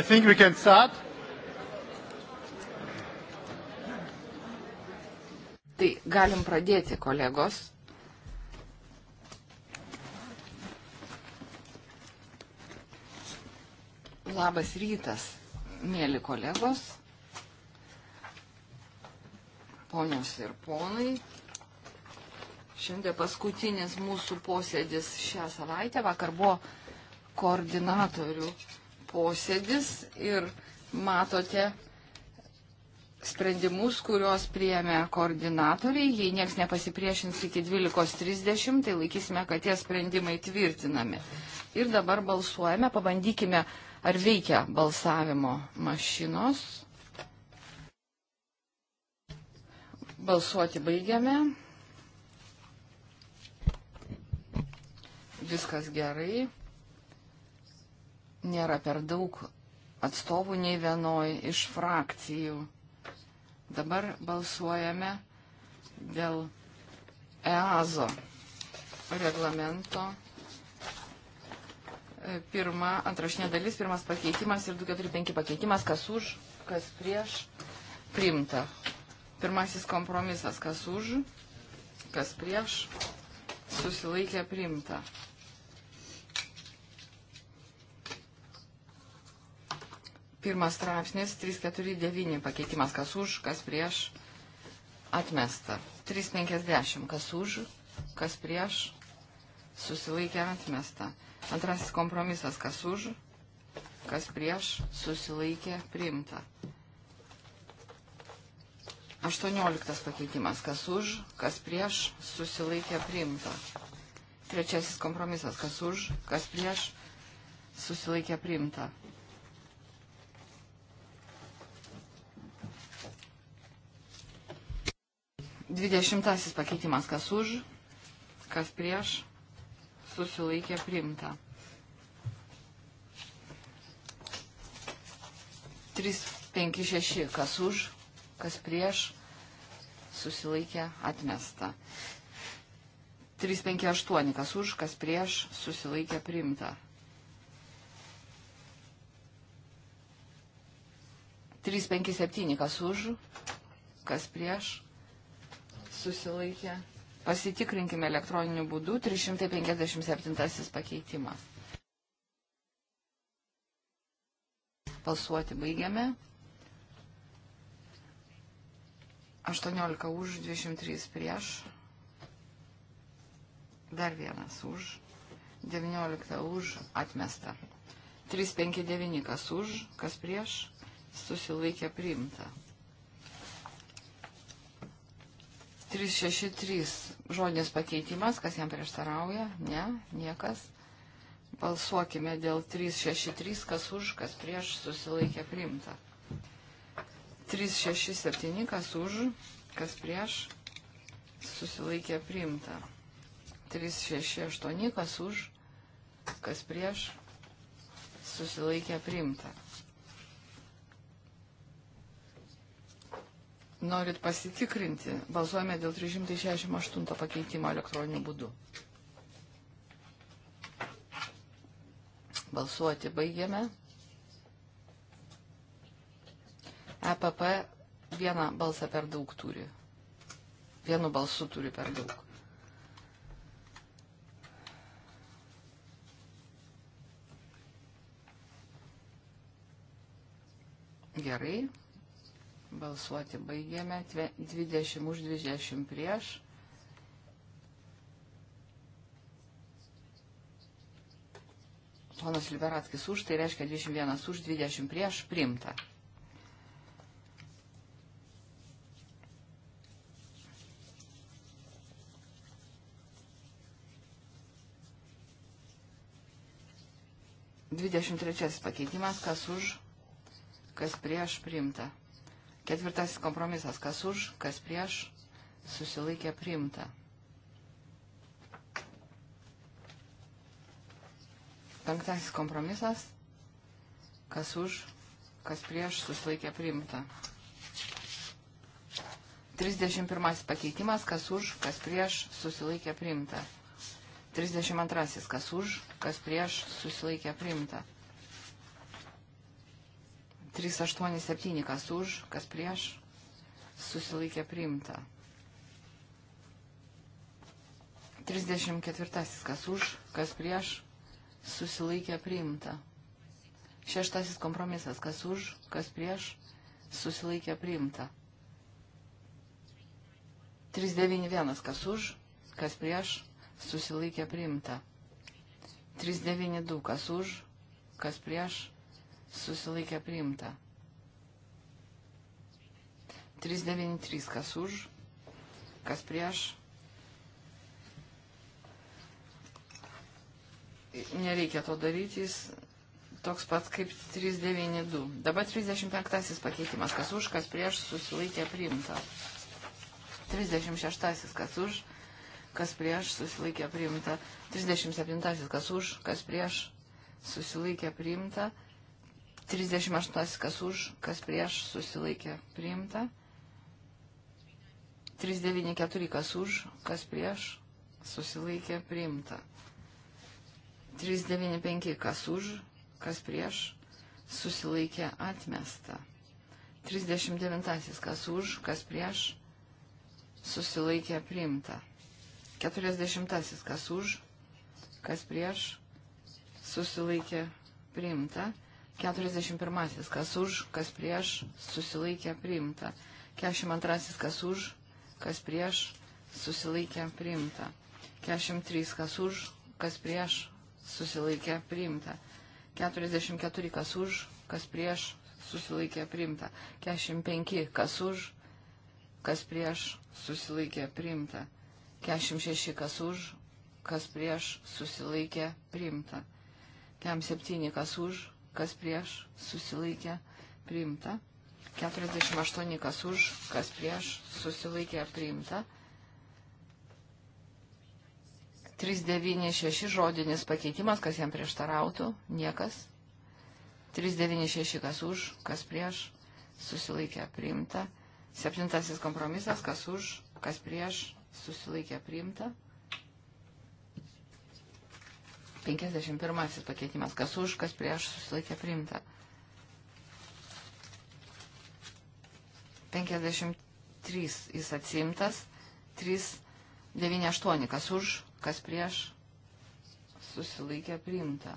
I think we can start. Tai galim pradėti, kolegos. Labas rytas, mėly kolegos, ponios ir ponai. Šiandien paskutinis mūsų posėdis šią savaitę. Vakar buvo koordinatorių posėdis ir matote sprendimus, kuriuos priėmė koordinatoriai. Jei nieks nepasipriešins iki 12.30, tai laikysime, kad tie sprendimai tvirtinami. Ir dabar balsuojame, pabandykime, ar veikia balsavimo mašinos. Balsuoti baigiame. Viskas gerai nėra per daug atstovų nei vienoj iš frakcijų. Dabar balsuojame dėl EASO reglamento. E, pirma, antrašinė dalis, pirmas pakeitimas ir 245 pakeitimas, kas už, kas prieš, primta. Pirmasis kompromisas, kas už, kas prieš, susilaikė primta. Pirmas straipsnis, 349 pakeitimas, kas už, kas prieš, atmesta. 350, kas už, kas prieš, susilaikė atmesta. Antrasis kompromisas, kas už, kas prieš, susilaikė priimta. 18 pakeitimas, kas už, kas prieš, susilaikė priimta. Trečiasis kompromisas, kas už, kas prieš, susilaikė priimta. Dvidešimtasis pakeitimas, kas už, kas prieš, susilaikė priimta. 356, kas už, kas prieš, susilaikė atmesta. 358, kas už, kas prieš, susilaikė priimta. 357, kas už, kas prieš, susilaikė. Pasitikrinkime elektroniniu būdu 357 pakeitimas. Balsuoti baigiame. 18 už, 23 prieš. Dar vienas už. 19 už, atmesta. 359 kas už, kas prieš, susilaikė priimta. 363 žodinis pakeitimas, kas jam prieštarauja? Ne, niekas. Balsuokime dėl 363, kas už, kas prieš susilaikė primta. 367, kas už, kas prieš susilaikė primta. 368, kas už, kas prieš susilaikė primta. norit pasitikrinti, balsuojame dėl 368 pakeitimo elektroniniu būdu. Balsuoti baigiame. EPP vieną balsą per daug turi. Vienu balsu turi per daug. Gerai. Balsuoti baigėme. 20 už 20 prieš. Ponas Liberatskis už, tai reiškia 21 už 20 prieš primta. Dvidešimt trečiasis pakeitimas, kas už, kas prieš primta. Ketvirtasis kompromisas, kas už, kas prieš, susilaikė priimta. Penktasis kompromisas, kas už, kas prieš, susilaikė priimta. 31 pakeitimas, kas už, kas prieš, susilaikė priimta. 32 kas už, kas prieš, susilaikė priimta. 387, kas už, kas prieš, susilaikė priimta. 34, kas už, kas prieš, susilaikė priimta. Šeštasis kompromisas, kas už, kas prieš, susilaikė priimta. 391, kas už, kas prieš, susilaikė priimta. 392, kas už, kas prieš, susilaikė priimta. 393 kas už, kas prieš. Nereikia to daryti, jis toks pat kaip 392. Dabar 35 pakeitimas, kas už, kas prieš, susilaikė priimta. 36 kas už, kas prieš, susilaikė priimta. 37 kas už, kas prieš, susilaikė priimta. 38 kas už, kas prieš susilaikė priimta. 394 kas už, kas prieš susilaikė priimta. 395 kas už, kas prieš susilaikė atmesta. 39 kas už, kas prieš susilaikė priimta. 40 kas už, kas prieš susilaikė priimta. 41. Kas už, kas prieš, susilaikė priimta. 42. Kas už, kas prieš, susilaikė priimta. 43. Kas už, kas prieš, susilaikė priimta. 44. Kas už, kas prieš, susilaikė priimta. 45. Kas už, kas prieš, susilaikė priimta. 46. Kas už, kas prieš, susilaikė priimta. 47. Kas už, kas prieš, susilaikė, priimta. 48 kas už, kas prieš, susilaikė, priimta. 396 žodinis pakeitimas, kas jam prieštarautų, niekas. 396 kas už, kas prieš, susilaikė, priimta. Septintasis kompromisas, kas už, kas prieš, susilaikė, priimta. 51 pakeitimas. Kas už, kas prieš susilaikė priimta. 53 jis atsimtas. 398 kas už, kas prieš susilaikė priimta.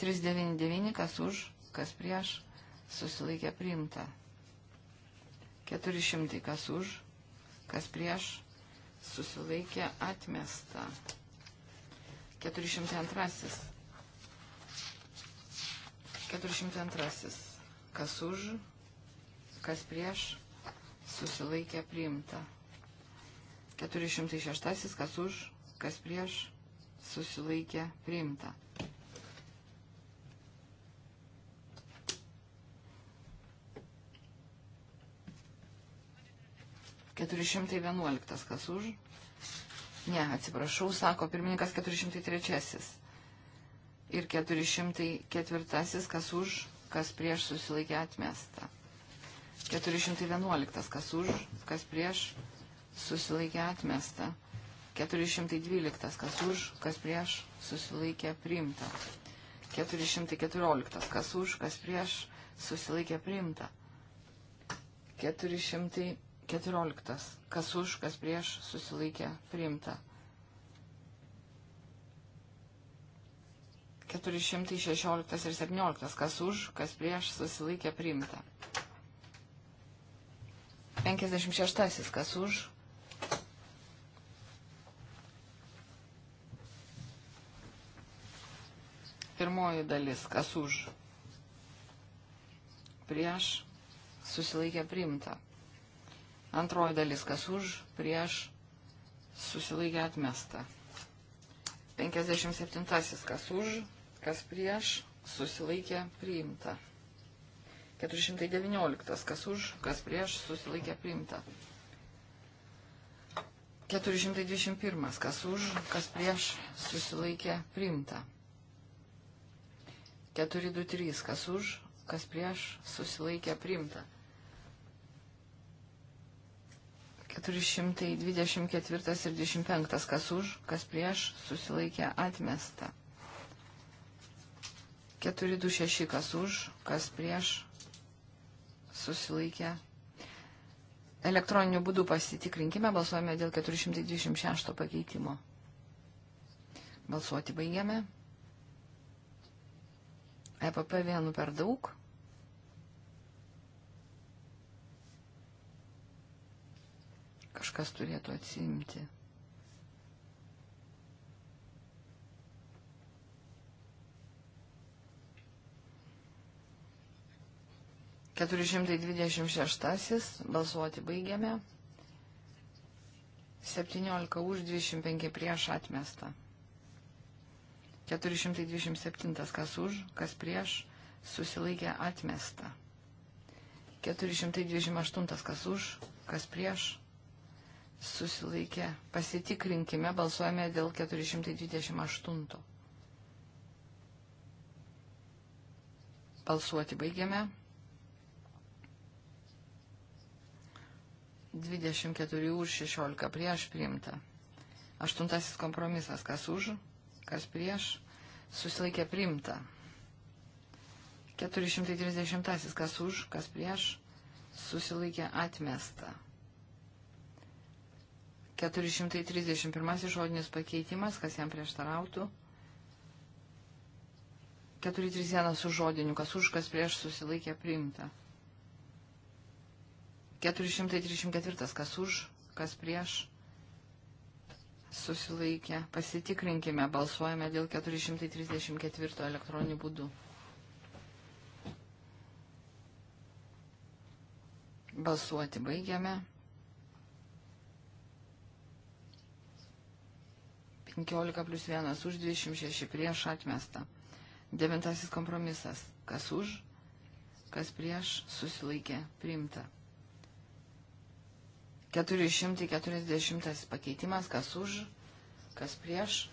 399 kas už, kas prieš susilaikė priimta. 400 kas už, kas prieš susilaikė atmesta. 402. 402. Kas už, kas prieš, susilaikė priimta. 406. Kas už, kas prieš, susilaikė priimta. Keturi šimtai vienuoliktas, kas už, Ne, atsiprašau, sako pirmininkas 403. Ir 404, kas už, kas prieš susilaikė atmesta. 411, kas už, kas prieš susilaikė atmesta. 412, kas už, kas prieš susilaikė priimta. 414, kas už, kas prieš susilaikė priimta. 400. 14. Kas už, kas prieš susilaikė priimta. 416 ir 17. Kas už, kas prieš susilaikė priimta. 56. Kas už, pirmoji dalis, kas už, prieš, susilaikė primta. Antroji dalis, kas už, prieš, susilaikė atmesta. 57. Kas už, kas prieš, susilaikė priimta. 419. Kas už, kas prieš, susilaikė priimta. 421. Kas už, kas prieš, susilaikė priimta. 423. Kas už, kas prieš, susilaikė priimta. 424 ir 25, kas už, kas prieš, susilaikė atmesta. 426, kas už, kas prieš, susilaikė. Elektroniniu būdu pasitikrinkime, balsuojame dėl 426 pakeitimo. Balsuoti baigiame. EPP vienu per daug. kažkas turėtų atsimti. Keturi šimtai dvidešimt šeštasis, balsuoti baigiame. 17 už 25 prieš atmesta. 427 kas už, kas prieš, susilaikė atmesta. 428 kas už, kas prieš, susilaikė. Pasitikrinkime, balsuojame dėl 428. Balsuoti baigiame. 24 už 16 prieš priimta. Aštuntasis kompromisas. Kas už, kas prieš, susilaikė priimta. 430. Kas už, kas prieš, susilaikė atmesta. 431 žodinis pakeitimas, kas jam prieštarautų. 431 su žodiniu, kas už, kas prieš susilaikė priimta. 434, kas už, kas prieš susilaikė. Pasitikrinkime, balsuojame dėl 434 elektroninių būdų. Balsuoti baigiame. 15 plus 1 už 26 prieš atmestą. Devintasis kompromisas. Kas už, kas prieš susilaikė priimta. 440 pakeitimas. Kas už, kas prieš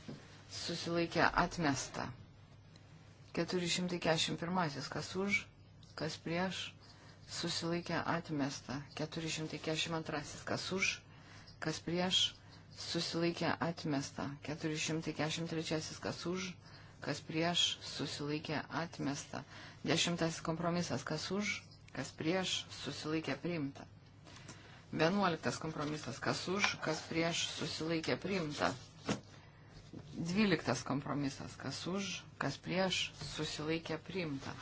susilaikė atmestą. 441. Kas už, kas prieš susilaikė atmestą. 442. Kas už, kas prieš susilaikė atmestą susilaikė atmesta. 443 kas už, kas prieš, susilaikė atmesta. 10 kompromisas kas už, kas prieš, susilaikė priimta. 11 kompromisas kas už, kas prieš, susilaikė priimta. 12 kompromisas kas už, kas prieš, susilaikė priimta.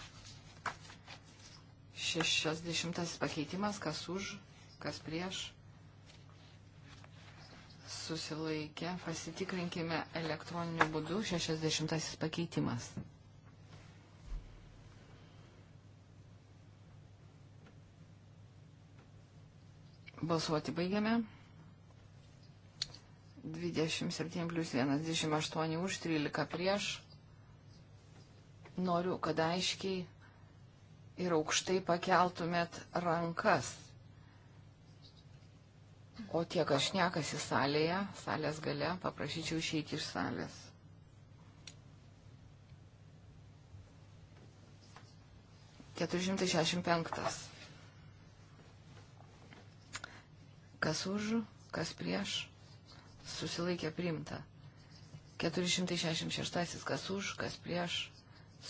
60 pakeitimas kas už, kas prieš, susilaikė, pasitikrinkime elektroniniu būdu 60 pakeitimas. Balsuoti baigiame. 27 plus 1, 28 už, 13 prieš. Noriu, kad aiškiai ir aukštai pakeltumėt rankas. O tie, kas šnekasi salėje, salės gale, paprašyčiau išeiti iš salės. Keturšimtai šešim penktas. Kas už, kas prieš, susilaikė priimta. 466, kas už, kas prieš,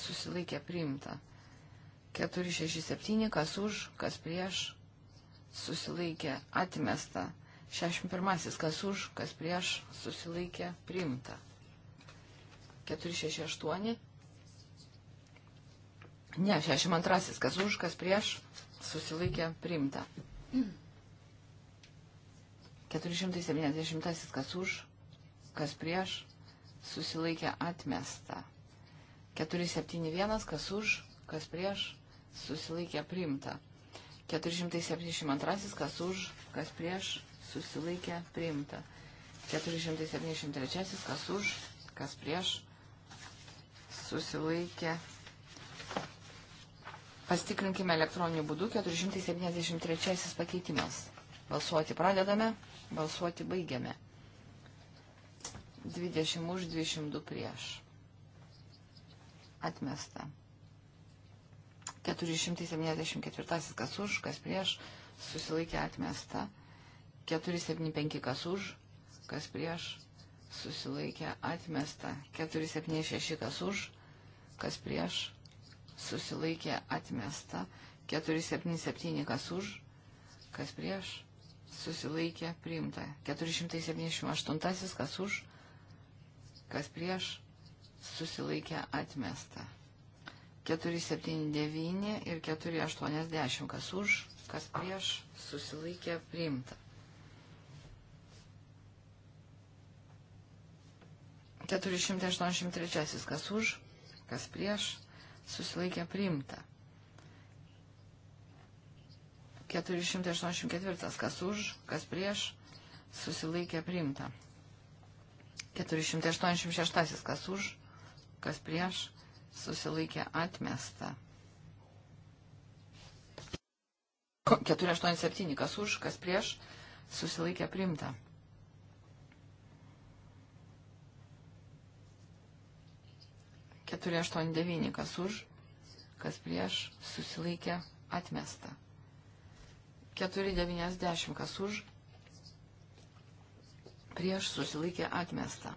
susilaikė priimta. 467, kas už, kas prieš, susilaikė atmesta. 61. Kas už, kas prieš, susilaikė priimta. 468. Ne, 62. Kas už, kas prieš, susilaikė priimta. 470. Kas už, kas prieš, susilaikė atmesta. 471. Kas už, kas prieš, susilaikė priimta. 472. 472, kas už, kas prieš, susilaikė, priimta. 473, kas už, kas prieš, susilaikė. Pastikrinkime elektroniniu būdu 473 pakeitimas. Balsuoti pradedame, balsuoti baigiame. 20 už, 22 prieš. Atmesta. 474 kas už, kas prieš, susilaikė atmesta. 475 kas už, kas prieš, susilaikė atmesta. 476 kas už, kas prieš, susilaikė atmesta. 477 kas už, kas prieš, susilaikė priimta. 478 kas už, kas prieš, susilaikė atmesta. 479 ir 480, kas už, kas prieš, susilaikė priimta. 483, kas už, kas prieš, susilaikė priimta. 484, kas už, kas prieš, susilaikė priimta. 486, kas už, kas prieš, susilaikė atmesta. 487, kas už, kas prieš, susilaikė primta. Keturi aštuoni devyni, kas už, kas prieš, susilaikė atmesta. Keturi devyniasdešimt, kas už, prieš, susilaikė atmesta.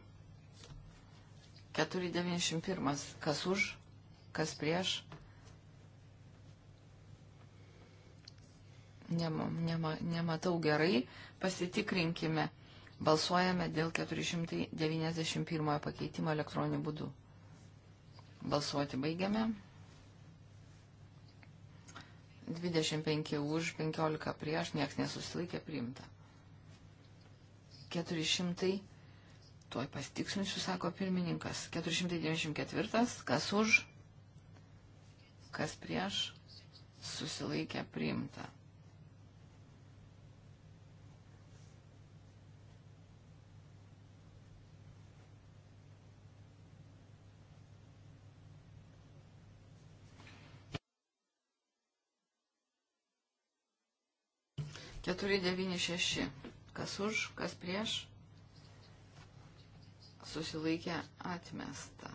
491. Kas už, kas prieš. Nema, nema, nematau gerai. Pasitikrinkime. Balsuojame dėl 491 pakeitimo elektroniniu būdu. Balsuoti baigiame. 25 už, 15 prieš, nieks nesusilaikė priimta. 400. Tuoj pastikslinsiu, sako pirmininkas. 494. Kas už, kas prieš, susilaikė priimta. Keturi devyni šeši. Kas už, kas prieš, susilaikė atmesta.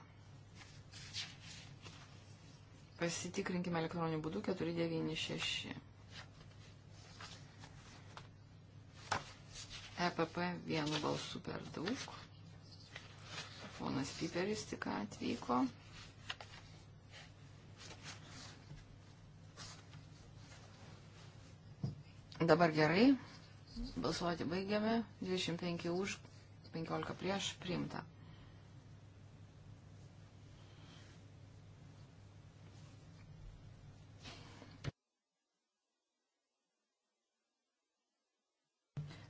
Pasitikrinkime elektroniniu būdu 496. EPP vienu balsu per daug. Ponas Piperis tik atvyko. Dabar gerai. Balsuoti baigiame. 25 už, 15 prieš priimta.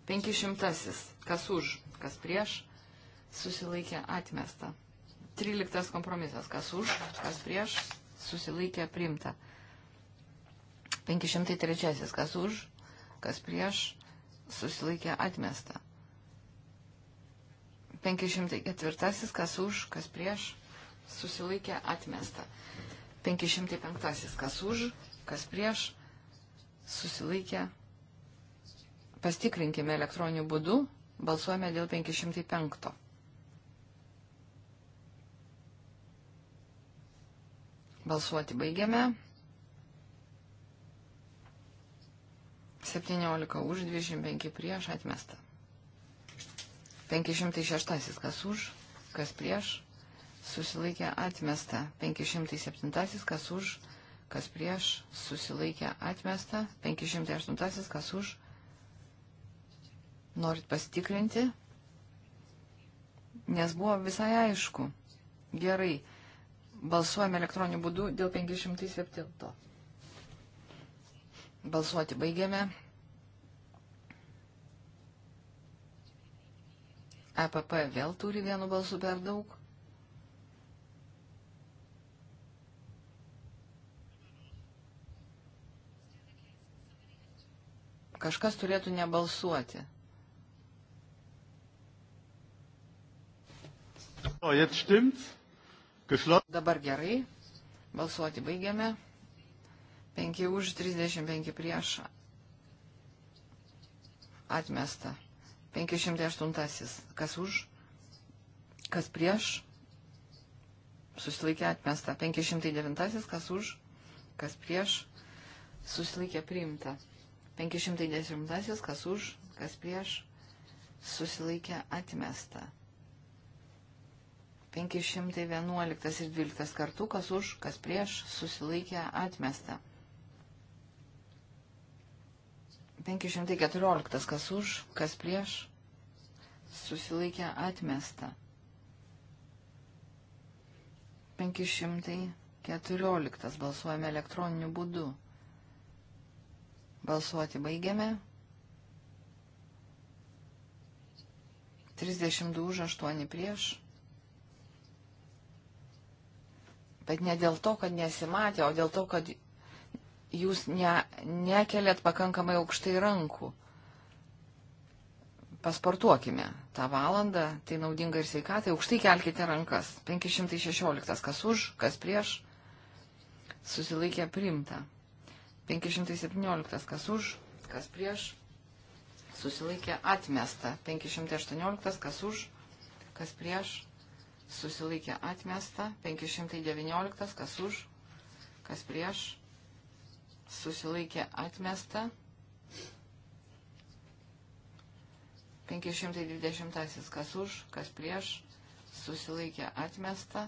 Penkišimtasis. Kas už, kas prieš, susilaikė atmesta. Tryliktas kompromisas. Kas už, kas prieš, susilaikė priimta. 503. Kas už, kas prieš, susilaikė atmesta. 504, kas už, kas prieš, susilaikė atmesta. 505, kas už, kas prieš, susilaikė. Pastikrinkime elektroniniu būdu, balsuojame dėl 505. Balsuoti baigiame. 17 už, 25 prieš atmesta. 506. Kas už, kas prieš, susilaikė atmesta. 507. Kas už, kas prieš, susilaikė atmesta. 508. Kas už. Norit pasitikrinti? Nes buvo visai aišku. Gerai. Balsuojame elektroniniu būdu dėl 507. Balsuoti baigiame. EPP vėl turi vienu balsu per daug. Kažkas turėtų nebalsuoti. O, jetzt stimmt. Geschlossen. Dabar gerai. Balsuoti baigiame. 5 už, 35 prieš. Atmesta. 508. Kas už, kas prieš, susilaikė atmesta. 509. Kas už, kas prieš, susilaikė priimta. 510. Kas už, kas prieš, susilaikė atmesta. 511 ir 12 kartų, kas už, kas prieš, susilaikė atmesta. 512. 514. Kas už, kas prieš, susilaikė atmesta. 514. Balsuojame elektroniniu būdu. Balsuoti baigiame. 32 už, 8 prieš. Bet ne dėl to, kad nesimatė, o dėl to, kad jūs ne, nekeliat pakankamai aukštai rankų. Pasportuokime tą valandą, tai naudinga ir sveikatai, aukštai kelkite rankas. 516, kas už, kas prieš, susilaikė primta. 517, kas už, kas prieš, susilaikė atmesta. 518, kas už, kas prieš, susilaikė atmesta. 519, kas už, kas prieš, susilaikė atmesta. 520 kas už, kas prieš, susilaikė atmesta.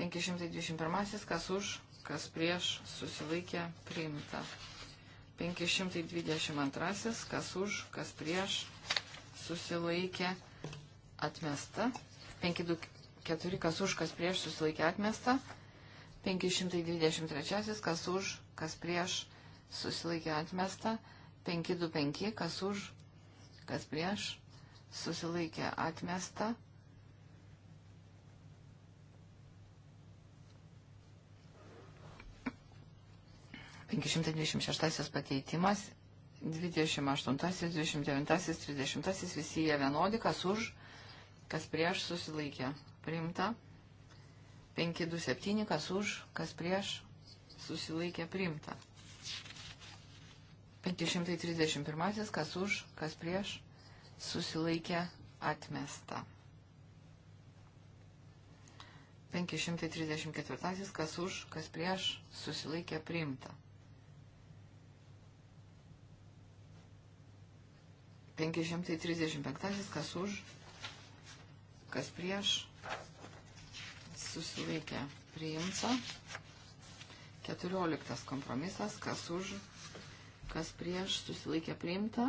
521 kas už, kas prieš, susilaikė priimta. 522 kas už, kas prieš, susilaikė atmesta. 524 kas už, kas prieš, susilaikė atmesta. 523 kas už, kas prieš susilaikė atmesta, 525, kas už, kas prieš susilaikė atmesta. Penkišimtai dvidešimt šeštasis pakeitimas, dvidešimt aštuntasis, dvidešimt devintasis, trisdešimtasis, visi jie vienodi, kas už, kas prieš susilaikė. Priimta. 527, kas už, kas prieš, susilaikė priimta. 531, kas už, kas prieš, susilaikė atmesta. 534, kas už, kas prieš, susilaikė priimta. 535, kas už, kas prieš, susilaikė priimta. 14 kompromisas, kas už, kas prieš, susilaikė priimta.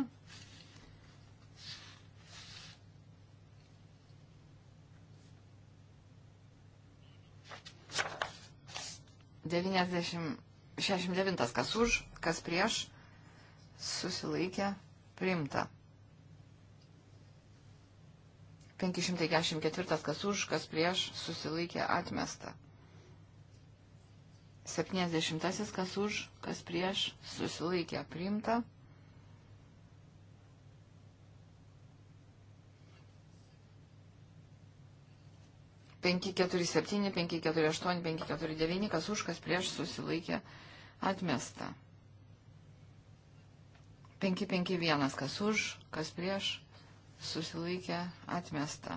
Devyniasdešimt 69 kas už, kas prieš, susilaikė, priimta. 544 kas už, kas prieš, susilaikė, atmesta. 70. Kas už, kas prieš, susilaikė priimta. Penki, keturi, septyni, penki, keturi, aštuoni, penki, keturi, devyni, kas už, kas prieš, susilaikė atmesta. Penki, penki, vienas, kas už, kas prieš, susilaikė atmesta.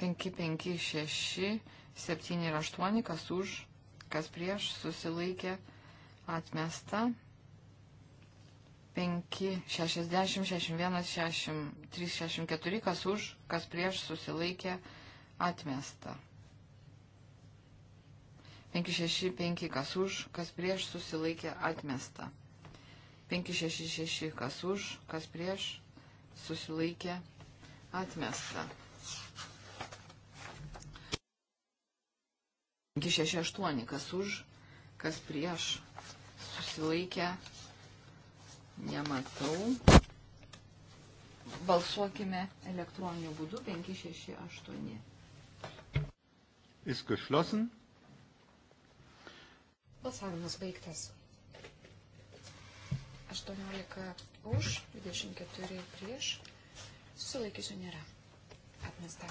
Penki, penki, šeši, penki. 7 ir 8, kas už, kas prieš, susilaikė, atmesta. 5, 60, 61, 63, 64, kas už, kas prieš, susilaikė, atmesta. 5, 6, 5, kas už, kas prieš, susilaikė, atmesta. 5, 6, 6, kas už, kas prieš, susilaikė, atmesta. 268, kas už, kas prieš, susilaikę, nematau. Balsuokime elektroniniu būdu 568. Ist geschlossen. Balsavimas baigtas. 18 už, 24 prieš, susilaikysiu nėra. Atmesta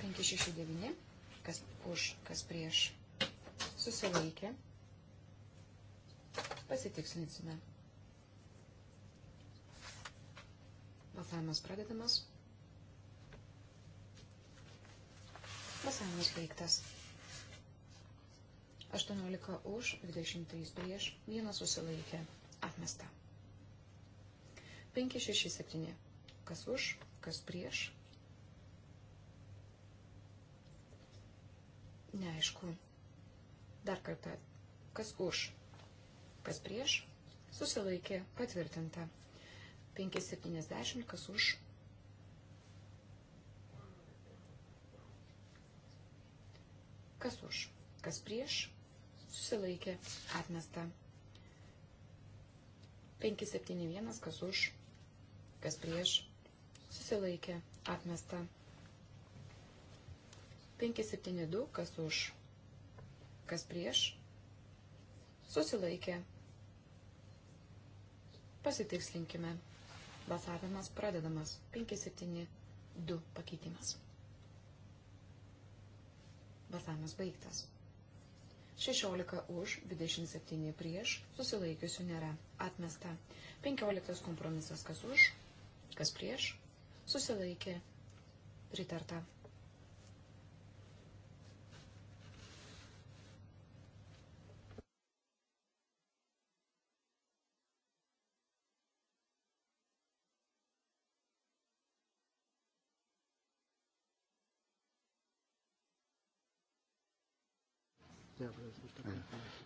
569 kas už, kas prieš susilaikė. Pasitikslinsime. Balsavimas pradedamas. Balsavimas baigtas. 18 už, 23 prieš, vienas susilaikė. Atmesta. 5, 6, 7. Kas už, kas prieš, neaišku. Dar kartą, kas už, kas prieš, susilaikė patvirtinta. 570, kas už. Kas už, kas prieš, susilaikė atmesta. 571, kas už, kas prieš, susilaikė atmesta. 572, kas už, kas prieš, susilaikė. Pasitikslinkime. Balsavimas pradedamas. 572 pakeitimas. Balsavimas baigtas. 16 už, 27 prieš, susilaikiusių nėra. Atmesta. 15 kompromisas kas už, kas prieš, susilaikė. Pritarta.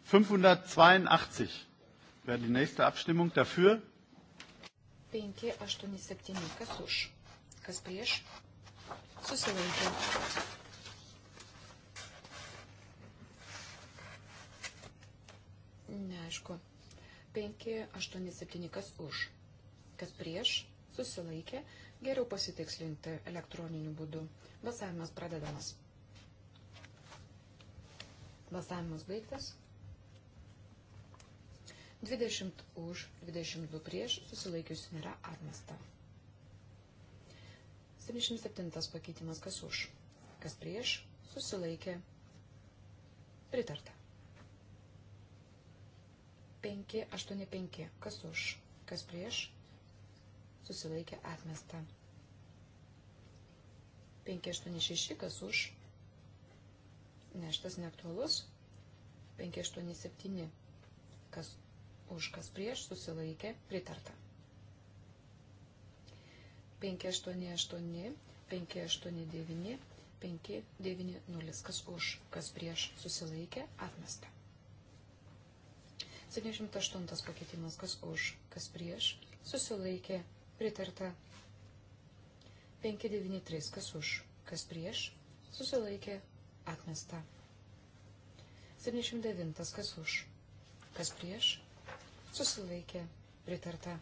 582 wäre die nächste Abstimmung dafür. 587. Kas už? Kas prieš? Susilaikė. Neaišku. 587. Kas už? Kas prieš? Susilaikė. Geriau pasitikslinti elektroniniu būdu. Balsavimas pradedamas. Balsavimas baigtas. 20 už, 22 prieš, susilaikiusių nėra atmesta. 77 pakeitimas kas už, kas prieš, susilaikė, pritarta. 5, 8, 5, kas už, kas prieš, susilaikė, atmesta. 5, 8, 6, kas už, Ne, šitas neaktualus. 587. Kas už, kas prieš, susilaikė, pritarta. 588, 589, 590. Kas už, kas prieš, susilaikė, atmesta. 78 pakeitimas, kas už, kas prieš, susilaikė, pritarta. 593, kas už, kas prieš, susilaikė, Atmesta. 79. Kas už? Kas prieš? Susilaikė. Pritarta.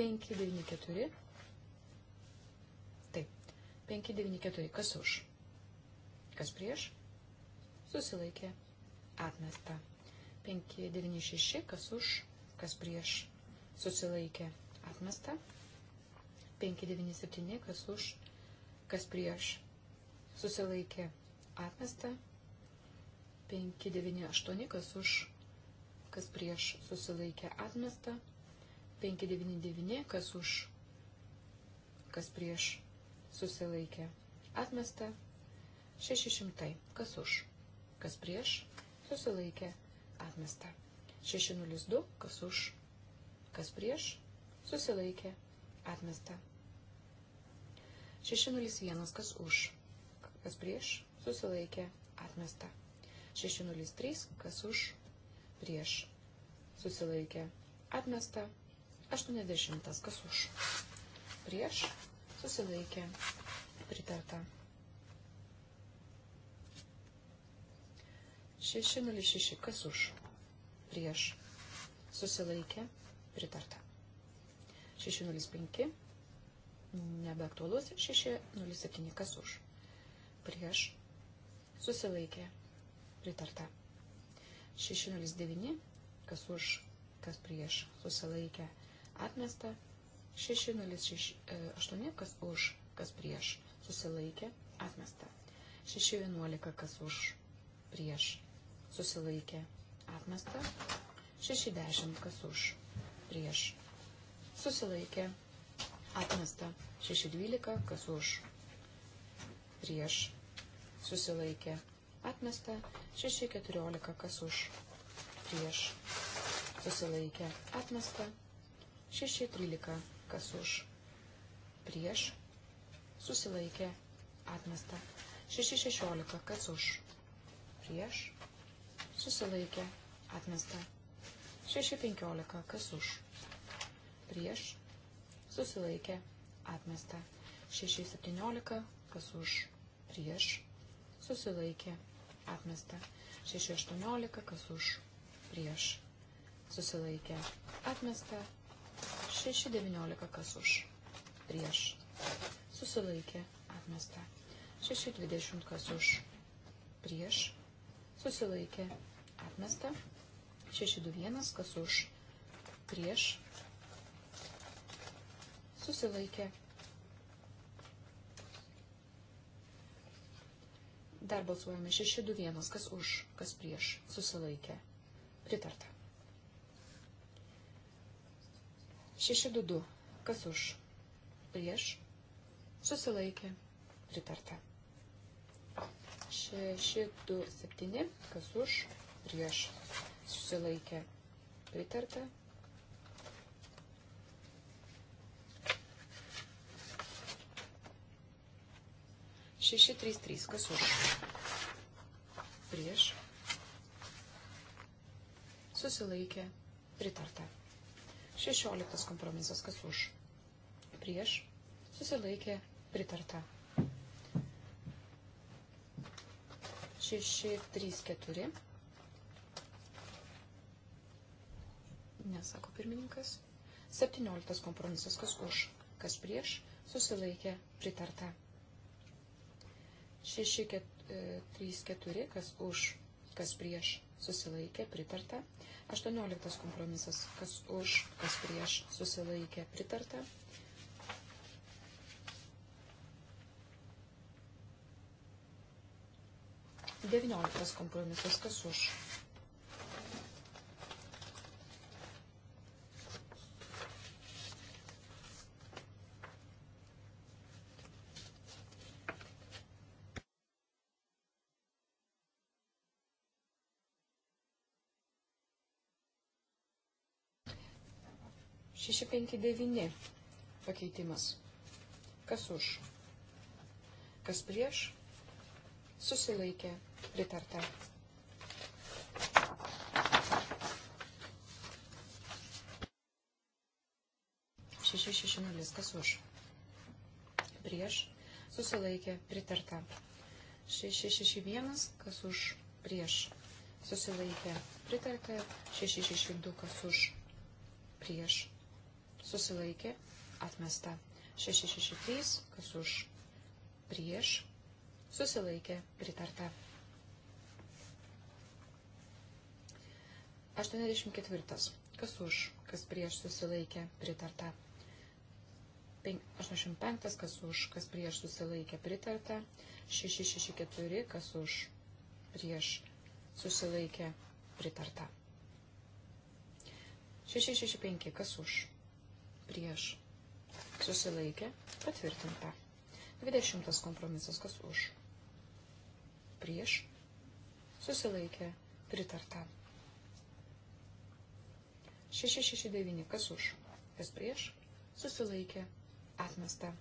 Penki devyni keturi. Taip. Penki devyni keturi. Kas už? Kas prieš? Susilaikė. Atmesta. Penki devyni šeši. Kas už? Kas prieš? Susilaikė. Atmesta. 597, kas už, kas prieš. Susilaikė atmesta. 598, kas už, kas prieš. Susilaikė atmesta. 599, kas už, kas prieš. Susilaikė atmesta. 600, kas už, kas prieš. Susilaikė atmesta. 602, kas už, kas prieš. Susilaikė atmesta atmesta. 601, kas už, kas prieš, susilaikė, atmesta. 603, kas už, prieš, susilaikė, atmesta. 80, kas už, prieš, susilaikė, pritarta. 606, kas už, prieš, susilaikė, pritarta. 605 nebeaktualus 607 kas už. Prieš susilaikė pritarta. 609 kas už, kas prieš susilaikė atmesta. 608 e, kas už, kas prieš susilaikė atmesta. 611 kas už, prieš susilaikė atmesta. 610 kas už, prieš susilaikė, atmesta. 612, kas už, prieš, susilaikė, atmesta. 614, kas už, prieš, susilaikė, atmesta. 613, kas už, prieš, susilaikė, atmesta. 616, kas už, prieš, susilaikė, atmesta. 615, kas už, prieš, susilaikė, atmesta. 6.17, kas už, prieš, susilaikė, atmesta. 6.18, kas už, prieš, susilaikė, atmesta. 6.19, kas už, prieš, susilaikė, atmesta. 6.20, kas už, prieš, susilaikė, atmesta. 6.21, kas už, prieš, susilaikė. Dar balsuojame 621, kas už, kas prieš, susilaikė, pritarta. 622, kas už, prieš, susilaikė, pritarta. 627, kas už, prieš, susilaikė, pritarta. 633. Kas už? Prieš. Susilaikė. Pritarta. 16 kompromisas. Kas už? Prieš. Susilaikė. Pritarta. 634. Nesako pirmininkas. 17 kompromisas. Kas už? Kas prieš? Susilaikė. Pritarta. 6, 3, 4, kas už, kas prieš susilaikė, pritarta. 18 kompromisas, kas už, kas prieš susilaikė, pritarta. Devynioliktas kompromisas, kas už, 159 pakeitimas. Kas už? Kas prieš? Susilaikė. Pritarta. Šeši šeši nulis. Kas už? Prieš. Susilaikė. Pritarta. Šeši šeši vienas. Kas už? Prieš. Susilaikė. Pritarta. Šeši šeši du. Kas už? Prieš susilaikė, atmesta. 663, kas už, prieš, susilaikė, pritarta. 84, kas už, kas prieš, susilaikė, pritarta. 85, kas už, kas prieš, susilaikė, pritarta. 664, kas už, prieš, susilaikė, pritarta. 665, kas už, prieš susilaikė patvirtinta. 20 kompromisas kas už prieš susilaikė pritarta. 669 kas už kas prieš susilaikė atmesta.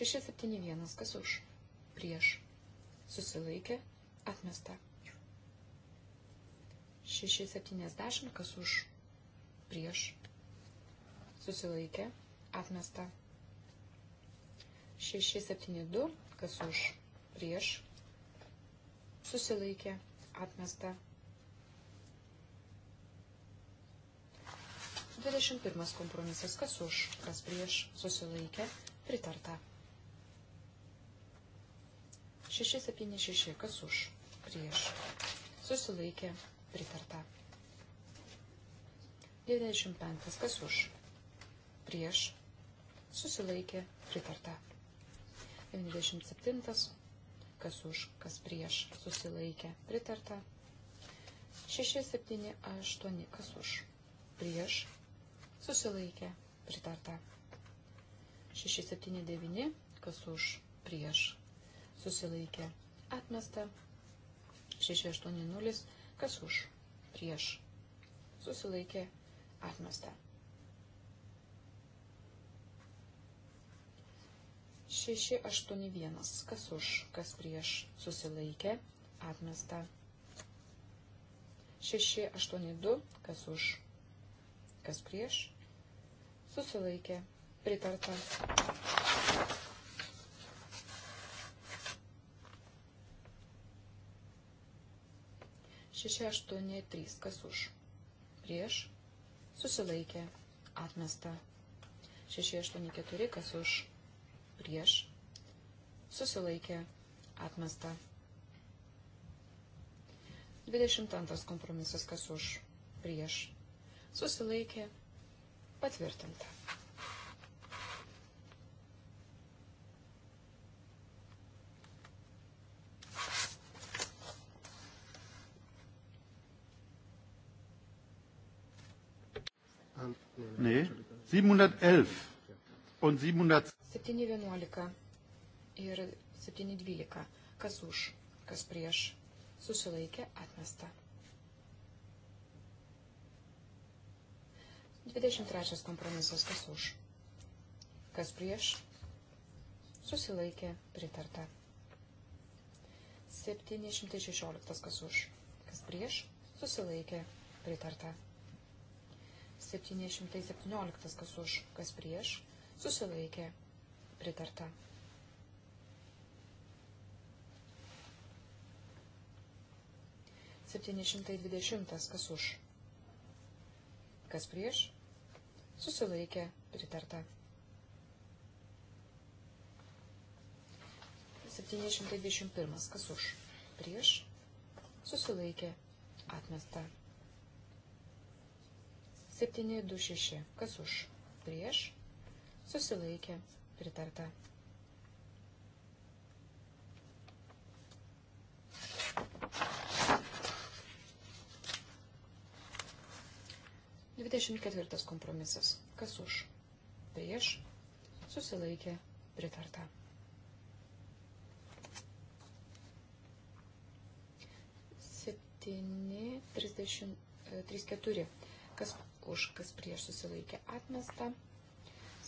671 kas už prieš susilaikė atmesta. 670 kas už prieš susilaikė, atmesta. 672, kas už, prieš, susilaikė, atmesta. 21 kompromisas, kas už, kas prieš, susilaikė, pritarta. 676, kas už, prieš, susilaikė, pritarta. 95, kas už, prieš, susilaikė, pritarta. 97, kas už, kas prieš, susilaikė, pritarta. 6, 7, 8, kas už, prieš, susilaikė, pritarta. 6, 7, 9, kas už, prieš, susilaikė, atmesta. 6, 8, 0, kas už, prieš, susilaikė, atmesta. 681. Kas už, kas prieš susilaikė, atmesta. 682. Kas už, kas prieš susilaikė, pritarta. Šeši aštuoni trys. Kas už? Prieš. Susilaikė. Atmesta. Šeši aštuoni keturi. Kas už? prieš, susilaikė, atmesta. 22 kompromisas, kas už, prieš, susilaikė, patvirtinta. Nee, 711 und 700. 711 ir 712. Kas už, kas prieš. Susilaikė atmesta. 23 kompromisas. Kas už, kas prieš. Susilaikė pritarta. 716 kas už, kas prieš. Susilaikė pritarta. 717 kas už, kas prieš susilaikė, pritarta. Septynišimtai dvidešimtas, kas už, kas prieš, susilaikė, pritarta. 721. Kas už? Prieš? Susilaikė. Atmesta. 726. Kas už? Prieš? susilaikė, pritarta. Dvidešimt ketvirtas kompromisas. Kas už? Prieš? Susilaikė, pritarta. 7, 34. E, kas už, kas prieš susilaikė atmestą.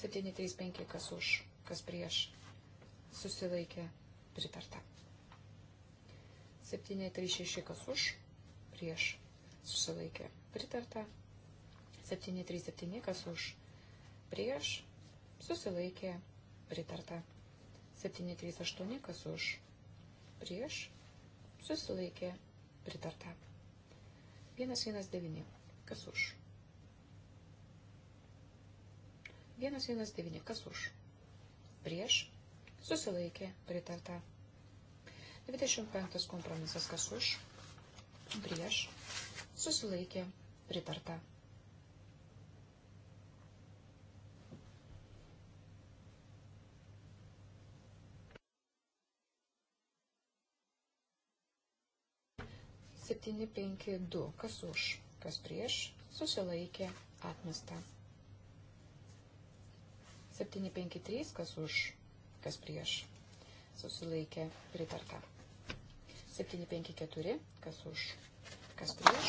735 kas už, kas prieš susilaikė pritarta. 736 kas už, prieš susilaikė pritarta. 737 kas už, prieš susilaikė pritarta. 738 kas už, prieš susilaikė pritarta. 119 kas už 119. Kas už? Prieš. Susilaikė. Pritarta. 25. Kompromisas. Kas už? Prieš. Susilaikė. Pritarta. Septyni penki du. Kas už? Kas prieš? Susilaikė. Atmesta. 753, kas už, kas prieš, susilaikė pritarta. 754, kas už, kas prieš,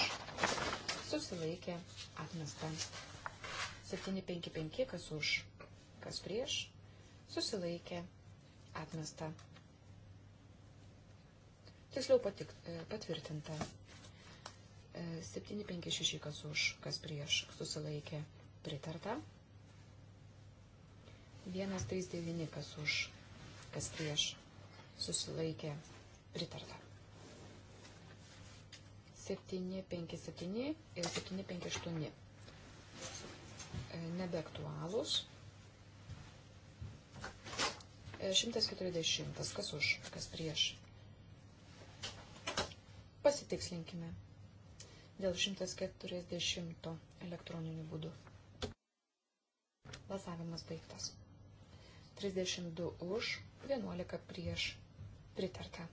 susilaikė atmesta. 755, kas už, kas prieš, susilaikė atmesta. Tiksliau patik, e, patvirtinta. 756, e, kas už, kas prieš, susilaikė pritarta. 139 kas už, kas prieš, susilaikė, pritarta. 757 ir 758 e, nebeaktualūs. 140. E, kas už, kas prieš? Pasitikslinkime dėl 140 elektroninių būdų. Balsavimas baigtas. 32 už, 11 prieš, pritarta.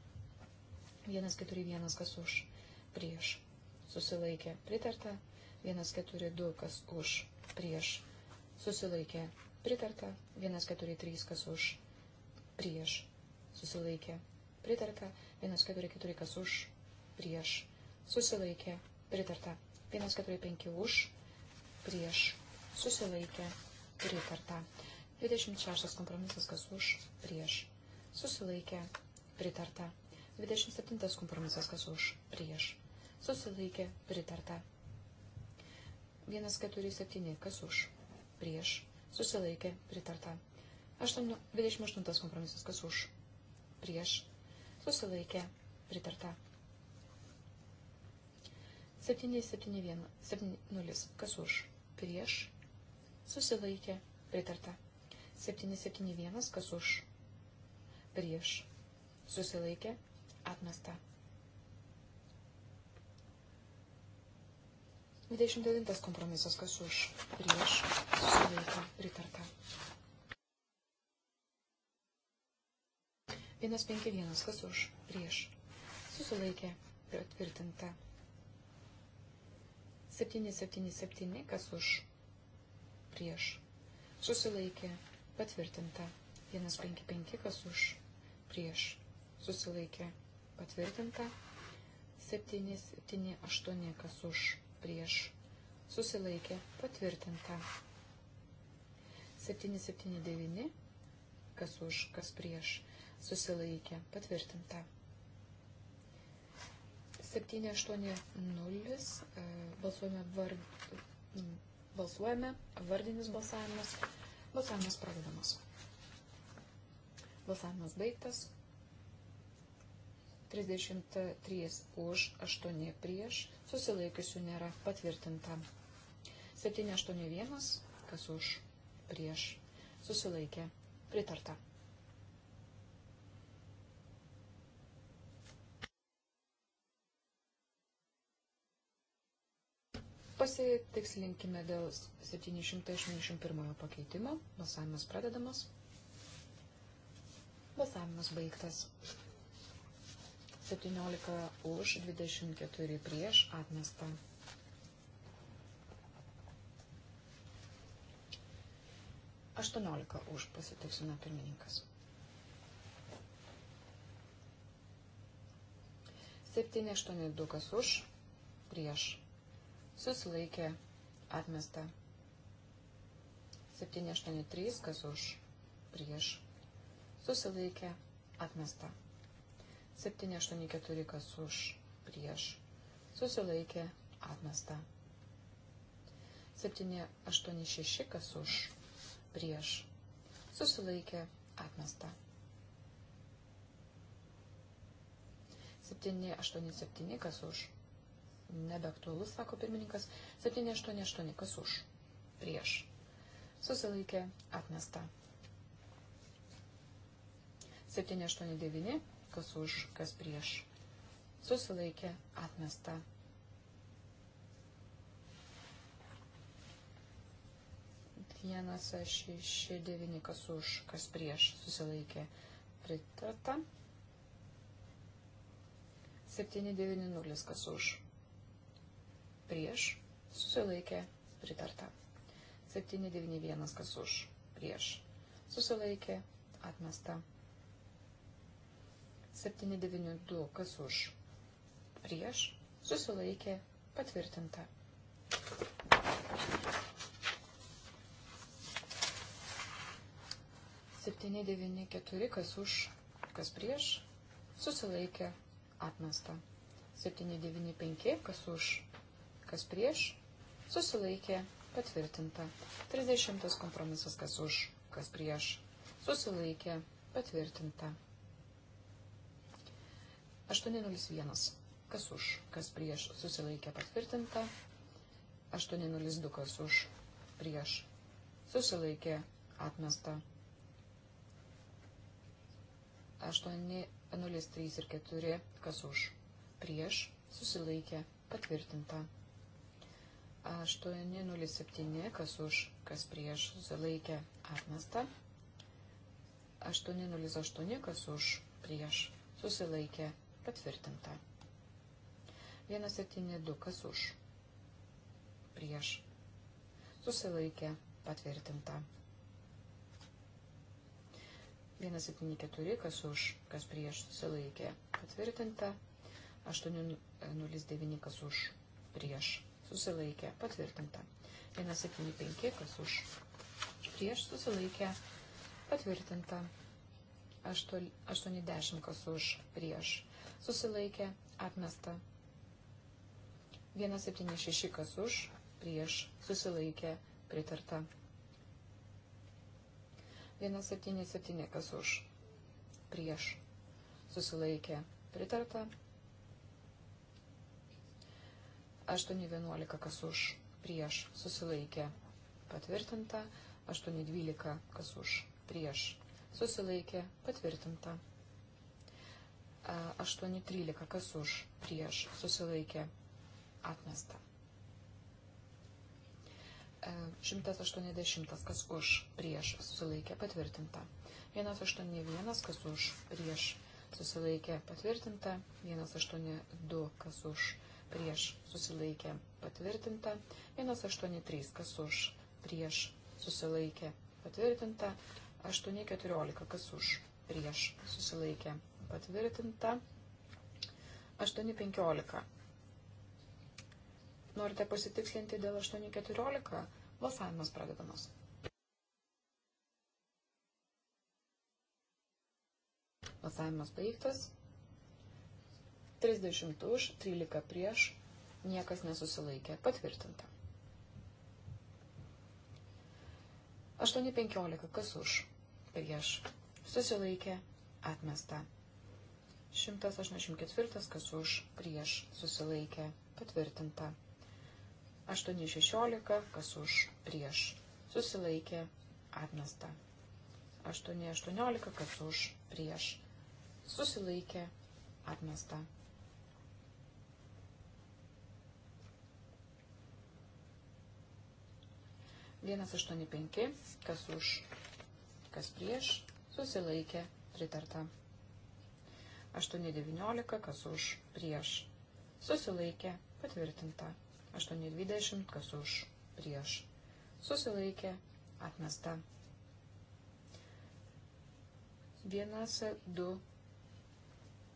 141 kas už, prieš, susilaikė, pritarta. 142 kas už, prieš, susilaikė, pritarta. 143 kas už, prieš, susilaikė, pritarta. 144 kas už, prieš, susilaikė, pritarta. 145 už, prieš, susilaikė, pritarta. 26 kompromisas kas už, prieš, susilaikė, pritarta. 27 kompromisas kas už, prieš, susilaikė, pritarta. 147 kas už, prieš, susilaikė, pritarta. 28 kompromisas kas už, prieš, susilaikė, pritarta. 771, 70, kas už, prieš, susilaikė, pritarta. 771, kas už, prieš, susilaikė, atmesta. 29 kompromisas, kas už, prieš, susilaiko, pritarta. 151, kas už, prieš, susilaikė, patvirtinta. 777, kas už, prieš, susilaikė, patvirtinta. 155 kas už prieš susilaikė patvirtinta. 778 kas už prieš susilaikė patvirtinta. 779 kas už kas prieš susilaikė patvirtinta. 780 e, balsuojame, vard, balsuojame vardinis balsavimas Balsavimas pradedamas. Balsavimas baigtas. 33 už, 8 prieš, susilaikiusių nėra patvirtinta. 781, kas už, prieš, susilaikė, pritarta. Pasitikslinkime dėl 781 pakeitimo. Balsavimas pradedamas. Balsavimas baigtas. 17 už, 24 prieš atmestą. Aštuoniolika už pasitiksina pirmininkas. 782 kas už, prieš susilaikė atmesta. 783, kas už, prieš, susilaikė atmesta. 784, kas už, prieš, susilaikė atmesta. 786, kas už, prieš, susilaikė atmesta. 787, kas už, nebeaktualus, sako pirmininkas, 788, kas už, prieš, susilaikė, atmesta. 789, kas už, kas prieš, susilaikė, atmesta. Vienas, šeši, devyni, kas už, kas prieš, susilaikė, pritarta. 790, kas už, prieš, susilaikė, pritarta. 791 kas už, prieš, susilaikė, atmesta. 792 kas už, prieš, susilaikė, patvirtinta. Septyni devyni keturi, kas už, kas prieš, susilaikė, atmesta. 795, kas už kas prieš, susilaikė, patvirtinta. 30 kompromisas, kas už, kas prieš, susilaikė, patvirtinta. 801, kas už, kas prieš, susilaikė, patvirtinta. 802, kas už, prieš, susilaikė, atmesta. 803 ir 4, kas už, prieš, susilaikė, patvirtinta. 807, kas už, kas prieš, susilaikė atmesta. 808, kas už, prieš, susilaikė patvirtinta. 172, kas už, prieš, susilaikė patvirtinta. 174, kas už, kas prieš, susilaikė patvirtinta. 809, kas už, prieš, susilaikė, patvirtinta. 175, kas už, prieš susilaikė, patvirtinta. 80, kas už, prieš susilaikė, atmesta. 176, kas už, prieš susilaikė, pritarta. 177, kas už, prieš susilaikė, pritarta. 8.11, kas už, prieš, susilaikė, patvirtinta. 8.12, kas už, prieš, susilaikė, patvirtinta. 8.13, kas už, prieš, susilaikė, atmesta. 180, kas už, prieš, susilaikė, patvirtinta. 181, kas už, prieš, susilaikė, patvirtinta. 182, kas už, prieš prieš susilaikė patvirtinta, 183 kas už prieš susilaikė patvirtinta, 814 kas už prieš susilaikė patvirtinta, 815. Norite pasitikslinti dėl 814? Balsavimas pradedamas. Balsavimas baigtas. 30 už, 13 prieš, niekas nesusilaikė. Patvirtinta. 8.15. Kas už? Prieš. Susilaikė. Atmesta. 184. Kas už? Prieš. Susilaikė. Patvirtinta. 8.16. Kas už? Prieš. Susilaikė. Atmesta. 8.18. Kas už? Prieš. Susilaikė. Atmesta. 185, kas už, kas prieš, susilaikė, pritarta. 819, kas už, prieš, susilaikė, patvirtinta. 820, kas už, prieš, susilaikė, atmesta. 1, 2,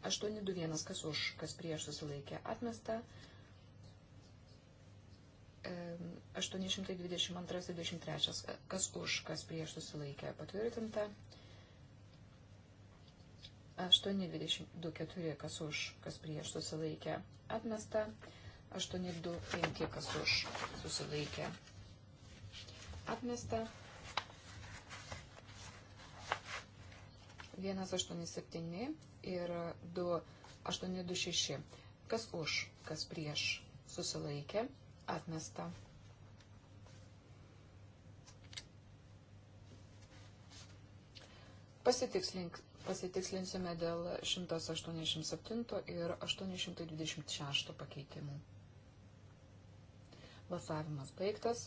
821, kas už, kas prieš, susilaikė, atmesta. 8, 2, 1, 822-23, e, kas už, kas prieš susilaikė patvirtinta. 822-4, kas už, kas prieš susilaikė atmesta. 825, kas už susilaikė atmesta. 187 ir 2826, kas už, kas prieš susilaikė atmesta Atmesta. Pasitikslink, pasitikslinsime dėl 187 ir 826 pakeitimų. Balsavimas baigtas.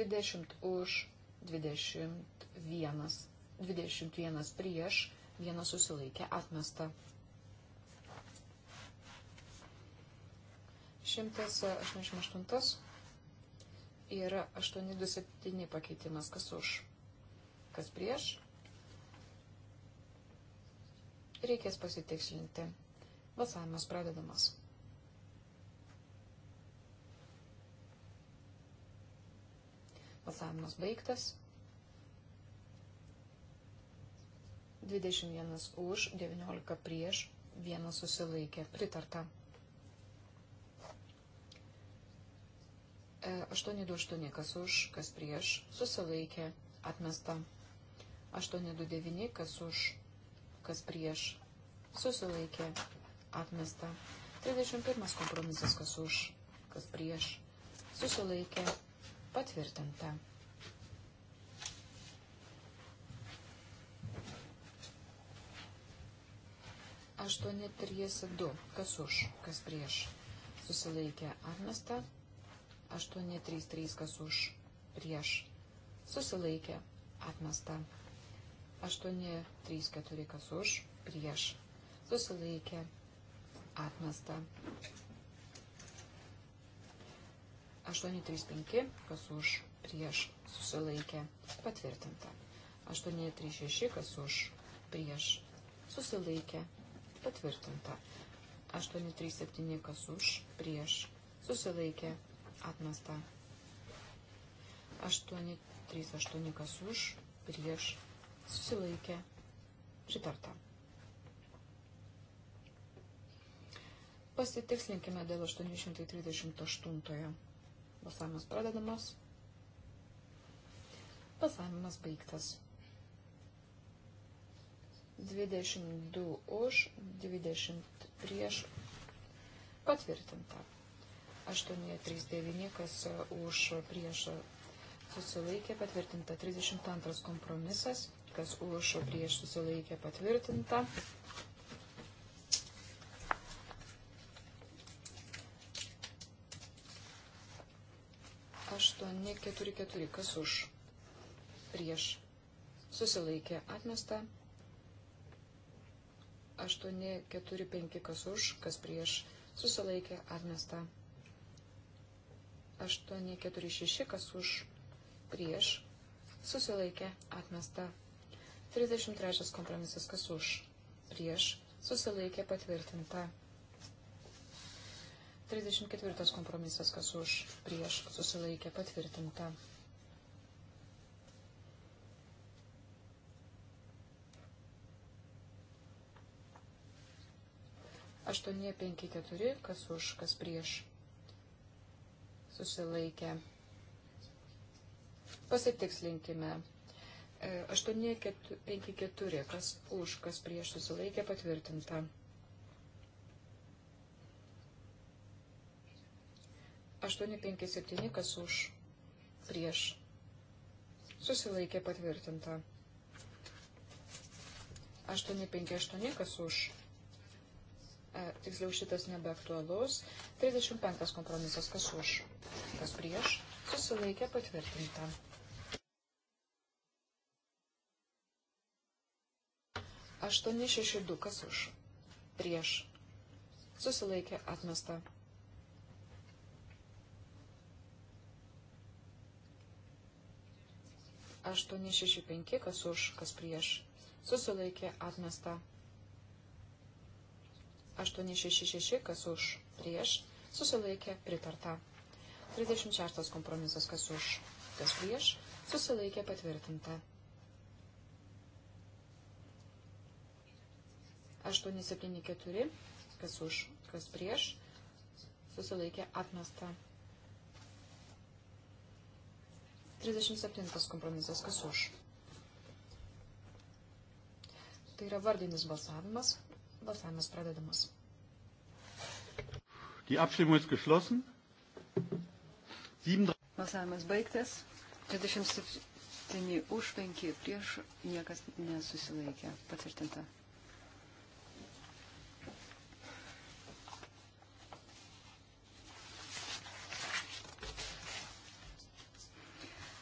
20 už, 21, 21 prieš, 1 susilaikė atmesta. 188 yra 827 pakeitimas, kas už, kas prieš. Reikės pasitikslinti. Balsavimas pradedamas. Balsavimas baigtas. 21 už, 19 prieš, 1 susilaikė. Pritarta. 828, kas už, kas prieš, susilaikė, atmesta. 829, kas už, kas prieš, susilaikė, atmesta. 31 kompromisas, kas už, kas prieš, susilaikė, patvirtinta. Aštuoni trys du, kas už, kas prieš, susilaikė, atmesta. 833 kas už, prieš, susilaikė, atmesta. 834 kas už, prieš, susilaikė, atmesta. 835 kas už, prieš, susilaikė, patvirtinta. 836 kas už, prieš, susilaikė, patvirtinta. 837 kas už, prieš, susilaikė, atmesta. 8, 3, 8, kas už, prieš, susilaikė, pritarta. Pasitikslinkime dėl 838. Balsavimas pradedamas. Balsavimas baigtas. 22 už, 20 prieš patvirtinta. 839, kas už prieš susilaikė patvirtinta. 32 kompromisas, kas už prieš susilaikė patvirtinta. aštuoni, keturi, keturi, kas už, prieš, susilaikė, atmesta, aštuoni, keturi, penki, kas už, kas prieš, susilaikė, atmesta. 846, kas už prieš, susilaikė atmesta. 33 kompromisas, kas už prieš, susilaikė patvirtinta. 34 kompromisas, kas už prieš, susilaikė patvirtinta. 854, kas už, kas prieš, susilaikė. Pasitikslinkime. 854, e, kas už, kas prieš susilaikė patvirtinta. Aštuoni penki septyni, kas už, prieš, susilaikė patvirtinta. Aštuoni penki aštuoni, kas už, E, tiksliau šitas nebeaktualus. 35 kompromisas, kas už, kas prieš, susilaikė patvirtinta. Aštuoni šeši du, kas už, prieš, susilaikė atmesta. Aštuoni šeši penki, kas už, kas prieš, susilaikė atmesta. 8, 6, 5, 866, kas už, prieš, susilaikė, pritarta. 36 kompromisas, kas už, kas prieš, susilaikė, patvirtinta. 874, kas už, kas prieš, susilaikė, atmesta. 37 kompromisas, kas už. Tai yra vardinis balsavimas. Balsavimas pradedamas. Die Abstimmung ist geschlossen. 7... Balsavimas baigtas. 37 už 5 prieš niekas nesusilaikė. Patvirtinta.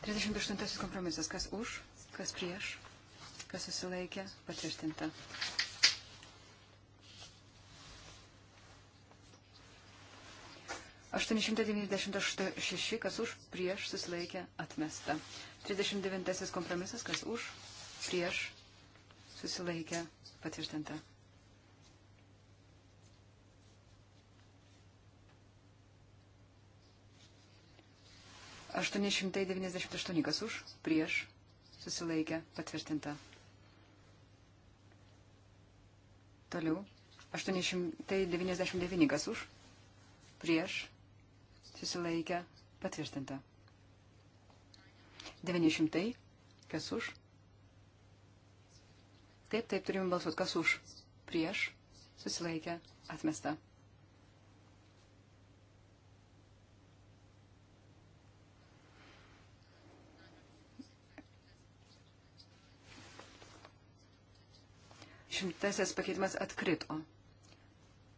Trisdešimt aštuntasis kompromisas. Kas už, kas prieš, kas susilaikė, patvirtinta. 896, kas už, prieš, susilaikė, atmesta. 39 kompromisas, kas už, prieš, susilaikė, patvirtinta. Aštuoni šimtai devyniasdešimt aštuoni kas už, prieš, susilaikė, patvirtinta. Toliau, aštuoni šimtai devyniasdešimt devyni kas už, prieš, susilaikę, patvirtinta. 900, kas už? Taip, taip, turime balsuoti, kas už, prieš, susilaikę, atmesta. Šimtasis pakeitimas atkrito.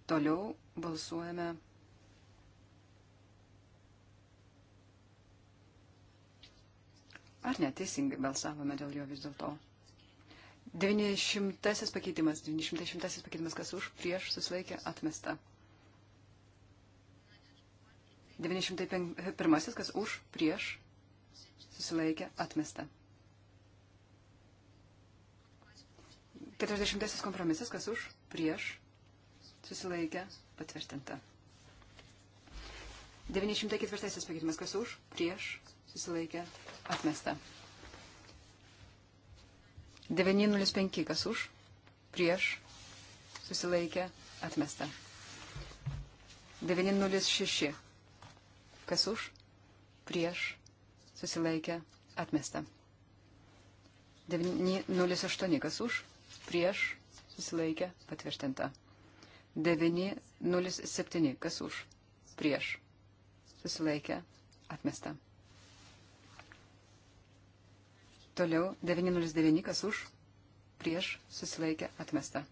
Toliau balsuojame Ar neteisingai balsavome dėl jo vis dėlto? 90 pakeitimas, 900 pakeitimas, kas už, prieš, susilaikė, atmesta. 901, kas už, prieš, susilaikė, atmesta. 40 kompromisas, kas už, prieš, susilaikė, patvirtinta. 904 pakeitimas, kas už, prieš, susilaikė, atmesta. 905 kas už, prieš, susilaikė, atmesta. 906 kas už, prieš, susilaikė, atmesta. 908 kas už, prieš, susilaikė, patvirtinta. 907 kas už, prieš, susilaikė, atmesta. Toliau 909, kas už, prieš, susilaikė, atmesta.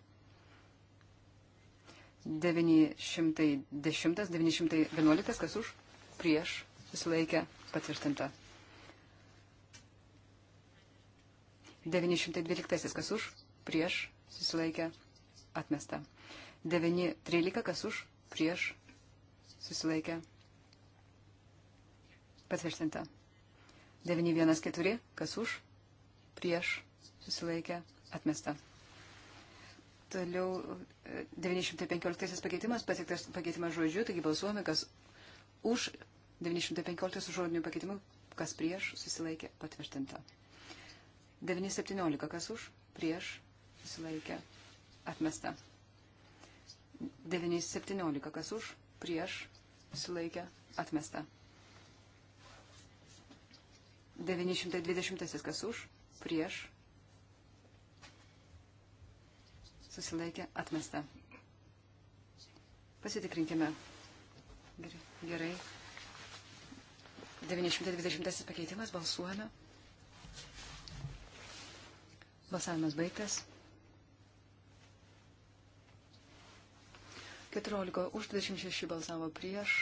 910, 911, kas už, prieš, susilaikė, patvirtinta. 912, kas už, prieš, susilaikė, atmesta. 913, kas už, prieš, susilaikė, patvirtinta. 914, kas už, prieš susilaikę atmesta. Toliau 915 e, pakeitimas, pasiektas pakeitimas žodžiu, taigi balsuojame, kas už 915 žodinių pakeitimų, kas prieš susilaikė patvirtinta. 917 kas už, prieš susilaikė atmesta. 917 kas už, prieš susilaikė atmesta. 920 kas už, prieš, susilaikė, atmesta. Pasitikrinkime. Gerai. 920 pakeitimas, balsuojame. Balsavimas baigtas. 14 už 26 balsavo prieš,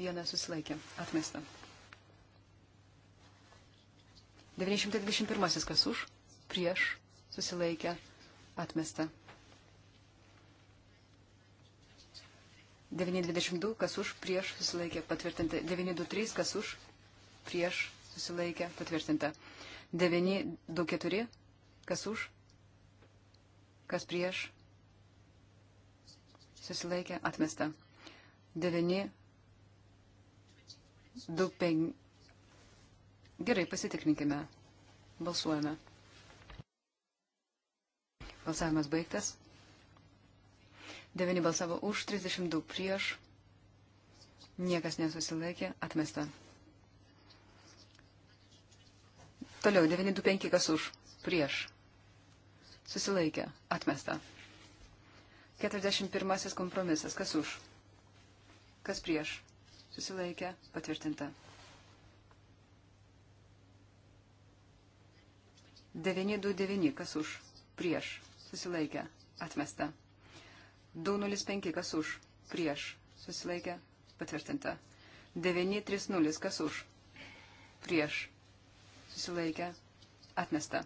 vienas susilaikė, atmesta. 921 kas už, prieš, susilaikę, atmesta. 922 kas už, prieš, susilaikė, patvirtinta. 923 kas už, prieš, susilaikė, patvirtinta. 924 kas už, kas prieš, susilaikė, atmesta. 9 25 Gerai, pasitikrinkime. Balsuojame. Balsavimas baigtas. 9 balsavo už, 32 prieš. Niekas nesusilaikė, atmesta. Toliau, 925 kas už, prieš. Susilaikė, atmesta. 41 kompromisas, kas už, kas prieš. Susilaikė, patvirtinta. 929, kas už, prieš, susilaikė, atmesta. 205, kas už, prieš, susilaikė, patvirtinta. 930, kas už, prieš, susilaikė, atmesta.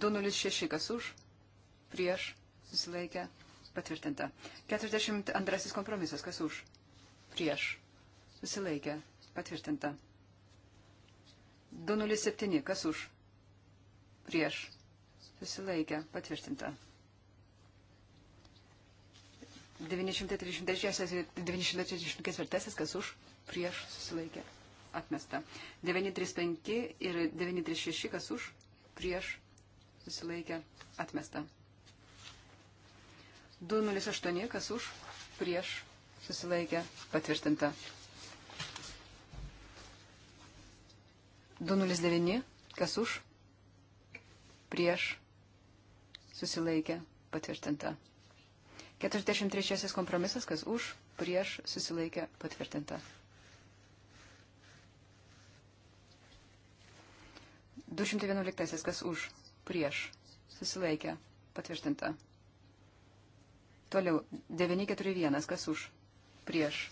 206, kas už, prieš, susilaikė, patvirtinta. 42 kompromisas, kas už, prieš, susilaikė, patvirtinta. 207, kas už, prieš, susilaikė, patvirtinta. 934, kas už, prieš, susilaikė, atmesta. 935 ir 936, kas už, prieš, susilaikė, atmesta. 208, kas už, prieš, susilaikė, patvirtinta. 209, kas už, prieš, susilaikė, patvirtinta. 43 kompromisas, kas už, prieš, susilaikė, patvirtinta. 211, kas už, prieš, susilaikė, patvirtinta. Toliau, 941, kas už, prieš,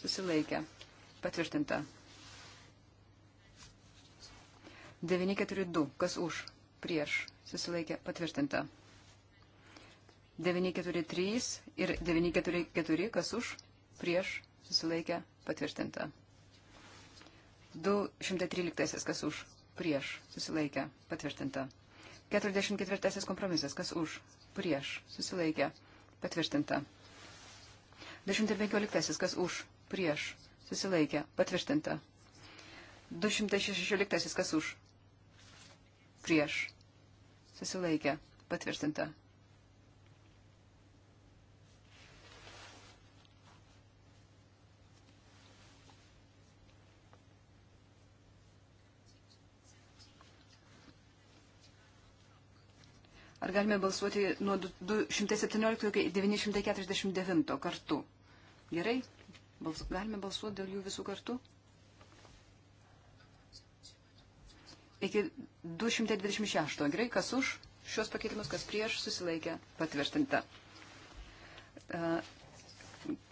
susilaikė, patvirtinta. 942, kas už, prieš susilaikė patvirtinta. 943 ir 944 kas už prieš susilaikė patvirtinta. 213 kas už prieš susilaikė patvirtinta. 44 kompromisas kas už prieš susilaikė patvirtinta. 215 kas už prieš susilaikė patvirtinta. 216 kas už prieš susilaikė, patvirtinta. Ar galime balsuoti nuo 217 iki 949 kartu? Gerai, Bals, galime balsuoti dėl jų visų kartu? iki 226. Gerai, kas už šios pakeitimus, kas prieš susilaikė patvirtinta.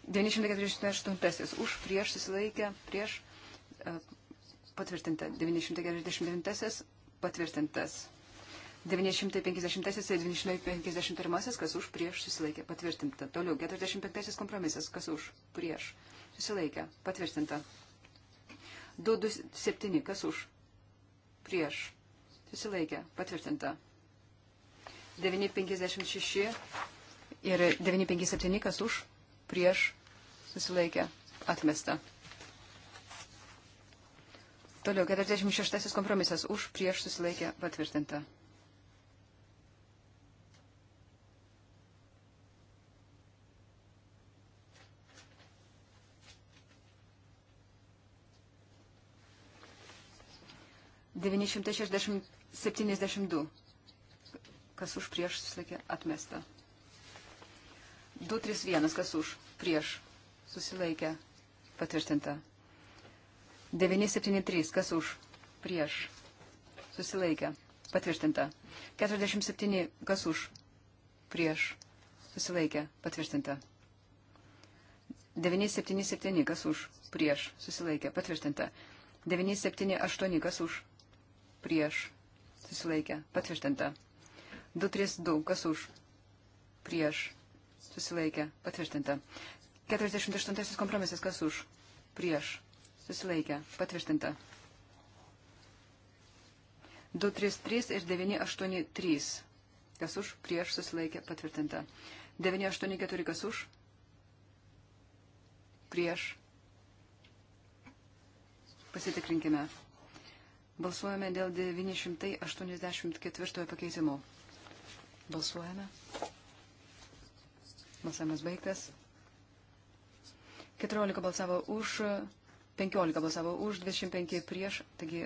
948 e, už prieš susilaikė, prieš e, patvirtinta. 949 patvirtintas. 950 ir 951, kas už prieš susilaikė, patvirtinta. Toliau, 45 kompromisas, kas už prieš susilaikė, patvirtinta. 227, kas už prieš, susilaikė, patvirtinta. 956 ir 957 kas už, prieš, susilaikė, atmesta. Toliau, 46 kompromisas už, prieš, susilaikė, patvirtinta. 972. Kas už prieš susilaikė atmesta. 231. Kas už prieš susilaikė patvirtinta. 973. Kas už prieš susilaikė patvirtinta. 47. Kas už prieš susilaikė patvirtinta. 977. Kas už prieš susilaikė patvirtinta. 978. Kas už prieš, susilaikė, patvirtinta. 232, kas už, prieš, susilaikė, patvirtinta. 48 kompromisas, kas už, prieš, susilaikė, patvirtinta. 233 ir 983, kas už, prieš, susilaikė, patvirtinta. 984, kas už, prieš, Pasitikrinkime. Balsuojame dėl 984 pakeitimo. Balsuojame. Balsavimas baigtas. 14 balsavo už, 15 balsavo už, 25 prieš, taigi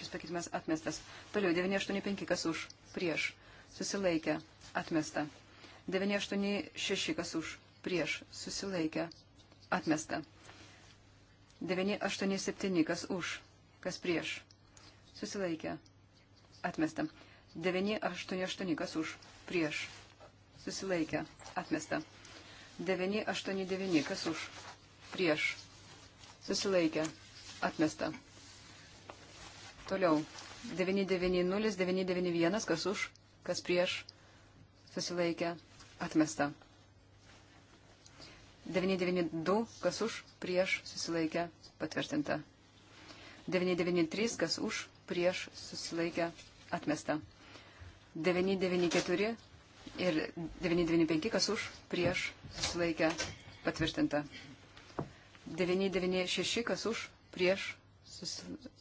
šis pakeitimas atmestas. Toliau 985 kas už, prieš, susilaikė, atmesta. 986 kas už, prieš, susilaikė, atmesta. 987 kas už, kas prieš, susilaikė, atmesta. 988, kas už, prieš, susilaikė, atmesta. 989, kas už, prieš, susilaikė, atmesta. Toliau, 990, 991, kas už, kas prieš, susilaikė, atmesta. 992, kas už, prieš, susilaikė, patvirtinta. 993, kas už, prieš susilaikę atmesta. 994 ir 995, kas už, prieš susilaikę patvirtinta. 996, kas už, prieš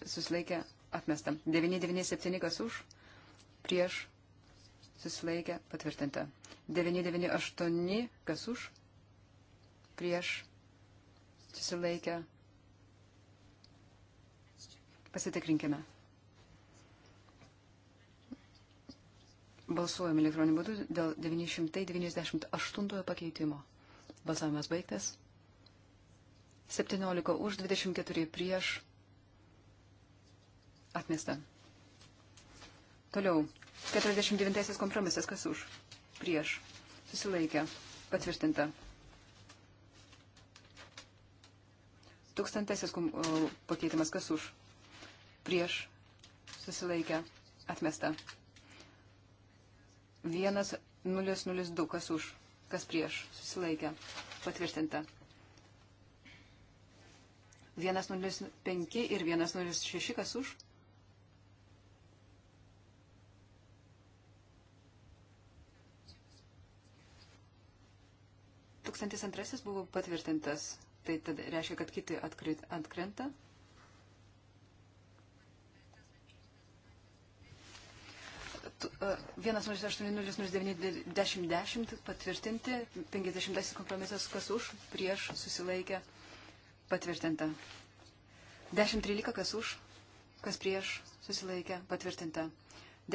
susilaikę atmesta. 997, kas už, prieš susilaikę patvirtinta. 998, kas už, prieš susilaikę patvirtinta. Pasitikrinkime. Balsuojame elektroniniu būdu dėl 998 pakeitimo. Balsavimas baigtas. 17 už 24 prieš. Atmesta. Toliau. 49 kompromisas. Kas už? Prieš. Susilaikė. Patvirtinta. Tūkstantasis pakeitimas. Kas už? Prieš. Susilaikė. Atmesta. 1002, kas už, kas prieš, susilaikė, patvirtinta. 105 ir 106, kas už. Tūkstantis antrasis buvo patvirtintas, tai tada reiškia, kad kiti atkrenta. 1080910 e, patvirtinti, 50 kompromisas kas už, prieš susilaikė patvirtinta. 1013 kas už, kas prieš susilaikė patvirtinta.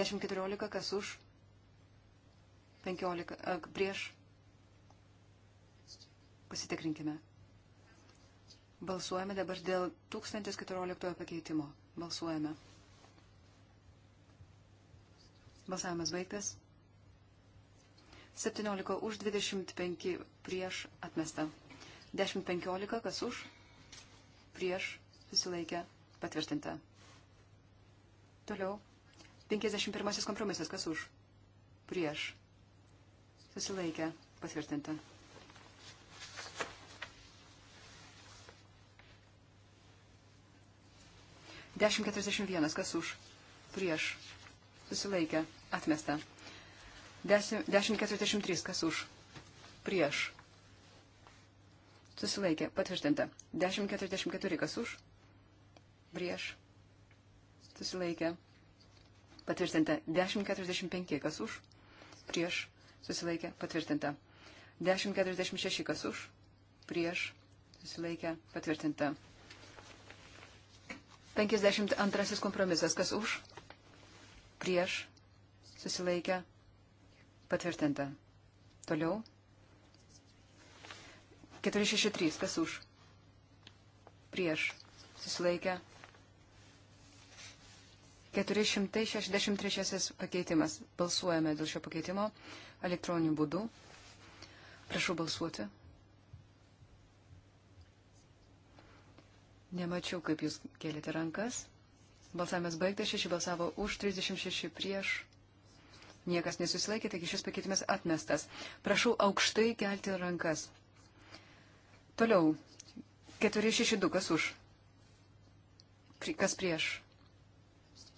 1014 kas už, 15 a, e, prieš. Pasitikrinkime. Balsuojame dabar dėl 1014 pakeitimo. Balsuojame. Balsavimas baigtas. 17 už 25 prieš atmestą. 10.15 kas už prieš susilaikę patvirtinta. Toliau. 51 kompromisas kas už prieš susilaikę patvirtinta. Dešimt keturiasdešimt vienas, kas už, prieš, susilaikę, atmesta. 10.43, 10, kas už? Prieš. Susilaikė, patvirtinta. 10.44, kas už? Prieš. Susilaikė. Patvirtinta. 10.45, kas už? Prieš. Susilaikė, patvirtinta. 10.46, kas už? Prieš. Susilaikė, patvirtinta. 52 kompromisas. Kas už? Prieš susilaikę, patvirtinta. Toliau. 463, kas už, prieš, susilaikę. 463 pakeitimas. Balsuojame dėl šio pakeitimo elektroniniu būdu. Prašau balsuoti. Nemačiau, kaip jūs kėlėte rankas. Balsavimas baigtas, 6 balsavo už, 36 prieš. Niekas nesusilaikė, taigi šis pakeitimas atmestas. Prašau aukštai kelti rankas. Toliau. 462. Kas už? Kas prieš?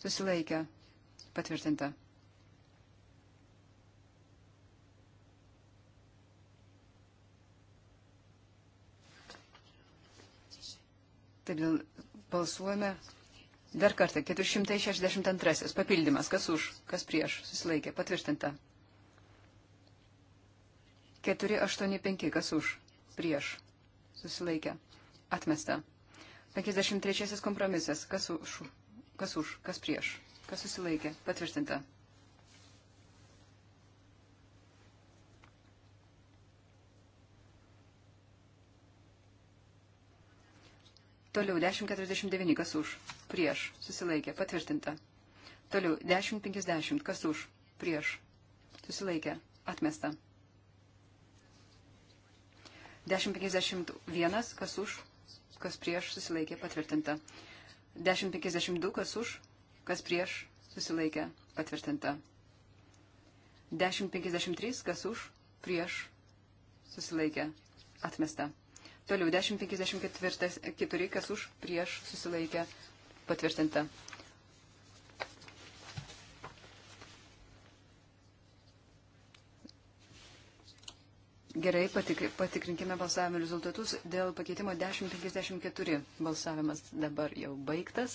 Susilaikė. Patvirtinta. Todėl balsuojame Dar kartą, 462 papildymas, kas už, kas prieš, susilaikė, patvirtinta. 485, kas už, prieš, susilaikė, atmesta. 53 kompromisas, kas už, kas už, kas prieš, kas susilaikė, patvirtinta. Toliau 1049, kas už, prieš, susilaikė, patvirtinta. Toliau 1050, kas už, prieš, susilaikė, atmesta. 1051, kas už, kas prieš, susilaikė, patvirtinta. 1052, kas už, kas prieš, susilaikė, patvirtinta. 1053, kas už, prieš, susilaikė, atmesta. Toliau 1054, kas už, prieš, susilaikė, patvirtinta. Gerai, patikri, patikrinkime balsavimo rezultatus. Dėl pakeitimo 1054 balsavimas dabar jau baigtas.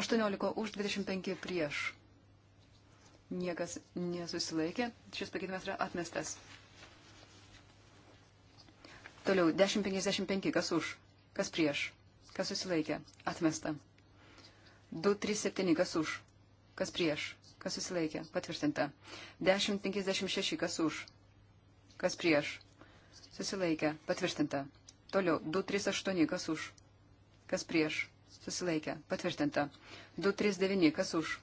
18 už 25 prieš. Niekas nesusilaikė. Šis pakeitimas yra atmestas. Toliau 1055, kas už, kas prieš, kas susilaikė, atmesta. 237, kas už, kas prieš, kas susilaikė, patvirtinta. 1056, kas už, kas prieš, susilaikė, patvirtinta. Toliau 238, kas už, kas prieš, susilaikė, patvirtinta. 239, kas už,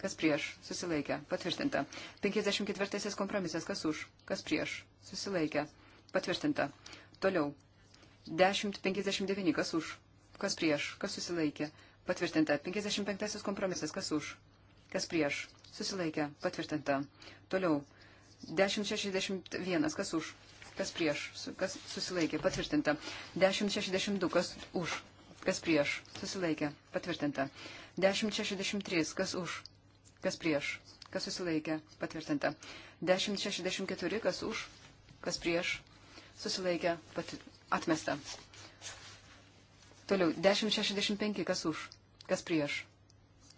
kas prieš, susilaikė, patvirtinta. 54 kompromisas, kas už, kas prieš, susilaikė, patvirtinta. Toliau. 10.59. Kas už? Kas prieš? Kas susilaikė? Patvirtinta. 55 kompromisas. Kas už? Kas prieš? Susilaikė. Patvirtinta. Toliau. 10.61. Kas už? Kas prieš? Kas susilaikė? Patvirtinta. 10.62. Kas už? Kas prieš? Susilaikė. Patvirtinta. 10.63. Kas už? Kas prieš? Kas susilaikė? Patvirtinta. 10.64. Kas už? Kas prieš? susilaikė pati, atmesta. Toliau, 1065, kas už, kas prieš,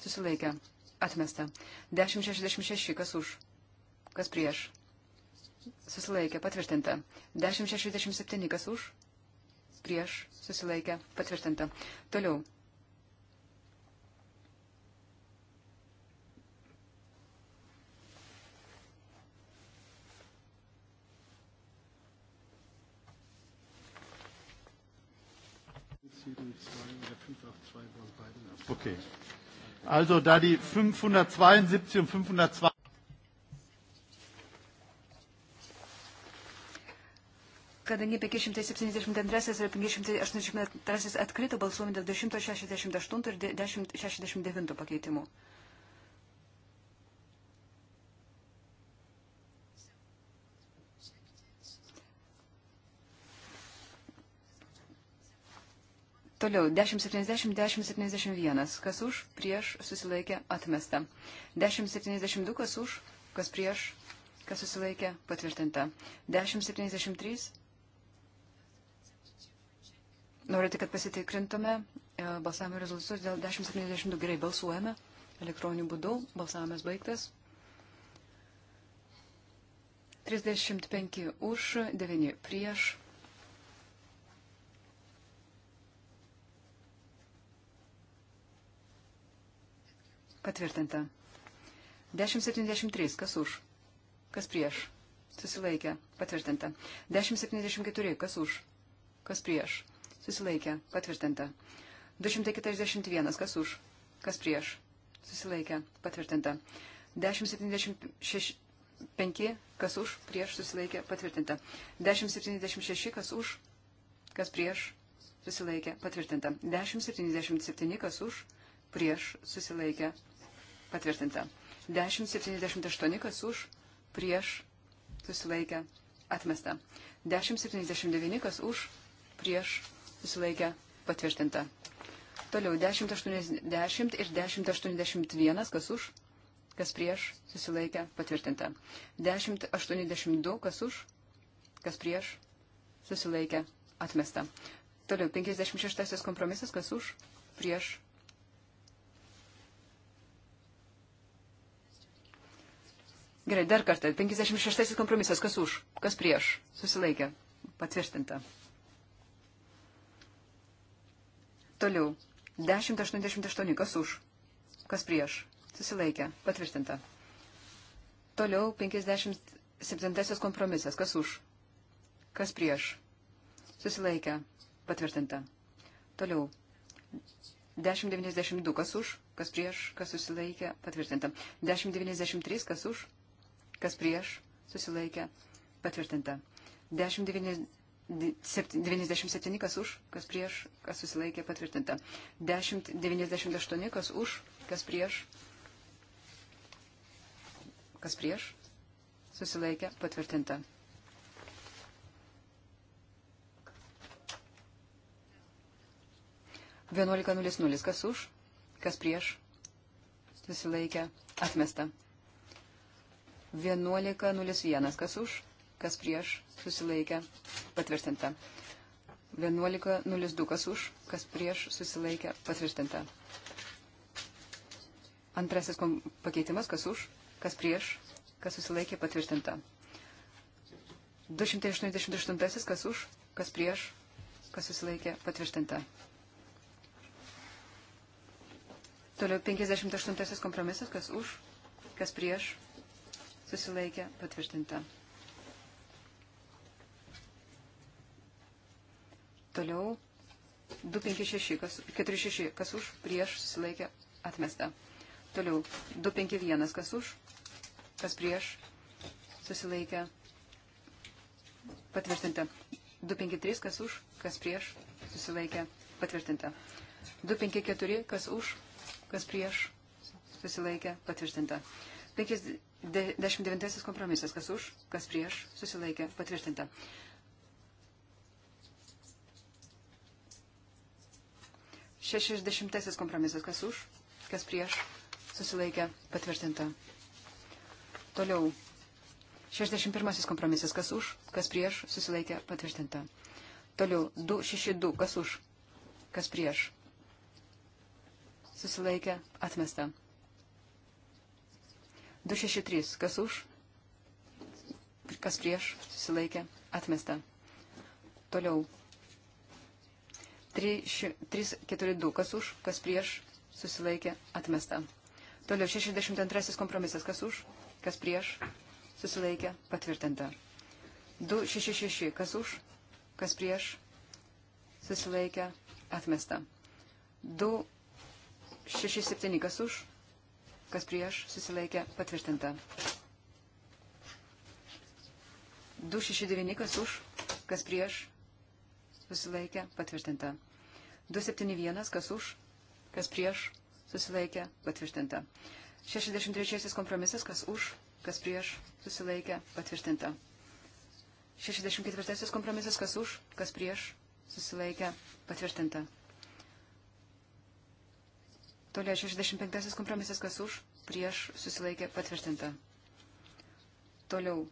susilaikė, atmesta. 1066, kas už, kas prieš, susilaikė, patvirtinta. 1067, kas už, prieš, susilaikė, patvirtinta. Toliau, 1068. Okay. Also da die 572 und 502 Kadangi 572 ir 582 atkrito balsuomi dėl 168 ir 169 pakeitimų. Toliau 1070, 1071, kas už, prieš, susilaikė, atmesta. 1072, kas už, kas prieš, kas susilaikė, patvirtinta. 1073. Norite, kad pasitikrintume e, balsavimo rezultatus dėl 1072. Gerai, balsuojame elektroniniu būdu, balsavimas baigtas. 35 už, 9 prieš, Patvirtinta. 1073. Kas už? Kas prieš? Susilaikė. Patvirtinta. 1074. Kas už? Kas prieš? Susilaikė. Patvirtinta. 241. Kas už? Kas prieš? Susilaikė. Patvirtinta. 1076. 5, kas už, prieš susilaikė, patvirtinta. 1076, kas už, kas prieš susilaikė, patvirtinta. 1077, kas už, prieš susilaikė, patvirtinta. 1078 kas už, prieš, susilaikę, atmesta. 1079 kas už, prieš, susilaikę, patvirtinta. Toliau 1080 ir 1081 kas už, kas prieš, susilaikę, patvirtinta. 1082 kas už, kas prieš, susilaikę, atmesta. Toliau 56 kompromisas kas už, prieš, Gerai, dar kartą. 56 kompromisas. Kas už? Kas prieš? Susilaikė. Patvirtinta. Toliau. 1088. Kas už? Kas prieš? Susilaikė. Patvirtinta. Toliau 57 kompromisas. Kas už? Kas prieš? Susilaikė. Patvirtinta. Toliau. 1092. Kas už? Kas prieš? Kas susilaikė? Patvirtinta. 1093. Kas už? Kas prieš? Susilaikė. Patvirtinta. 1097 kas už, kas prieš, kas susilaikė, patvirtinta. 1098 kas už, kas prieš, kas prieš, susilaikė, patvirtinta. Vienuolika nulis nulis, kas už, kas prieš, susilaikė, atmesta. 1101. Kas už, kas prieš, susilaikė, patvirtinta. 11.02. Kas už, kas prieš, susilaikė, patvirtinta. Antrasis pakeitimas, kas už, kas prieš, kas susilaikė, patvirtinta. 288. Kas už, kas prieš, kas susilaikė, patvirtinta. Toliau 58 kompromisas, kas už, kas prieš, susilaikė, patvirtinta. Toliau 256, kas, 46, kas už, prieš, susilaikė, atmesta. Toliau 251, kas už, kas prieš, susilaikė, patvirtinta. 253, kas už, kas prieš, susilaikė, patvirtinta. 254, kas už, kas prieš, susilaikė, patvirtinta. 50, 19 kompromisas. Kas už, kas prieš, susilaikė, patvirtinta. Šešiasdešimtasis kompromisas. Kas už, kas prieš, susilaikė, patvirtinta. Toliau. Šešdešimt pirmasis kompromisas. Kas už, kas prieš, susilaikė, patvirtinta. Toliau. Du, šeši, du. Kas už, kas prieš, susilaikė, atmesta. 263. Kas už? Kas prieš? Susilaikė. Atmesta. Toliau. 342. Kas už? Kas prieš? Susilaikė. Atmesta. Toliau 62 kompromisas. Kas už? Kas prieš? Susilaikė. Patvirtinta. 266. Kas už? Kas prieš? Susilaikė. Atmesta. 267. Kas už? kas prieš, susilaikė, patvirtinta. 269, kas už, kas prieš, susilaikė, patvirtinta. 271, kas už, kas prieš, susilaikė, patvirtinta. 63 kompromisas, kas už, kas prieš, susilaikė, patvirtinta. 64 kompromisas, kas už, kas prieš, susilaikė, patvirtinta. Toliau 65 kompromisas, kas už, prieš susilaikė patvirtinta. Toliau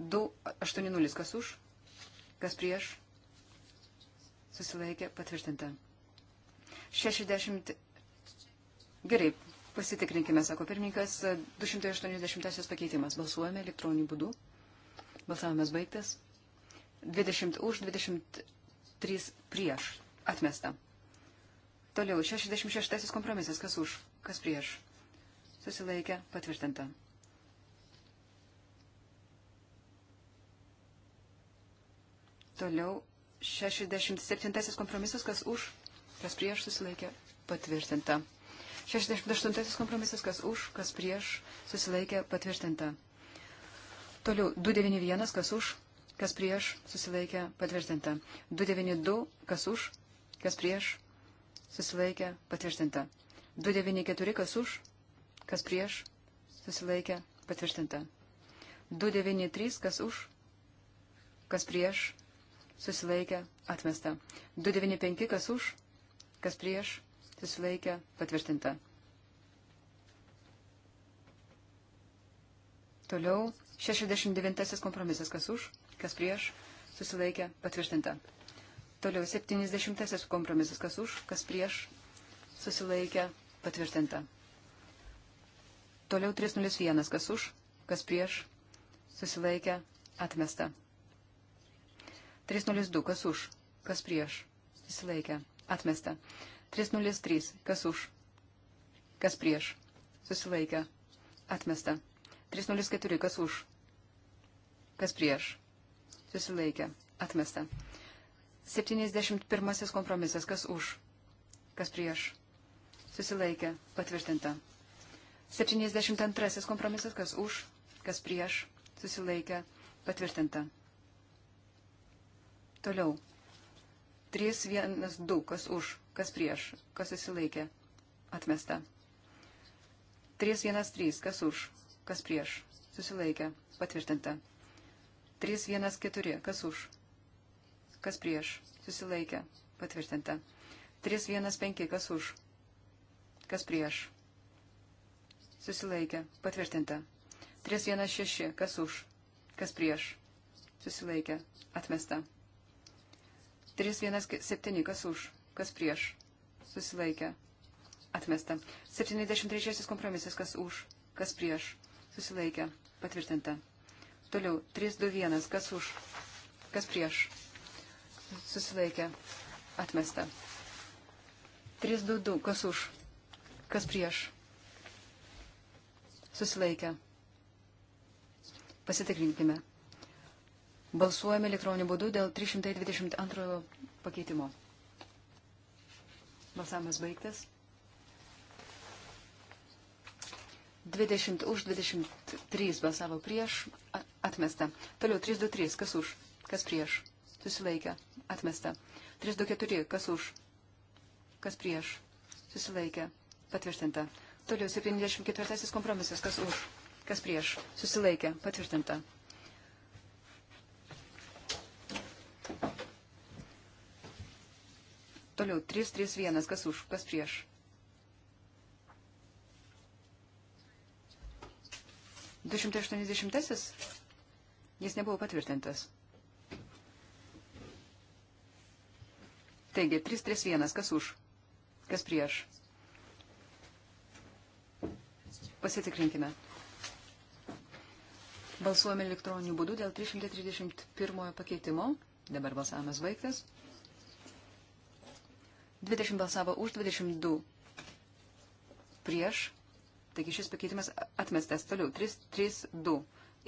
280, kas už, kas prieš susilaikė patvirtinta. 60. Gerai, pasitikrinkime, sako pirmininkas, 280 pakeitimas. Balsuojame elektroniniu būdu. Balsavimas baigtas. 20 už, 23 prieš. Atmesta. Toliau, 66 kompromisas, kas už, kas prieš. Susilaikė, patvirtinta. Toliau, 67 kompromisas, kas už, kas prieš, susilaikė, patvirtinta. 68 kompromisas, kas už, kas prieš, susilaikė, patvirtinta. Toliau, 291, kas už, kas prieš, susilaikė, patvirtinta. 292, kas už, kas prieš, susilaikė, patvirtinta. 294 kas už, kas prieš, susilaikė, patvirtinta. 293 kas už, kas prieš, susilaikė, atmesta. 295 kas už, kas prieš, susilaikė, patvirtinta. Toliau 69 kompromisas kas už, kas prieš, susilaikė, patvirtinta. Toliau 70 kompromisas, kas už, kas prieš, susilaikė, patvirtinta. Toliau 301, kas už, kas prieš, susilaikė, atmesta. 302, kas už, kas prieš, susilaikė, atmesta. 303, kas už, kas prieš, susilaikė, atmesta. 304, kas už, kas prieš, susilaikė, atmesta. 71 kompromisas. Kas už? Kas prieš? Susilaikė. Patvirtinta. 72 kompromisas. Kas už? Kas prieš? Susilaikė. Patvirtinta. Toliau. 3, 1, 2. Kas už? Kas prieš? Kas susilaikė? Atmesta. 3, 1, 3. Kas už? Kas prieš? Susilaikė. Patvirtinta. 3, 1, 4. Kas už? Kas prieš? Susilaikė. Patvirtinta. 315. Kas už? Kas prieš? Susilaikė. Patvirtinta. 316. Kas už? Kas prieš? Susilaikė. Atmesta. 317. Kas už? Kas prieš? Susilaikė. Atmesta. 73 kompromisas, kas už, kas prieš. Susilaikė. Patvirtinta. Toliau. 321. Kas už, kas prieš susilaikė, atmesta. 322, kas už, kas prieš, susilaikė. Pasitikrinkime. Balsuojame elektroniniu būdu dėl 322 pakeitimo. Balsavimas baigtas. 20 už, 23 balsavo prieš, atmesta. Toliau 323, kas už, kas prieš, susilaikė, atmesta. 324, kas už, kas prieš, susilaikė, patvirtinta. Toliau 74 kompromisas, kas už, kas prieš, susilaikė, patvirtinta. Toliau 331, kas už, kas prieš. Du šimtai aštuoniasdešimtasis jis nebuvo patvirtintas. Taigi, 331, kas už, kas prieš. Pasitikrinkime. Balsuojame elektroniniu būdu dėl 331 pakeitimo. Dabar balsavimas baigtas. 20 balsavo už, 22 prieš. Taigi šis pakeitimas atmestas toliau. 332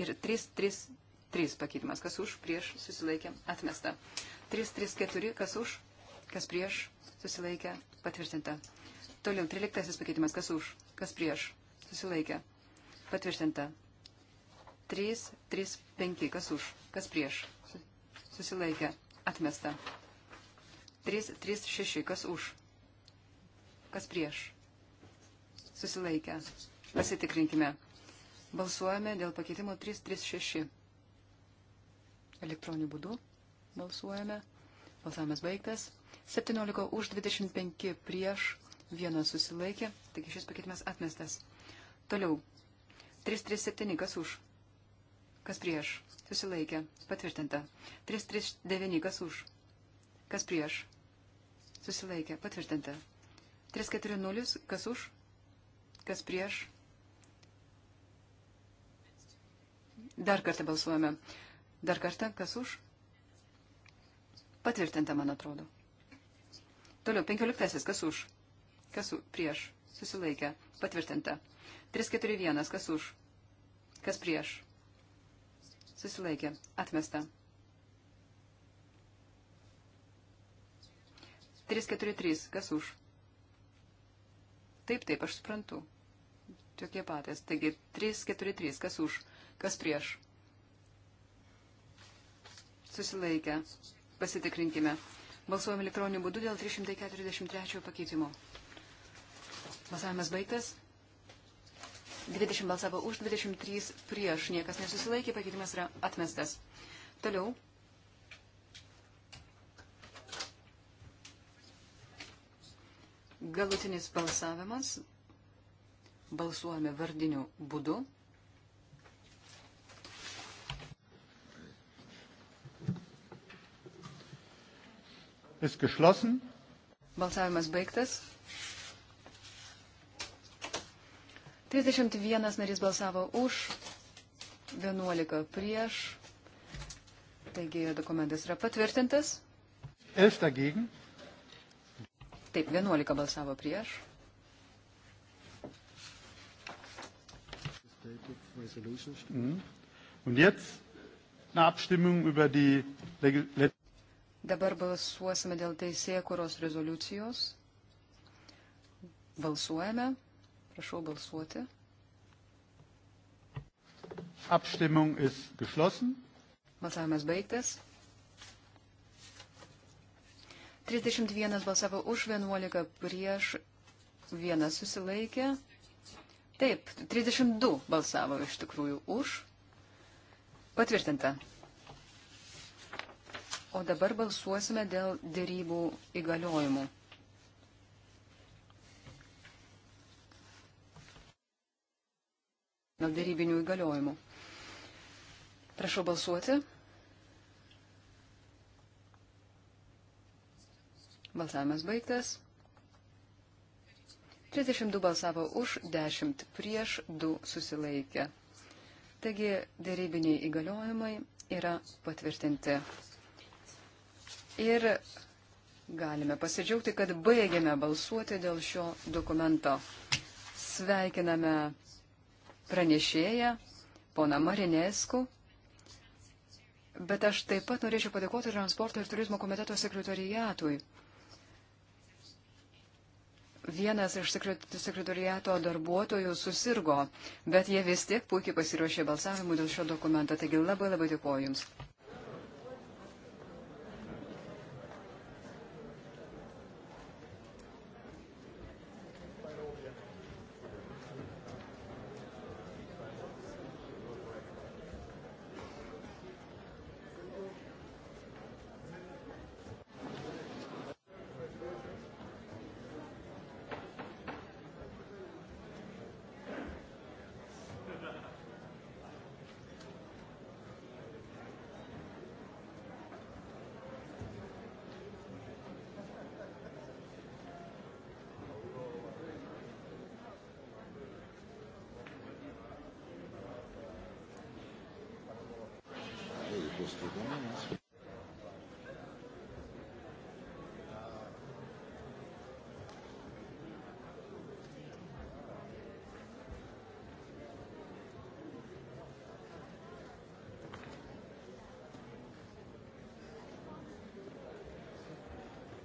ir 333 pakeitimas. Kas už, prieš, susilaikė, atmesta. 334, kas už, Kas prieš? Susilaikė. Patvirtinta. Toliau, 13 pakeitimas. Kas už? Kas prieš? Susilaikė. Patvirtinta. 3, 3, 5. Kas už? Kas prieš? Susilaikė. Atmesta. 3, 3, 6. Kas už? Kas prieš? Susilaikę. Pasitikrinkime. Balsuojame dėl pakeitimo 336. Elektroniniu būdu balsuojame. Balsavimas baigtas. 17 už 25 prieš, vienas susilaikė, taigi šis pakeitimas atmestas. Toliau. 337 kas už, kas prieš, susilaikė, patvirtinta. 339 kas už, kas prieš, susilaikė, patvirtinta. 340 kas už, kas prieš. Dar kartą balsuojame. Dar kartą, kas už? Patvirtinta, man atrodo. Toliau, penkioliktasis, kas už? Kas už? Prieš. Susilaikę. Patvirtinta. 341, kas už? Kas prieš? Susilaikė. Atmesta. 343, kas už? Taip, taip, aš suprantu. Tokie patys. Taigi, 343, kas už? Kas prieš? Susilaikę. Pasitikrinkime. 343. Balsuojame elektroniniu būdu dėl 343 pakeitimo. Balsavimas baigtas. 20 balsavo už, 23 prieš. Niekas nesusilaikė, pakeitimas yra atmestas. Toliau. Galutinis balsavimas. Balsuojame vardiniu būdu. ist geschlossen. Balsavimas baigtas. 31 narys balsavo už, 11 prieš. Taigi dokumentas yra patvirtintas. 11 dagegen. Taip, 11 balsavo prieš. Mhm. Und jetzt eine Abstimmung über die Dabar balsuosime dėl teisėkuros rezoliucijos. Balsuojame. Prašau balsuoti. Abstimmung ist geschlossen. Balsavimas baigtas. 31 balsavo už, 11 prieš, 1 susilaikė. Taip, 32 balsavo iš tikrųjų už. Patvirtinta. O dabar balsuosime dėl dėrybų įgaliojimų. Dėl dėrybinių įgaliojimų. Prašau balsuoti. Balsavimas baigtas. 32 balsavo už, 10 prieš, 2 susilaikė. Taigi dėrybiniai įgaliojimai yra patvirtinti. Ir galime pasidžiaugti, kad baigėme balsuoti dėl šio dokumento. Sveikiname pranešėją, poną Marinesku. Bet aš taip pat norėčiau padėkoti transporto ir turizmo komiteto sekretoriatui. Vienas iš sekretoriato darbuotojų susirgo, bet jie vis tiek puikiai pasiruošė balsavimui dėl šio dokumento. Taigi labai labai dėkuoju Jums.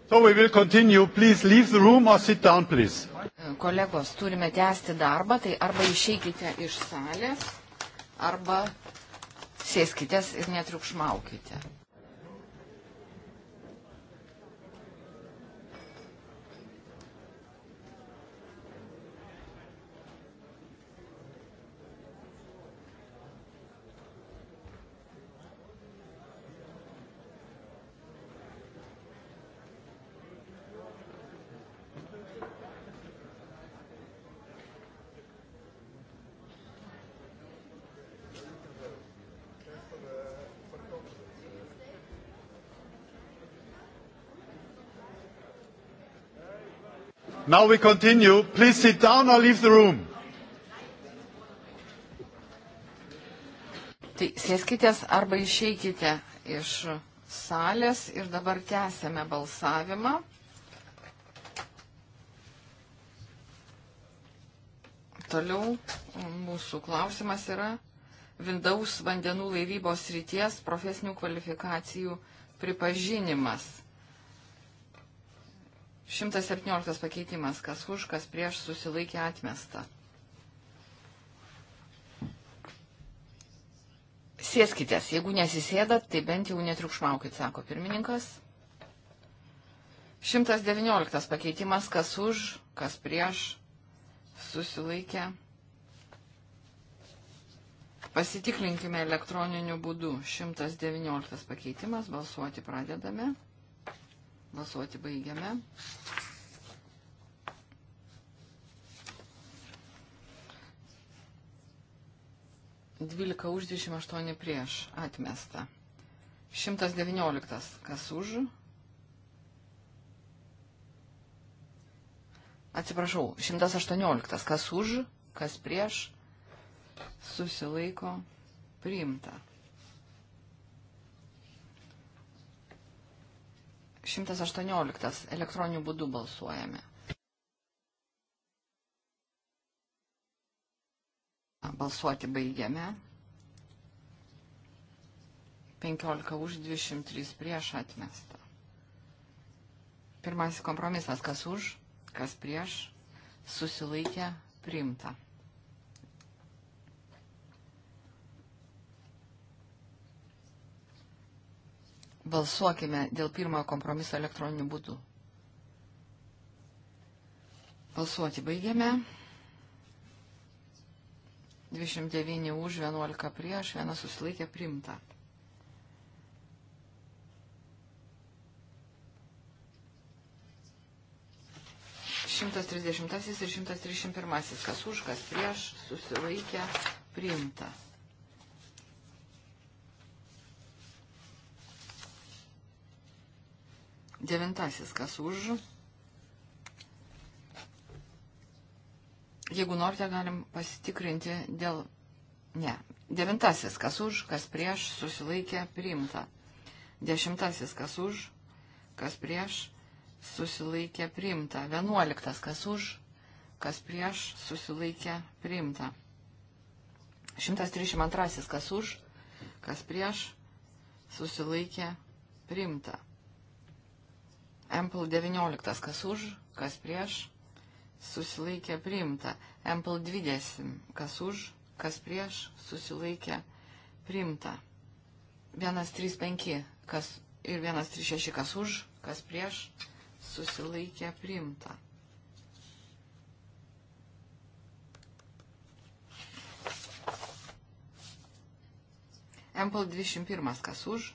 So we will continue. Please leave the room or sit down, please. Kolegos, turime tęsti darbą, tai arba išeikite iš salės, arba sėskitės ir netriukšmaukite. Now we continue. Please sit down or leave the room. Tai sėskitės arba išeikite iš salės ir dabar tęsėme balsavimą. Toliau mūsų klausimas yra Vindaus vandenų laivybos ryties profesinių kvalifikacijų pripažinimas. 117 pakeitimas, kas už, kas prieš susilaikė atmesta. Sėskitės, jeigu nesisėdat, tai bent jau netriukšmaukit, sako pirmininkas. 119 pakeitimas, kas už, kas prieš susilaikė. Pasitikrinkime elektroniniu būdu. 119 pakeitimas, balsuoti pradedame. Balsuoti baigiame. Dvylika už, 28 prieš, atmesta. 119, kas už? Atsiprašau, 118, kas už, kas prieš, susilaiko, priimta. 118 elektroniniu būdu balsuojame. Balsuoti baigiame. 15 už 23 prieš atmestą. Pirmasis kompromisas, kas už, kas prieš, susilaikė priimta. Balsuokime dėl pirmojo kompromiso elektroniniu būdu. Balsuoti baigiame. 29 už, 11 prieš, 1 susilaikė primta. Šimtas trisdešimtasis ir šimtas trisdešimt pirmasis, kas už, kas prieš, susilaikė, priimta. Devintasis, kas už. Jeigu norite, galim pasitikrinti dėl... Ne. Devintasis, kas už, kas prieš, susilaikė, priimta. Dešimtasis, kas už, kas prieš, susilaikė, priimta. Vienuoliktas, kas už, kas prieš, susilaikė, priimta. 132, kas už, kas prieš, susilaikė, priimta. Ample 19, kas už, kas prieš, susilaikė priimta. Ample 20, kas už, kas prieš, susilaikė priimta. 135, kas ir 136, kas už, kas prieš, susilaikė priimta. Ample 21, kas už,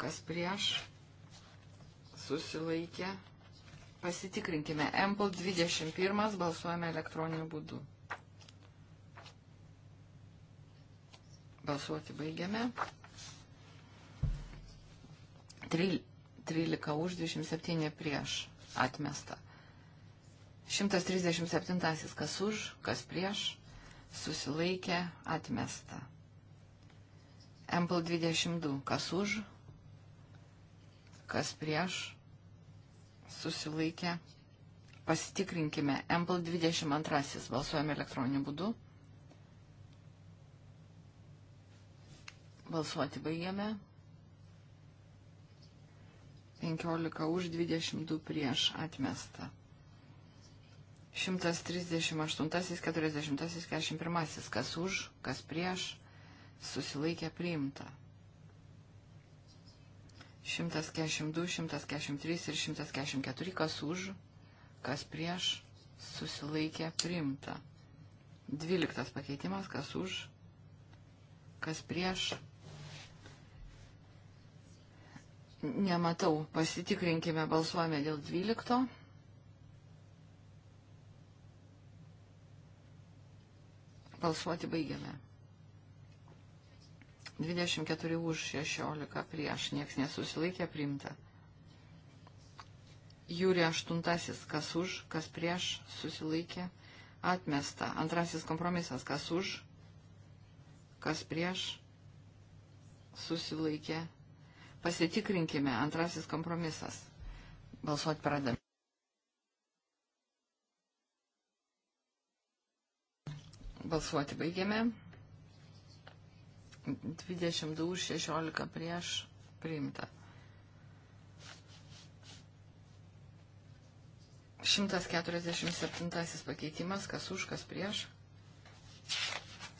kas prieš, susilaikė. Pasitikrinkime. Ample 21 balsuojame elektroniniu būdu. Balsuoti baigiame. 13 už 27 prieš atmesta. 137 kas už, kas prieš, susilaikė atmesta. Ample 22 kas už, kas prieš, susilaikę. Pasitikrinkime. Ample 22. Balsuojame elektroniniu būdu. Balsuoti baigėme. 15 už 22 prieš atmestą. 138, 40, 41, kas už, kas prieš, susilaikė priimta. 142, 143 ir 144, kas už, kas prieš, susilaikė priimta. 12 pakeitimas, kas už, kas prieš. Nematau, pasitikrinkime, balsuojame dėl 12. Balsuoti baigiame. 24 už 16 prieš, nieks nesusilaikė priimta. Jūri aštuntasis, kas už, kas prieš, susilaikė, atmesta. Antrasis kompromisas, kas už, kas prieš, susilaikė. Pasitikrinkime, antrasis kompromisas. Balsuoti pradame. Balsuoti baigėme. 22 už 16 prieš priimta. 147 pakeitimas, kas už, kas prieš.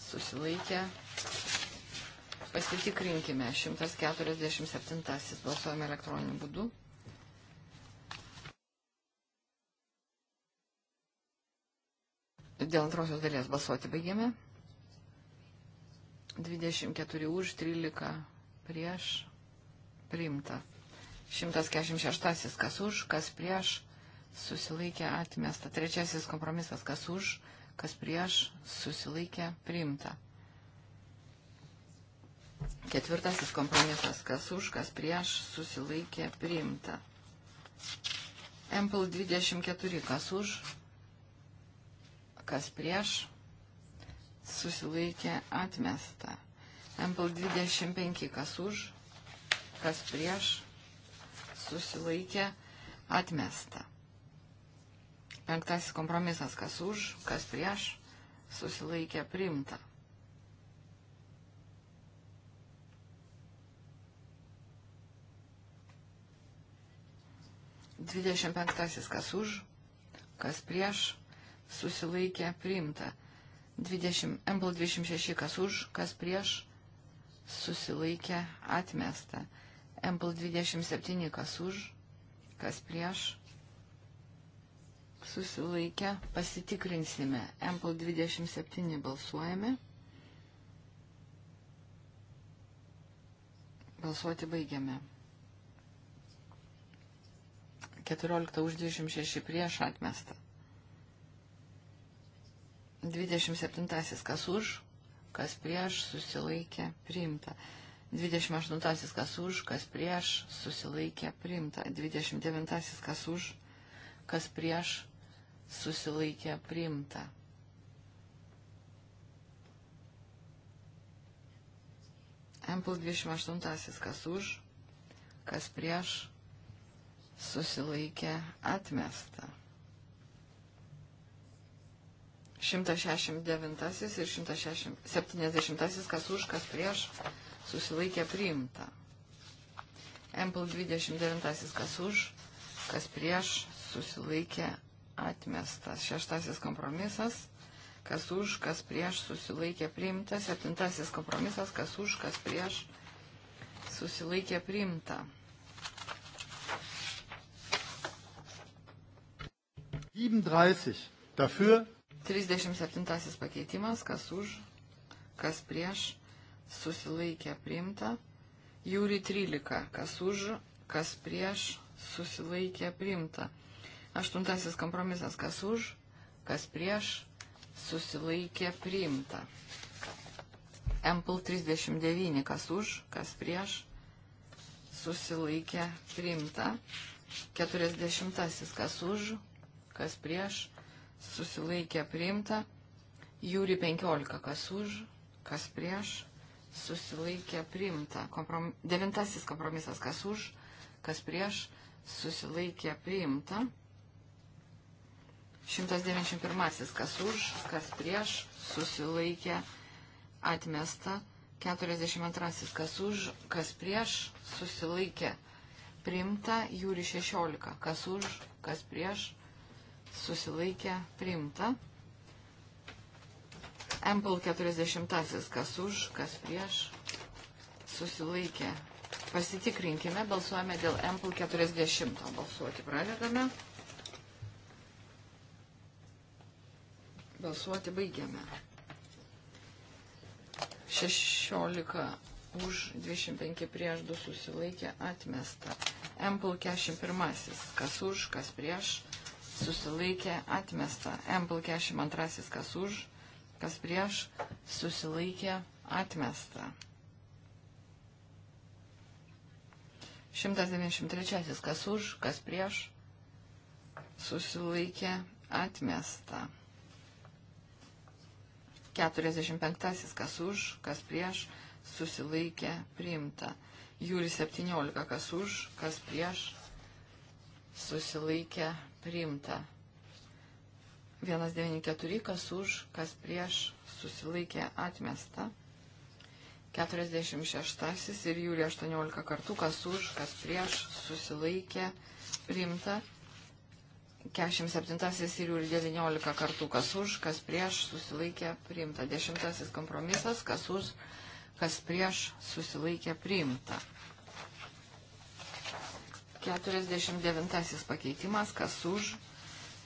Susilaikė. Pasitikrinkime. 147 balsuojame elektroniniu būdu. Dėl antrosios dalies balsuoti baigėme. 24 už, 13 prieš, priimta. 146 kas už, kas prieš, susilaikė atmesta. Trečiasis kompromisas kas už, kas prieš, susilaikė priimta. Ketvirtasis kompromisas kas už, kas prieš, susilaikė priimta. MPL 24 kas už, kas prieš, susilaikė atmesta. Ample 25 kas už, kas prieš, susilaikė atmesta. Penktasis kompromisas kas už, kas prieš, susilaikė primta. Dvidešimt penktasis kas už, kas prieš, susilaikė primta. 20, MBL 26, kas už, kas prieš, susilaikė, atmesta. MBL 27, kas už, kas prieš, susilaikė, pasitikrinsime. MBL 27 balsuojame. Balsuoti baigiame. 14 už 26 prieš atmestą. 27. Kas už, kas prieš, susilaikė, priimta. 28. Kas už, kas prieš, susilaikė, priimta. 29. Kas už, kas prieš, susilaikė, priimta. Ample 28. Kas už, kas prieš, susilaikė, atmesta. 169 ir 170, kas už, kas prieš, susilaikė priimta. Ample 29, kas už, kas prieš, susilaikė atmestas. Šeštasis kompromisas, kas už, kas prieš, susilaikė priimta. Septintasis kompromisas, kas už, kas prieš, susilaikė priimta. Dafür 37 pakeitimas, kas už, kas prieš, susilaikė priimta. Jūri 13, kas už, kas prieš, susilaikė priimta. Aštuntasis kompromisas, kas už, kas prieš, susilaikė priimta. Ample 39, kas už, kas prieš, susilaikė priimta. 40, kas už, kas prieš, susilaikė priimta, jūri 15, kas už, kas prieš, susilaikė priimta, Komprom... devintasis kompromisas, kas už, kas prieš, susilaikė priimta, 191, kas už, kas prieš, susilaikė atmesta, 42, kas už, kas prieš, susilaikė priimta, jūri 16, kas už, kas prieš, susilaikė priimta, susilaikė priimta. Ample 40, kas už, kas prieš, susilaikė. Pasitikrinkime, balsuojame dėl Ample 40. Balsuoti pradedame. Balsuoti baigiame. 16 už 25 prieš 2 susilaikė atmesta. Ample 41, kas už, kas prieš, susilaikė, atmesta. Ample 42, kas už, kas prieš, susilaikė, atmesta. 193, kas už, kas prieš, susilaikė, atmesta. 45, kas už, kas prieš, susilaikė, priimta. Jūri 17, kas už, kas prieš, susilaikė, priimta. 194, kas už, kas prieš, susilaikė atmesta. 46 ir jų 18 kartų, kas už, kas prieš, susilaikė priimta. 47 ir jų 19 kartų, kas už, kas prieš, susilaikė priimta. 10 kompromisas, kas už, kas prieš, susilaikė priimta. 49 pakeitimas, kas už,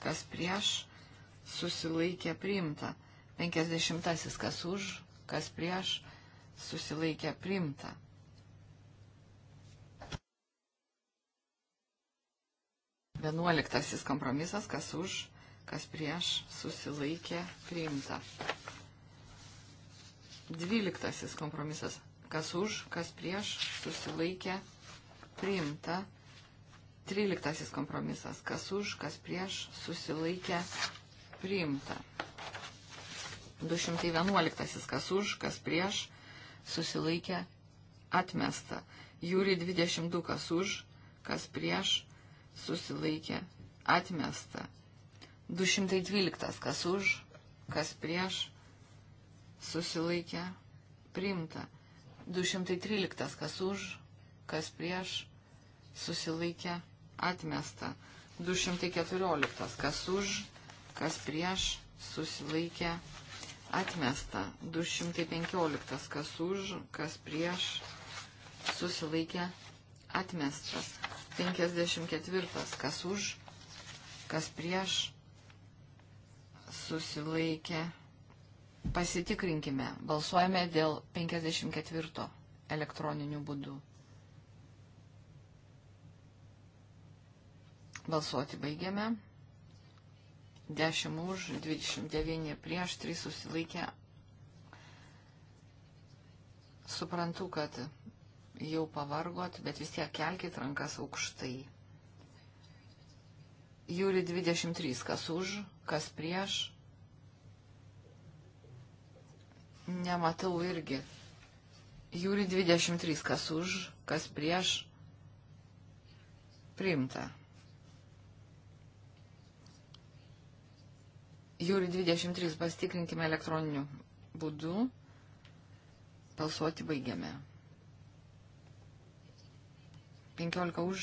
kas prieš, susilaikė priimta. 50 kas už, kas prieš, susilaikė priimta. Vienuoliktasis kompromisas, kas už, kas prieš, susilaikė priimta. Dvyliktasis kompromisas, kas už, kas prieš, susilaikė priimta. Tryliktasis kompromisas. Kas už, kas prieš, susilaikę, priimta. 211. Kas už, kas prieš, susilaikę, atmesta. Jūri 22. Kas už, kas prieš, susilaikė, atmesta. 212. Kas už, kas prieš, susilaikė, priimta. 213. Kas už, kas prieš, susilaikė, atmesta. 214. Kas už, kas prieš, susilaikė, atmesta. 215. Kas už, kas prieš, susilaikė, atmestas. 54. Kas už, kas prieš, susilaikė. Pasitikrinkime. Balsuojame dėl 54 elektroninių būdų. Balsuoti baigiame. 10 už, 29 prieš, 3 susilaikė. Suprantu, kad jau pavargot, bet vis tiek kelkit rankas aukštai. Jūri 23, kas už, kas prieš. Nematau irgi. Jūri 23, kas už, kas prieš. Priimta. Jūri 23 pasitikrinkime elektroniniu būdu. Balsuoti baigiame. 15 už,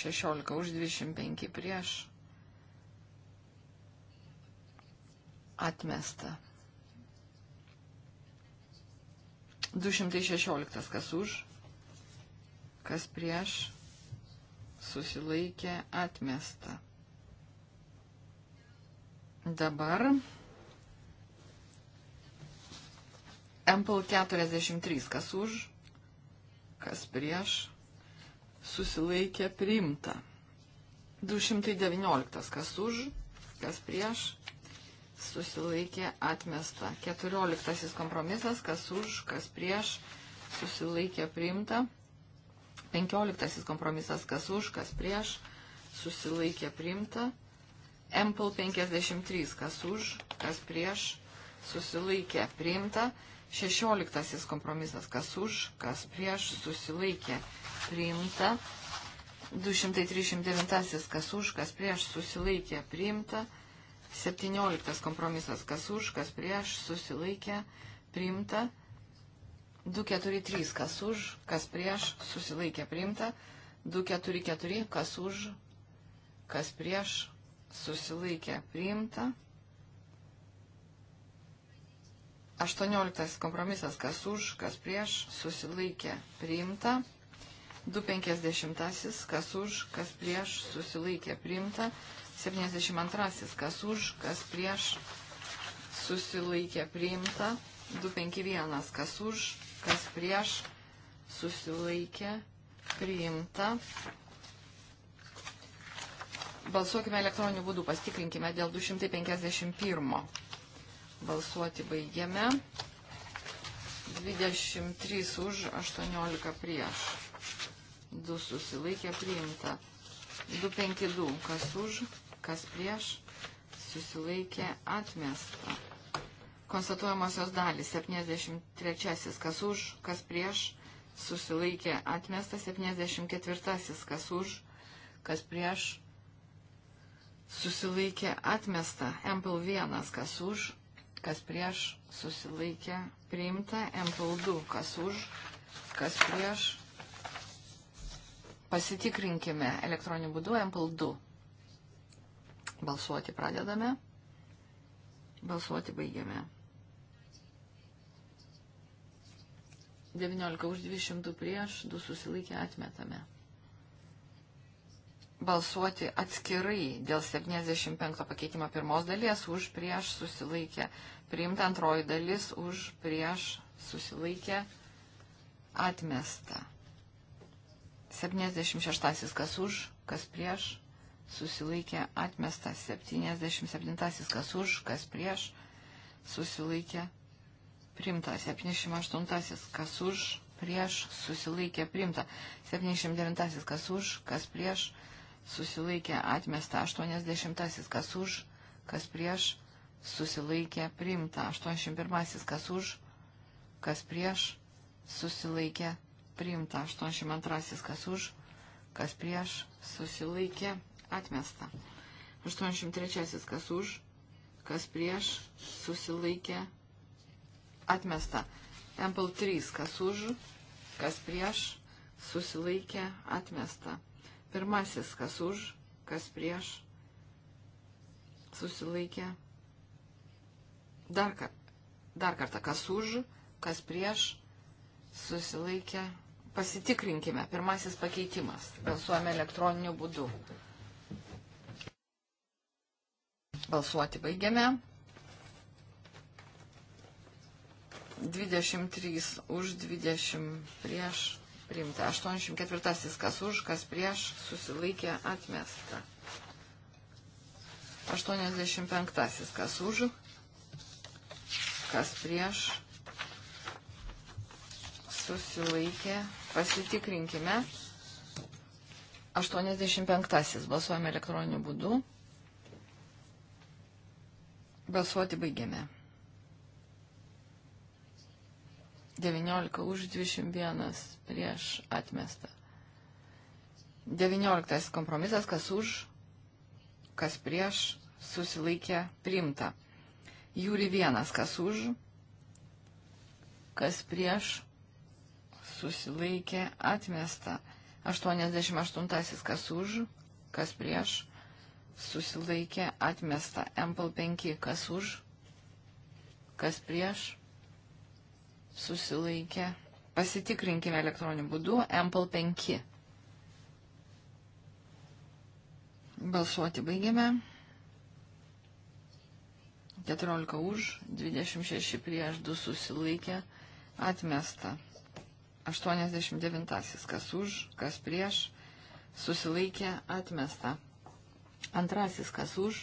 16 už, 25 prieš. Atmesta. 216 kas už, kas prieš, susilaikė atmesta. Dabar MPL 43, kas už, kas prieš, susilaikė priimta. 219, kas už, kas prieš, susilaikė atmesta. 14 kompromisas, kas už, kas prieš, susilaikė priimta. 15 kompromisas, kas už, kas prieš, susilaikė priimta. MPL 53, kas už, kas prieš, susilaikė, priimta. 16 kompromisas, kas už, kas prieš, susilaikė, priimta. 239, kas už, kas prieš, susilaikė, priimta. 17 kompromisas, kas už, kas prieš, susilaikė, priimta. 243, kas už, kas prieš, susilaikė, priimta. 244, kas už, kas prieš, susilaikė priimta. 18 kompromisas, kas už, kas prieš, susilaikė priimta. 250, kas už, kas prieš, susilaikė priimta. 72, kas už, kas prieš, susilaikė priimta. 251, kas už, kas prieš, susilaikė priimta. Balsuokime elektroniniu būdu, pastikrinkime dėl 251. Balsuoti baigiame. 23 už, 18 prieš. 2 susilaikė priimta. 252, kas už, kas prieš, susilaikė atmesta. Konstatuojamosios dalys 73, kas už, kas prieš, susilaikė atmesta. 74, kas už, kas prieš, susilaikė atmesta. MPL 1, kas už, kas prieš, susilaikė priimta. MPL 2, kas už, kas prieš. Pasitikrinkime elektroniniu būdu MPL 2. Balsuoti pradedame. Balsuoti baigiame. 19 už 200 prieš, 2 susilaikę atmetame balsuoti atskirai dėl 75 pakeitimo pirmos dalies už prieš susilaikę. Priimta antroji dalis už prieš susilaikę atmesta. 76 kas už, kas prieš susilaikė atmesta. 77 kas už, kas prieš susilaikė priimta. 78 kas už, prieš susilaikė priimta. 79 kas už, kas prieš susilaikė susilaikė atmesta 80, kas už, kas prieš, susilaikė priimta 81, kas už, kas prieš, susilaikė priimta 82, kas už, kas prieš, susilaikė atmesta 83, kas už, kas prieš, susilaikė atmesta. Temple 3, kas už, kas prieš, susilaikė atmesta. Pirmasis, kas už, kas prieš, susilaikė. Dar, dar kartą, kas už, kas prieš, susilaikė. Pasitikrinkime. Pirmasis pakeitimas. Balsuojame elektroniniu būdu. Balsuoti baigiame. 23 už 20 prieš priimta. 84. Kas už, kas prieš, susilaikė atmesta. 85. Kas už, kas prieš, susilaikė. Pasitikrinkime. 85. Balsuojame elektroniniu būdu. Balsuoti baigėme. 19 už 21 prieš atmestą. 19 kompromisas, kas už, kas prieš, susilaikė priimta. Jūri vienas, kas už, kas prieš, susilaikė atmesta. 88 kas už, kas prieš, susilaikė atmesta. Empel 5 kas už, kas prieš, susilaikė. Pasitikrinkime elektroniniu būdu. Ample 5. Balsuoti baigėme. 14 už, 26 prieš 2 susilaikė. Atmesta. 89. Kas už, kas prieš. Susilaikė. Atmesta. Antrasis. Kas už,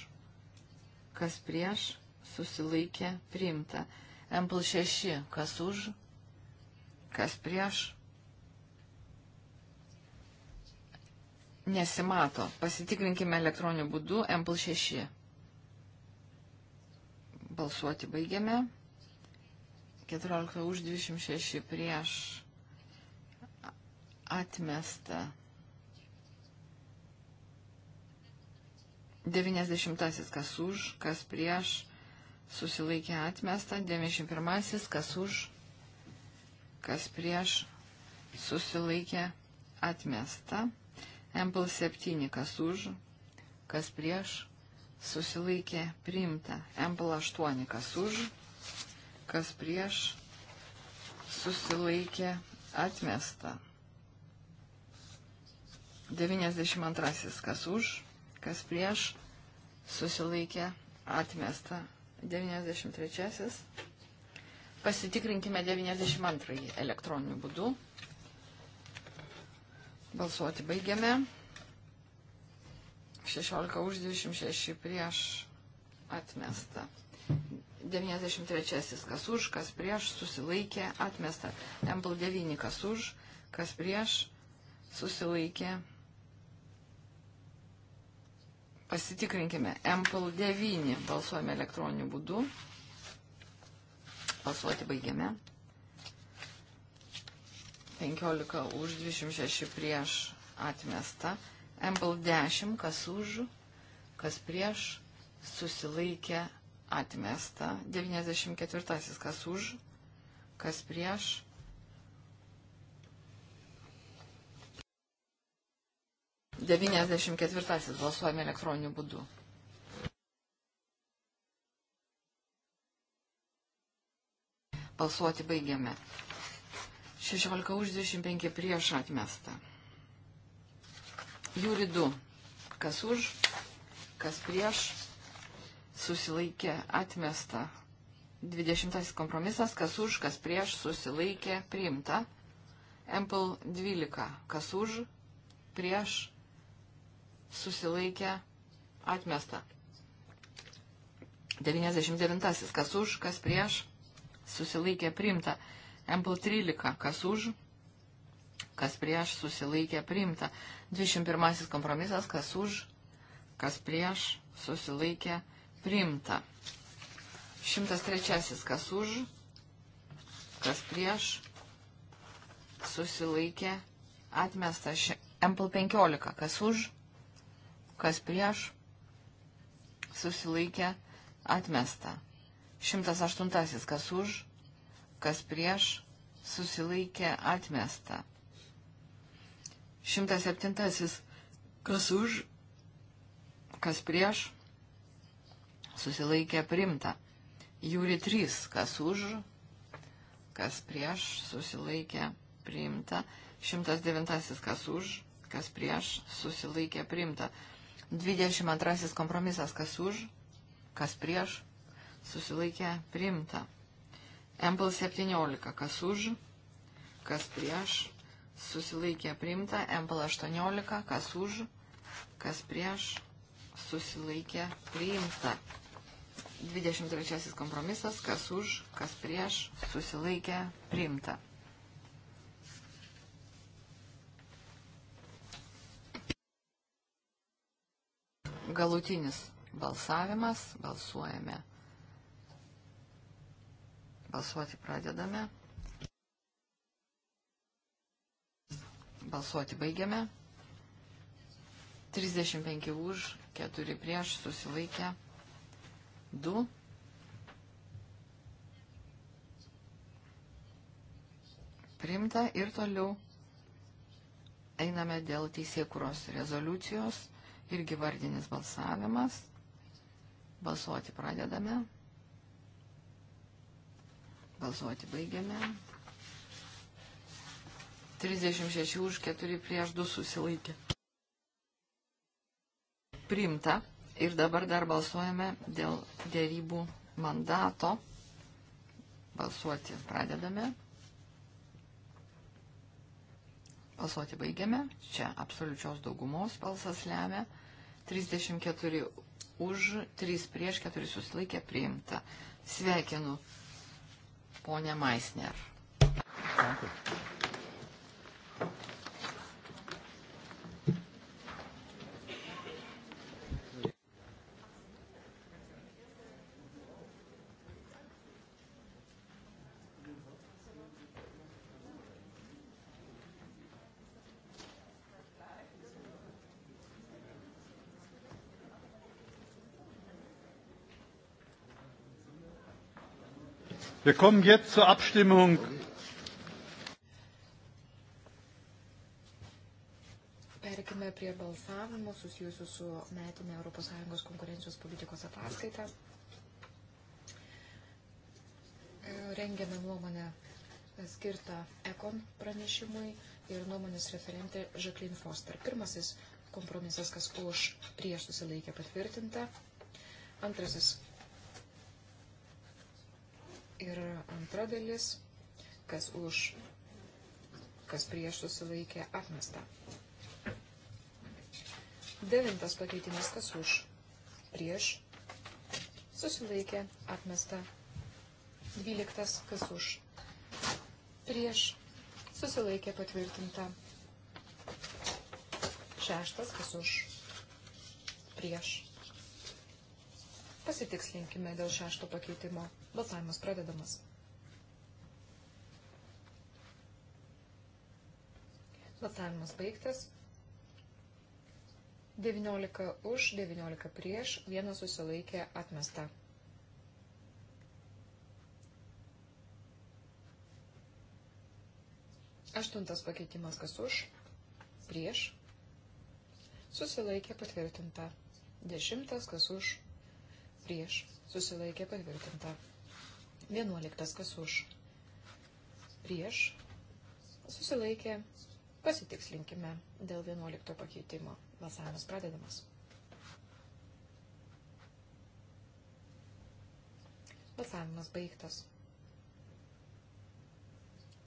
kas prieš. Susilaikė. Priimta. M plus 6, kas už, kas prieš. Nesimato. Pasitikrinkime elektroniniu būdu M plus 6. Balsuoti baigiame. 14 už 26 prieš atmesta. 90 kas už, kas prieš susilaikė atmesta, 91, kas už, kas prieš, susilaikė atmesta, MPL 7, kas už, kas prieš, susilaikė priimta, MPL 8, kas už, kas prieš, susilaikė atmesta. 92. Kas už, kas prieš, susilaikė atmesta. 93. Pasitikrinkime 92 elektroniniu būdu. Balsuoti baigiame. 16 už 26 prieš atmesta. 93 kas už, kas prieš, susilaikė, atmesta. Ample 9 kas už, kas prieš, susilaikė, atmesta Pasitikrinkime. MPL 9 balsuojame elektroniniu būdu. Balsuoti baigiame. 15 už, 26 prieš atmesta. MPL 10 kas už, kas prieš susilaikė atmesta. 94 kas už, kas prieš 94 balsuojame elektroniniu būdu. Balsuoti baigiame. 16 už 25 prieš atmestą. Jūri 2. Kas už, kas prieš, susilaikė atmestą. 20 kompromisas, kas už, kas prieš, susilaikė priimta. Ample 12. Kas už, prieš, susilaikė, atmesta. 99. Kas už, kas prieš, susilaikė, priimta. Ample 13. Kas už, kas prieš, susilaikė, priimta. 21. Kompromisas. Kas už, kas prieš, susilaikė, priimta. 103. Kas už, kas prieš, susilaikė, atmesta. Ample 15. Kas už, kas prieš, susilaikė, atmesta. 108. Kas už, kas prieš, susilaikė, atmesta. 107. Kas už, kas prieš, susilaikė, primta. Jūri 3. Kas už, kas prieš, susilaikė, priimta. 109. Kas už, kas prieš, susilaikė, priimta. 22 kompromisas, kas už, kas prieš, susilaikė priimta. Ample 17, kas už, kas prieš, susilaikė priimta. Ample 18, kas už, kas prieš, susilaikė priimta. 23 kompromisas, kas už, kas prieš, susilaikė priimta. galutinis balsavimas. Balsuojame. Balsuoti pradedame. Balsuoti baigiame. 35 už, 4 prieš, susilaikę 2. Primta ir toliau einame dėl teisėkuros rezoliucijos irgi vardinis balsavimas. Balsuoti pradedame. Balsuoti baigiame. 36 už 4 prieš 2 susilaikė. Primta. Ir dabar dar balsuojame dėl dėrybų mandato. Balsuoti pradedame. Balsuoti baigiame. Čia absoliučios daugumos balsas lemia. 34 už, 3 prieš, 4 susilaikė priimta. Sveikinu, ponė Maisner. Thank you. Wir kommen jetzt zur Abstimmung. Perkime prie balsavimo susijusiu su metinė ES konkurencijos politikos ataskaita. Rengiame nuomonę skirtą ekon pranešimui ir nuomonės referentė Žaklin Foster. Pirmasis kompromisas, kas už prieš susilaikė patvirtinta. Antrasis Ir antra dalis, kas už, kas prieš susilaikė atmesta. Devintas pakeitimas, kas už, prieš susilaikė atmesta. Dvyliktas, kas už, prieš susilaikė patvirtinta. Šeštas, kas už, prieš. Pasitikslinkime dėl šešto pakeitimo. Balsavimas pradedamas. Balsavimas baigtas. 19 už, 19 prieš, vienas susilaikė atmesta. Aštuntas pakeitimas kas už, prieš, susilaikė patvirtinta. Dešimtas kas už, prieš, susilaikė patvirtinta. 11. Kas už? Prieš. Susilaikė. Pasitikslinkime dėl 11 pakeitimo. Balsavimas pradedamas. Balsavimas baigtas.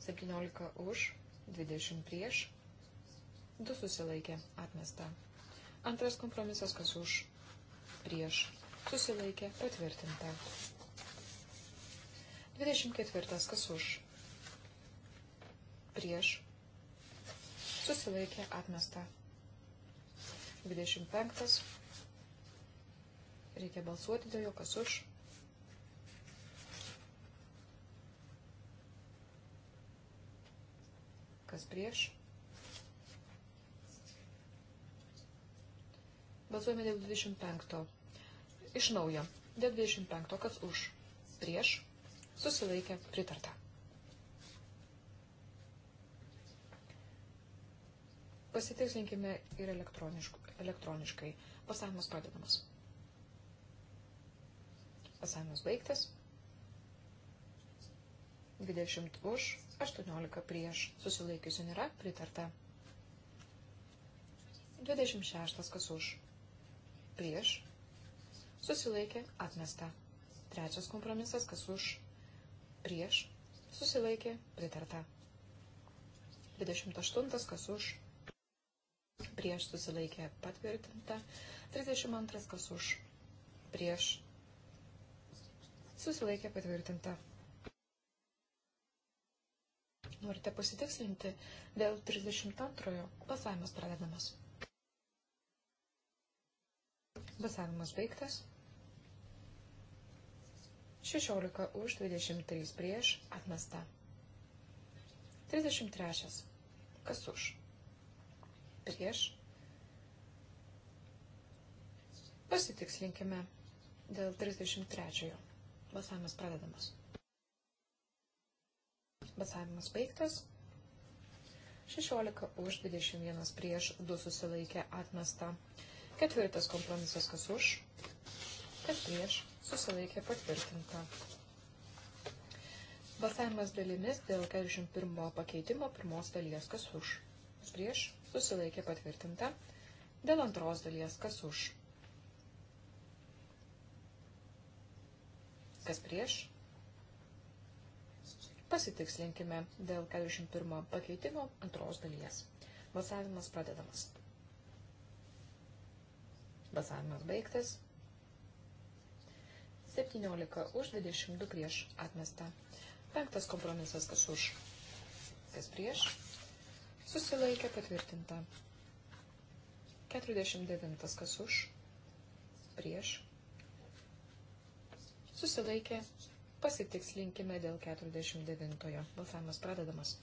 17 už, 20 prieš, 2 susilaikė atmesta. Antras kompromisas, kas už, prieš, susilaikė patvirtinta. 24. Kas už? Prieš. Susilaikė atmesta. 25. Reikia balsuoti dėl jo, kas už. Kas prieš? Balsuojame dėl 25. Iš naujo. Dėl 25. Kas už? Prieš? susilaikė pritarta. Pasitikslinkime ir elektroniškai. Pasavimas pradedamas. Pasavimas baigtas. 20 už, 18 prieš. Susilaikiusių nėra pritarta. 26 kas už. Prieš. Susilaikė atmesta. Trečias kompromisas kas už prieš, susilaikė, pritarta. 28 kas už, prieš, susilaikė, patvirtinta. 32 kas už, prieš, susilaikė, patvirtinta. Norite pasitikslinti dėl 32 balsavimas pradedamas. Balsavimas baigtas. 16 už 23 prieš atmesta. 33. Kas už? Prieš. Pasitikslinkime dėl 33. Balsavimas pradedamas. Balsavimas baigtas. 16 už 21 prieš 2 susilaikė atmesta. Ketvirtas kompromisas kas už, kas prieš susilaikė patvirtinta. Balsavimas dalimis dėl 41 pakeitimo pirmos dalies kas už. Prieš susilaikė patvirtinta. Dėl antros dalies kas už. Kas prieš? Pasitikslinkime dėl 41 pakeitimo antros dalies. Balsavimas pradedamas. Balsavimas baigtas. 17 už 22 prieš atmestą. Penktas kompromisas, kas už, kas prieš, susilaikė patvirtinta. 49 kas už, prieš, susilaikė, pasitikslinkime dėl 49. Balsavimas pradedamas.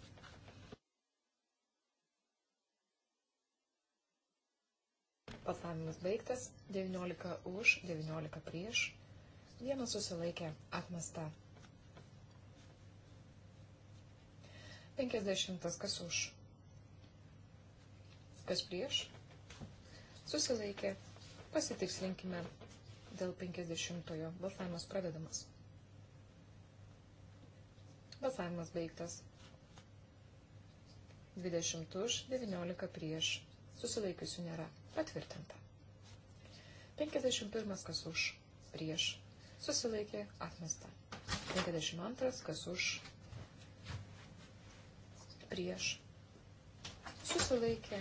Balsavimas baigtas, 19 už, 19 prieš, vienas susilaikė atmesta. 50. Kas už? Kas prieš? Susilaikė. Pasitikslinkime dėl 50. Balsavimas pradedamas. Balsavimas baigtas. 20 už, 19 prieš. Susilaikiusių nėra. Patvirtinta. 51. Kas už? Prieš susilaikė atmesta. 52, kas už, prieš, susilaikė,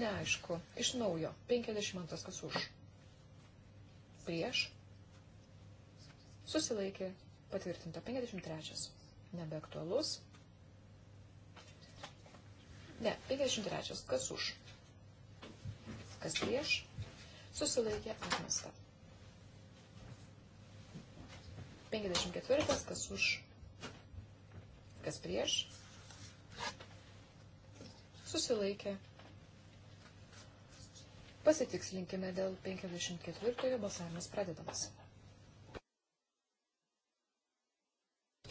neaišku, iš naujo, 52, kas už, prieš, susilaikė, patvirtinta, 53, nebeaktualus, ne, 53, kas už, kas prieš, susilaikė atmesta. 54, kas už, kas prieš, susilaikė. Pasitikslinkime dėl 54 balsavimas pradedamas.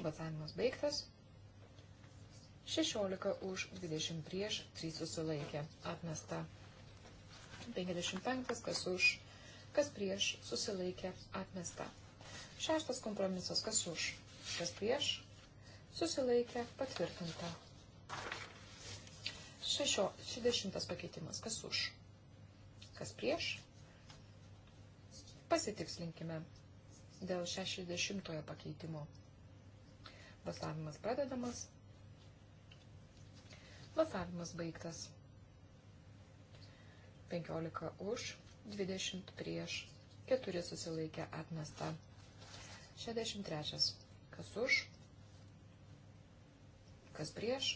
Balsavimas baigtas. 16 už 20 prieš 3 susilaikė. Atmesta 55, kas už, kas prieš susilaikė. Atmesta Šeštas kompromisas, kas už, kas prieš, susilaikė, patvirtinta. Šešio, šešdešimtas pakeitimas, kas už, kas prieš, pasitikslinkime dėl šešdešimtojo pakeitimo. Balsavimas pradedamas. Balsavimas baigtas. 15 už, 20 prieš, 4 susilaikę atmesta. 63. Kas už? Kas prieš?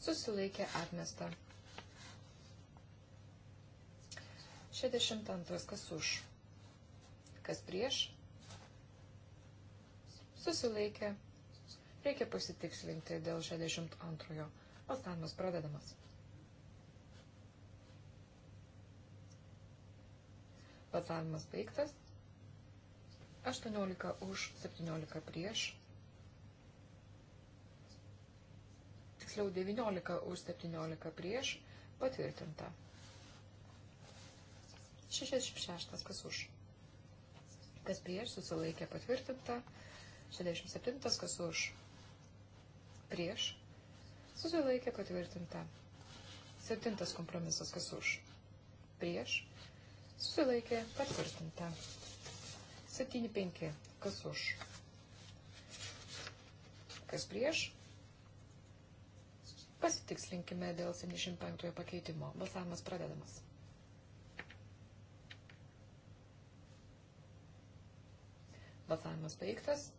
Susilaikė atmesta. 62. Kas už? Kas prieš? Susilaikė. Reikia pasitikslinti dėl 62. Balsavimas pradedamas. Balsavimas baigtas. 18 už, 17 prieš. Tiksliau 19 už, 17 prieš. Patvirtinta. 66 kas už. Kas prieš susilaikė patvirtinta. 67 kas už. Prieš susilaikė patvirtinta. 7 kompromisas kas už. Prieš susilaikė patvirtinta. 7-5. Kas už? Kas prieš? Pasitikslinkime dėl 75 pakeitimo. Balsavimas pradedamas. Balsavimas baigtas.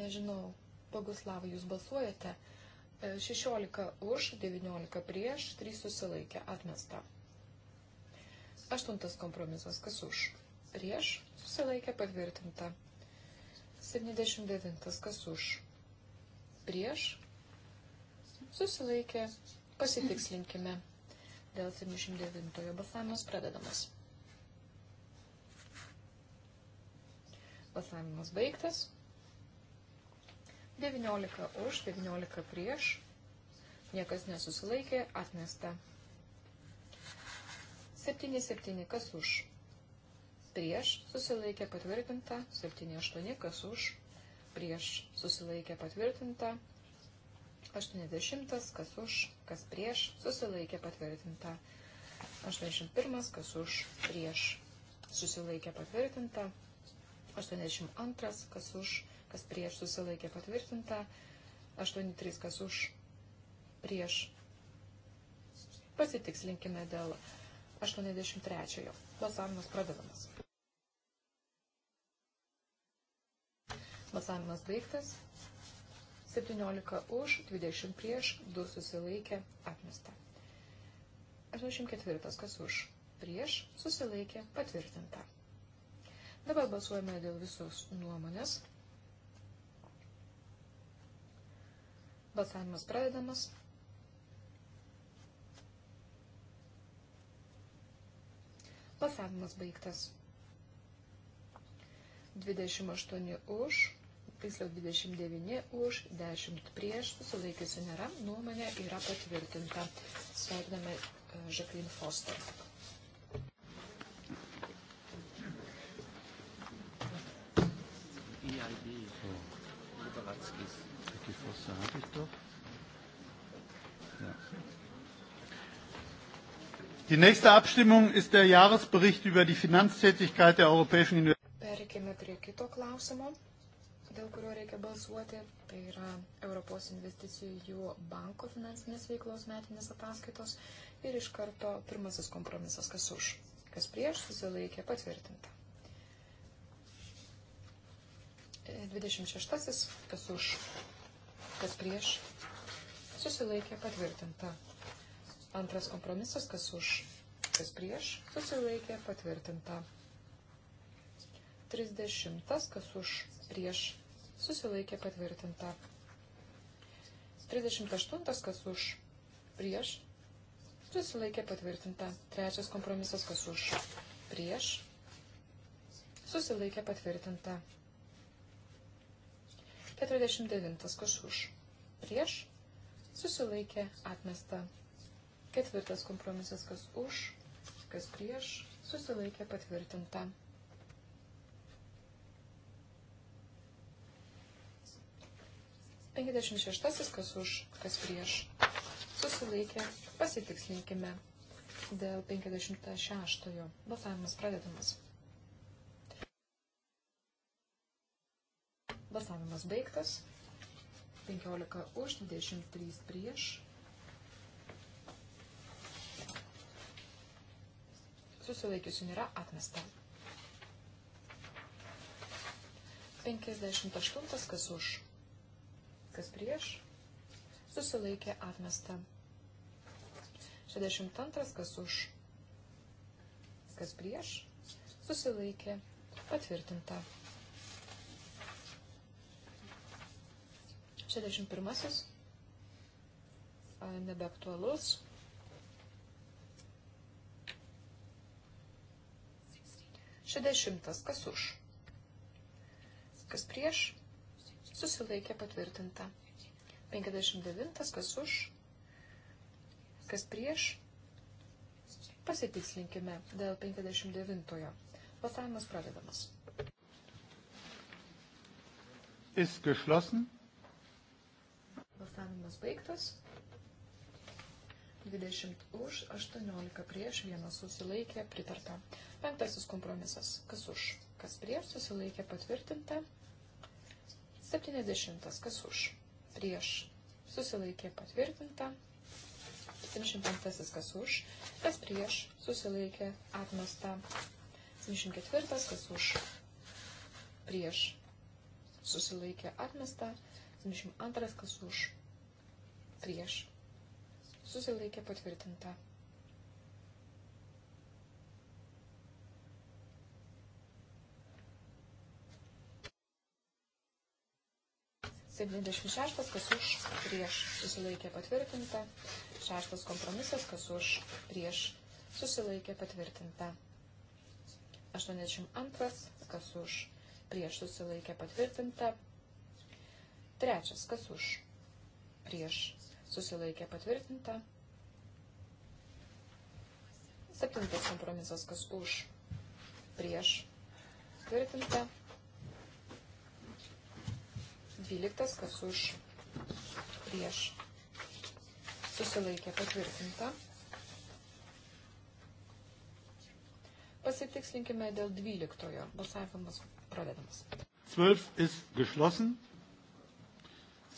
Nežinau, Boguslavai, jūs balsuojate? 16 už, 19 prieš, 3 susilaikė, atmesta. Aštuntas kompromisas, kas už, prieš, susilaikė, patvirtinta. 79, kas už, prieš, susilaikė, pasitikslinkime. Dėl 79 balsavimas pradedamas. Balsavimas baigtas. 19 už, 19 prieš, niekas nesusilaikė, atmesta. 7-7 kas už, prieš, susilaikė patvirtinta, 7-8 kas už, prieš, susilaikė patvirtinta, 80 kas už, kas prieš, susilaikė patvirtinta, 81 kas už, prieš, susilaikė patvirtinta, 82 kas už, kas prieš susilaikė patvirtinta, 8.3 kas už prieš. Pasitikslinkime dėl 83-ojo. Balsavimas pradedamas. Balsavimas baigtas. 17 už, 20 prieš, 2 susilaikė, atmesta. 84 kas už, prieš, susilaikė, patvirtinta. Dabar balsuojame dėl visos nuomonės. Balsavimas pradedamas. Balsavimas baigtas. 28 už, tiksliau 29 už, 10 prieš, sulaikysiu nėra, nuomonė yra patvirtinta. Sveikiname e, Žaklin Foster. EIB, Kubalackis die Fosse habe ich doch. Ja. Die nächste Abstimmung ist der Jahresbericht über die Finanztätigkeit der Europäischen Investitionen. dėl kurio reikia balsuoti, tai yra Europos investicijų banko finansinės veiklos metinės ataskaitos ir iš karto pirmasis kompromisas, kas už, kas prieš, susilaikė patvirtinta. 26. E, kas už, kas prieš, susilaikė patvirtinta. Antras kompromisas, kas už, kas prieš, susilaikė patvirtinta. 30, kas už, prieš, susilaikė patvirtinta. 38, kas už, prieš, susilaikė patvirtinta. Trečias kompromisas, kas už, prieš, susilaikė patvirtinta. 49. Kas už? Prieš. Susilaikė atmesta. Ketvirtas kompromisas. Kas už? Kas prieš? Susilaikė patvirtinta. Penkiasdešimt šeštasis. Kas už? Kas prieš? Susilaikė. Pasitikslinkime dėl 56. Balsavimas pradedamas. Balsavimas baigtas. 15 už, 23 prieš. Susilaikiusių nėra atmesta. 58 kas už, kas prieš. Susilaikė atmesta. 62 kas už, kas prieš. Susilaikė patvirtinta. 61 nebeaktualus. 60 kas už, kas prieš, susilaikė patvirtinta. 59 kas už, kas prieš, pasitikslinkime dėl 59-ojo. Balsavimas pradedamas. Ist geschlossen. Balsavimas baigtas. 20 už, 18 prieš, vienas susilaikė, pritarta. Penktasis kompromisas. Kas už? Kas prieš susilaikė, patvirtinta. 70. Kas už? Prieš susilaikė, patvirtinta. 75. Kas už? Kas prieš susilaikė, atmesta. 74. Kas už? Prieš susilaikė, atmesta. 72 kas už, prieš, susilaikė patvirtinta. Septyniasdešimt šeštas, kas už, prieš, susilaikė patvirtinta. Šeštas kompromisas, kas už, prieš, susilaikė patvirtinta. 82, kas už, prieš susilaikė patvirtinta. Trečias, kas už? Prieš susilaikė patvirtinta. Septintas kompromisas, kas už? Prieš tvirtinta. Dvyliktas, kas už? Prieš susilaikė patvirtinta. Pasitikslinkime dėl dvyliktojo. Balsavimas pradedamas. 12 ist geschlossen.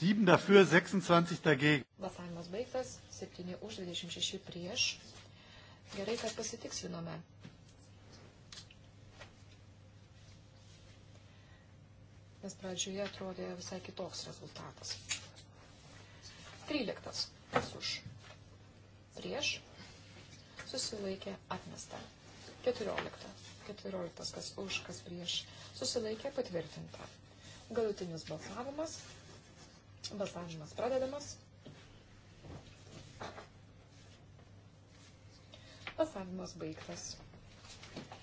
7 dafür, 26 dagegen. Balsavimas baigtas, 7 už, 26 prieš. Gerai, kad pasitikslinome. Nes pradžioje atrodė visai kitoks rezultatas. 13. Kas už? Prieš. Susilaikė atmesta. 14. 14. Kas už, kas prieš. Susilaikė patvirtinta. Galutinis balsavimas Balsavimas pradedamas. Balsavimas baigtas.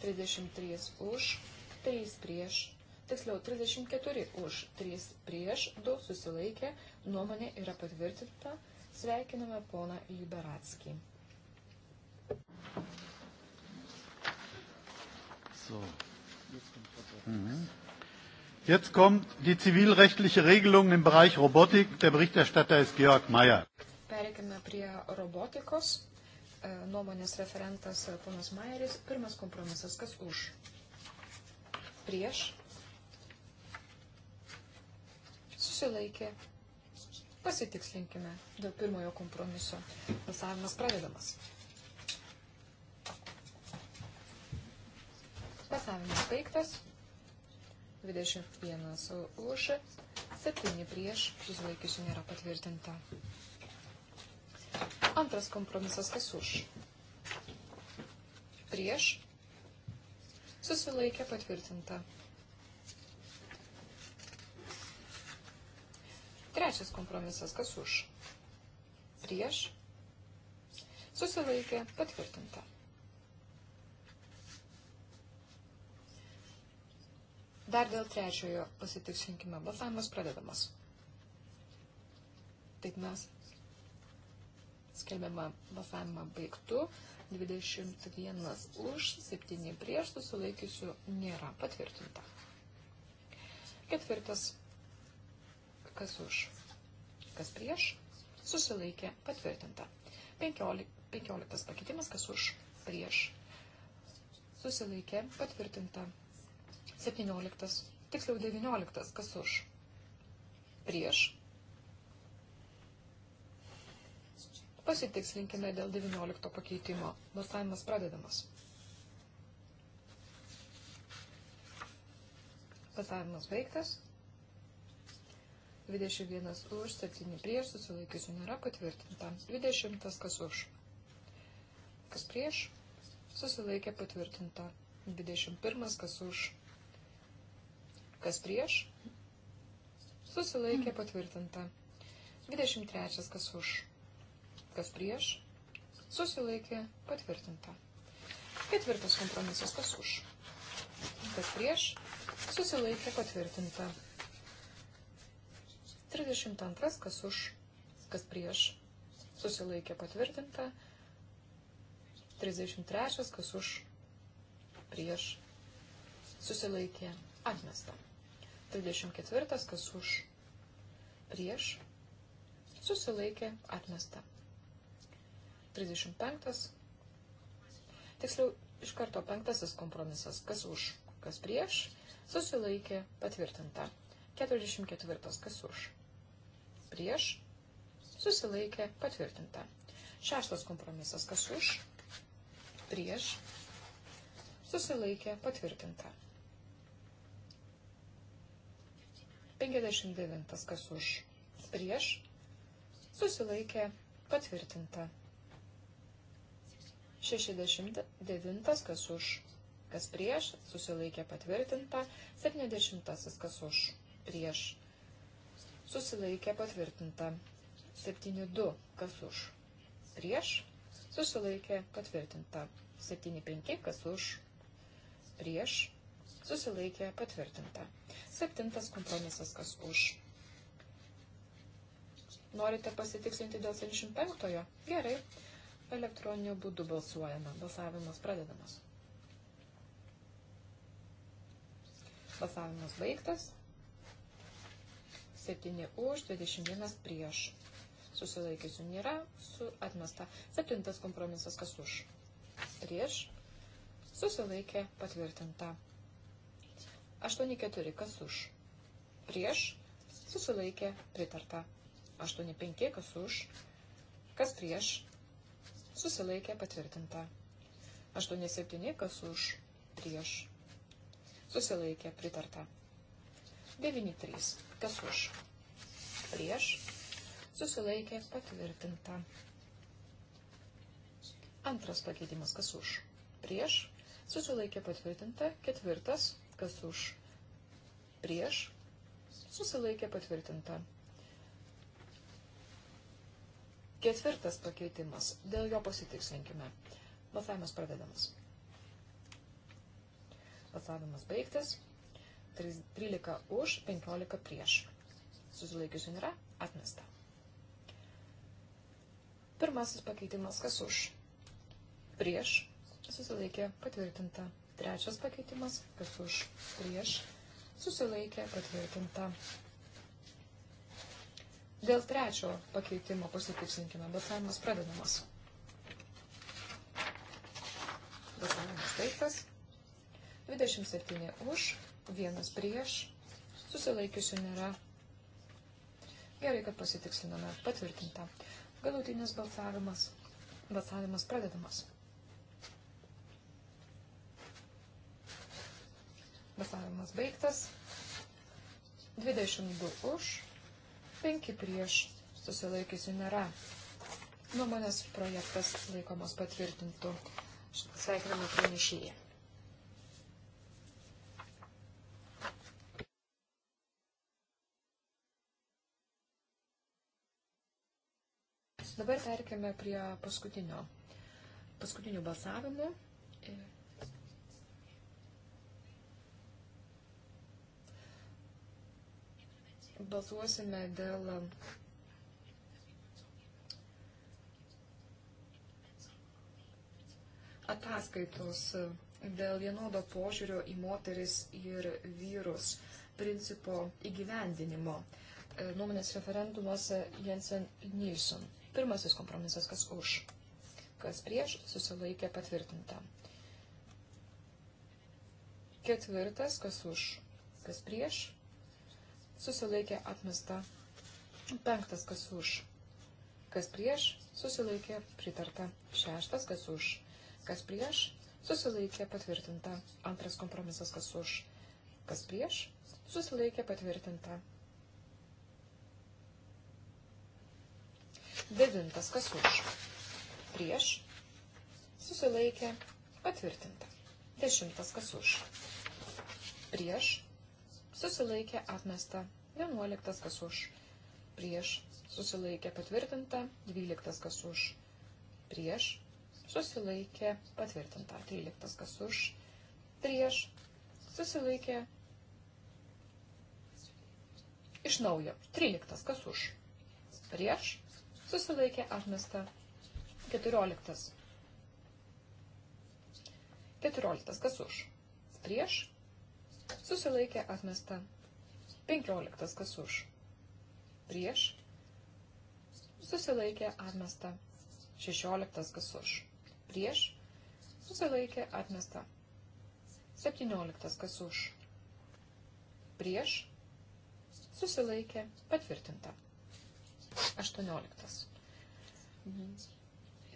33 už, 3 prieš, tiksliau 34 už, 3 prieš, 2 susilaikė, nuomonė yra patvirtinta. Sveikiname poną Liberatskį. So. Mhm. Jetzt kommt die zivilrechtliche Regelung im Bereich Robotik. Der Berichterstatter ist Georg Mayer. Pereikime prie robotikos. E, nuomonės referentas e, ponas Mayeris. Pirmas kompromisas, kas už? Prieš. Susilaikė. Pasitikslinkime dėl pirmojo kompromiso. Balsavimas pradedamas. Balsavimas baigtas. 21 už, 7 prieš, susilaikiusių nėra patvirtinta. Antras kompromisas, kas už? Prieš, susilaikė patvirtinta. Trečias kompromisas, kas už? Prieš, susilaikė patvirtinta. Dar dėl trečiojo pasitikslinkime. Balsavimas pradedamas. Taip mes skelbiamą balsavimą baigtų. 21 už, 7 prieš, susilaikiusių nėra patvirtinta. Ketvirtas. Kas už? Kas prieš? Susilaikė patvirtinta. 15, 15 pakeitimas. Kas už? Prieš. Susilaikė patvirtinta. 17, tiksliau 19, kas už, prieš. Pasitikslinkime dėl 19 pakeitimo. Balsavimas pradedamas. Balsavimas baigtas. 21 už, 7 prieš, susilaikysiu nėra patvirtinta. 20 kas už. Kas prieš? Susilaikė patvirtinta. 21 kas už. Kas prieš? Susilaikė patvirtinta. 23. Kas už? Kas prieš? Susilaikė patvirtinta. Ketvirtas kompromisas. Kas už? Kas prieš? Susilaikė patvirtinta. 32. Kas už? Kas prieš? Susilaikė patvirtinta. 33. Kas už? Prieš? Susilaikė atmesta. 34, kas už, prieš, susilaikė, atmesta. 35, tiksliau, iš karto penktasis kompromisas, kas už, kas prieš, susilaikė, patvirtinta. 44, kas už, prieš, susilaikė, patvirtinta. Šeštas kompromisas, kas už, prieš, susilaikė, patvirtinta. 59 kas už, prieš, susilaikė patvirtinta. 69 kas už, kas prieš, susilaikė patvirtinta. 70 kas už, prieš, susilaikė patvirtinta. 72 kas už, prieš, susilaikė patvirtinta. 75 kas už, prieš, susilaikė patvirtinta. Septintas kompromisas kas už. Norite pasitikslinti dėl 75-ojo? Gerai. Elektroniniu būdu balsuojame. Balsavimas pradedamas. Balsavimas baigtas. 7 už, 21 prieš. Susilaikysiu nėra, su atmesta. Septintas kompromisas kas už. Prieš. Susilaikė patvirtinta. 8-4, kas už. Prieš, susilaikė, pritarta. 8-5, kas už. Kas prieš, susilaikė, patvirtinta. 8-7, kas už. Prieš, susilaikė, pritarta. 9-3, kas už. Prieš, susilaikė, patvirtinta. Antras pakeitimas, kas už. Prieš, susilaikė patvirtinta. Ketvirtas, kas už, prieš, susilaikė patvirtinta. Ketvirtas pakeitimas, dėl jo pasitikslinkime. Balsavimas pradedamas. Balsavimas baigtas. 13 už, 15 prieš. Susilaikiusių nėra, atmesta. Pirmasis pakeitimas, kas už. Prieš, susilaikė, patvirtinta. Trečias pakeitimas, kas už prieš, susilaikė patvirtinta. Dėl trečio pakeitimo pasitiksinkime, balsavimas pradedamas. Balsavimas taiktas. 27 už, 1 prieš, susilaikiusių nėra. Gerai, kad pasitiksliname, patvirtinta. Galutinis balsavimas. Balsavimas pradedamas. Balsavimas baigtas. 22 už, 5 prieš, susilaikysiu nėra. Nuomonės projektas laikomas patvirtintų. Sveikiname pranešėją. Dabar perkime prie paskutinio, paskutinių balsavimų. balsuosime dėl um, ataskaitos um, dėl vienodo požiūrio į moteris ir vyrus principo įgyvendinimo. E, nuomonės referendumas Jensen Nilsson. Pirmasis kompromisas, kas už, kas prieš, susilaikė patvirtinta. Ketvirtas, kas už, kas prieš, susilaikė atmesta. Penktas, kas už, kas prieš, susilaikė pritarta. Šeštas, kas už, kas prieš, susilaikė patvirtinta. Antras kompromisas, kas už, kas prieš, susilaikė patvirtinta. Devintas, kas už, prieš, susilaikė patvirtinta. Dešimtas, kas už, prieš, susilaikė atmesta, 11 kas už, prieš, susilaikė patvirtinta, 12 kas už, prieš, susilaikė patvirtinta, 13 kas už, prieš, susilaikė iš naujo, 13 kas už, prieš, susilaikė atmesta, 14. 14 kas už, prieš, susilaikė atmesta. 15 kas už, prieš, susilaikė atmesta. 16 kas už, prieš, susilaikė atmesta. 17 kas už, prieš, susilaikė patvirtinta. 18.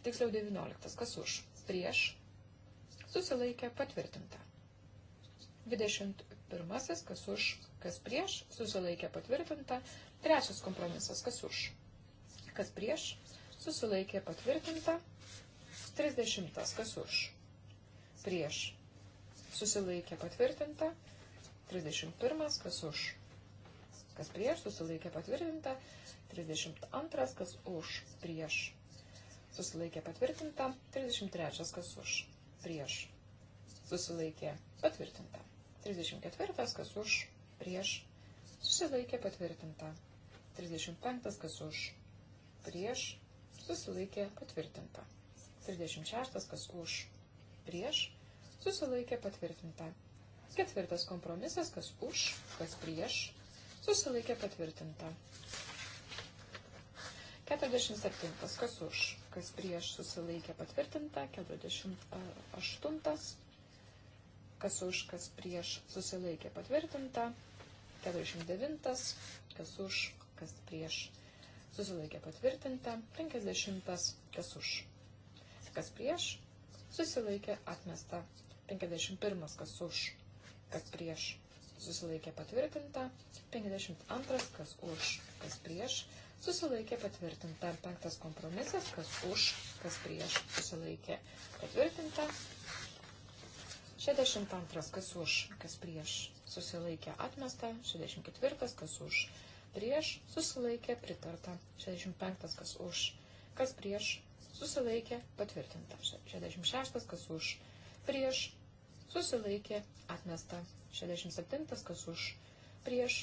Tiksliau 19. Kas už? Prieš. Susilaikė patvirtinta. 21. Kas už, kas prieš, susilaikė patvirtinta. Trečias kompromisas. Kas už, kas prieš, susilaikė patvirtinta. 30. Kas už, prieš, susilaikė patvirtinta. 31. Kas už, kas prieš, susilaikė patvirtinta. 32. Kas už, prieš, susilaikė patvirtinta, 33 kas už, prieš, susilaikė patvirtinta. 34, kas už, prieš, susilaikė patvirtinta. 35, kas už, prieš, susilaikė patvirtinta. 36, kas už, prieš, susilaikė patvirtinta. Ketvirtas kompromisas, kas už, kas prieš, susilaikė patvirtinta. 47. Kas už, kas prieš susilaikė patvirtinta. 48 kas už, kas prieš susilaikė patvirtinta, 49, kas už, kas prieš susilaikė patvirtinta, 50, kas už, kas prieš susilaikė atmesta, 51, kas už, kas prieš susilaikė patvirtinta, 52, kas už, kas prieš susilaikė patvirtinta, 5 kompromisas, kas už, kas prieš susilaikė patvirtinta. 62. Kas už, kas prieš susilaikė atmesta. 64. Kas už, prieš susilaikė pritarta. 65. Kas už, kas prieš susilaikė patvirtinta. 66. Kas už, prieš susilaikė atmesta. 67. Kas už, prieš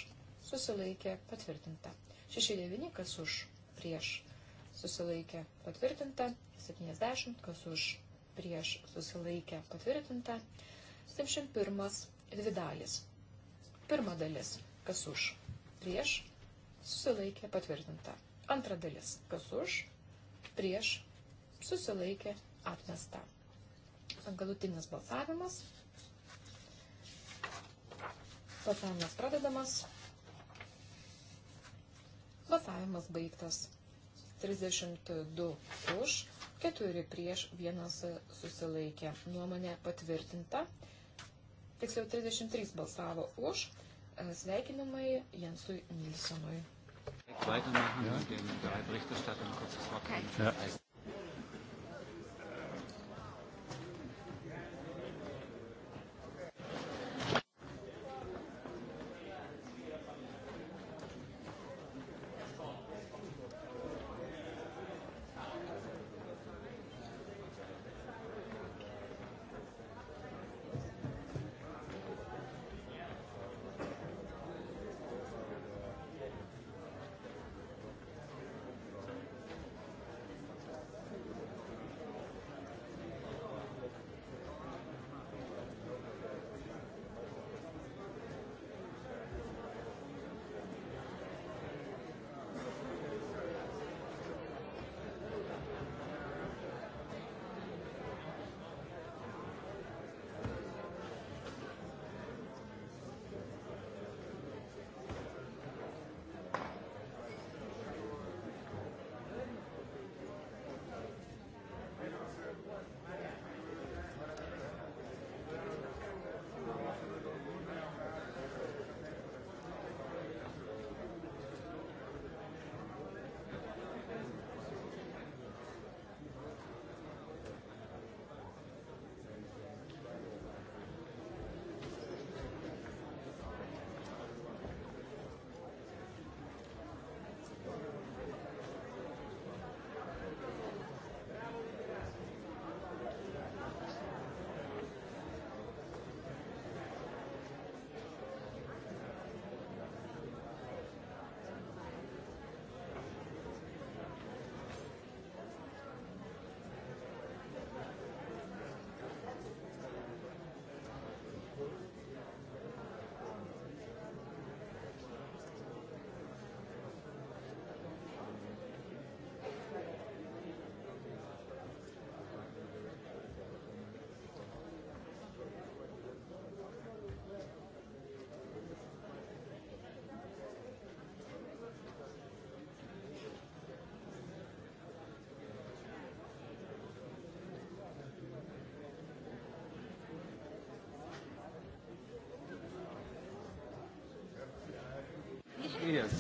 susilaikė patvirtinta. 69. Kas už, prieš susilaikė patvirtinta. 70. Kas už, prieš susilaikę patvirtinta. 71. Dvi dalis. Pirma dalis. Kas už? Prieš susilaikė patvirtinta. Antra dalis. Kas už? Prieš susilaikė atmesta. Galutinis balsavimas. Balsavimas pradedamas. Balsavimas baigtas. 32 už, 4 prieš 1 susilaikė. Nuomonė patvirtinta. Tiksliau 33 balsavo už. E, sveikinimai Jensui Nilsonui. Weitermachen ja. mit dem drei Berichterstattern kurzes Wort. Okay. Ja.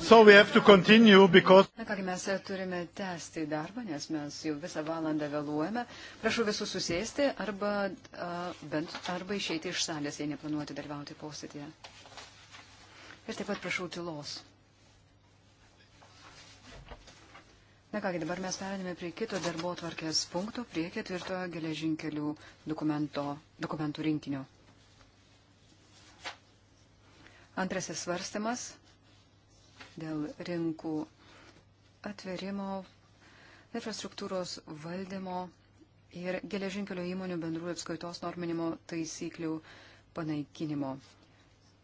So because... Na kągi mes turime tęsti darbą, nes mes jau visą valandą vėluojame. Prašau visus susėsti arba, uh, bent, arba išeiti iš salės, jei neplanuoti dalyvauti posėdėje. Ir taip pat prašau tylos. Na kągi, dabar mes perėmėme prie kito darbo tvarkės punkto, prie ketvirtojo geležinkelių dokumentų rinkinio. Antrasis svarstymas dėl rinkų atverimo, infrastruktūros valdymo ir geležinkelio įmonių bendrų apskaitos norminimo taisyklių panaikinimo.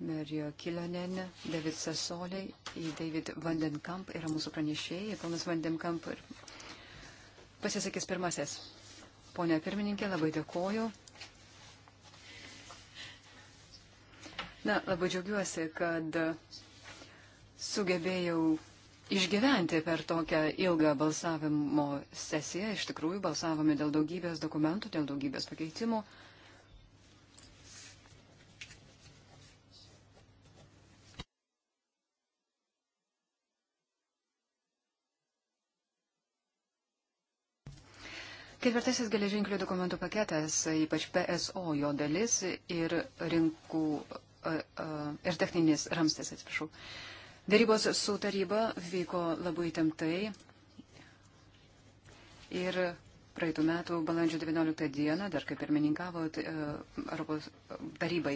Merijo Kilonen, David Sasoliai, David Vandenkamp yra mūsų pranešėjai, ponas Vandenkamp ir pasisakys pirmasis. Pone pirmininkė, labai dėkoju. Na, labai džiaugiuosi, kad sugebėjau išgyventi per tokią ilgą balsavimo sesiją. Iš tikrųjų, balsavome dėl daugybės dokumentų, dėl daugybės pakeitimų. Ketvirtasis geležinkelių dokumentų paketas, ypač PSO jo dalis ir rinkų e, e, ir techninis ramstis, atsiprašau. Uh, Darybos su taryba vyko labai temtai ir praeitų metų balandžio 19 dieną, dar kaip pirmininkavo e, Europos tarybai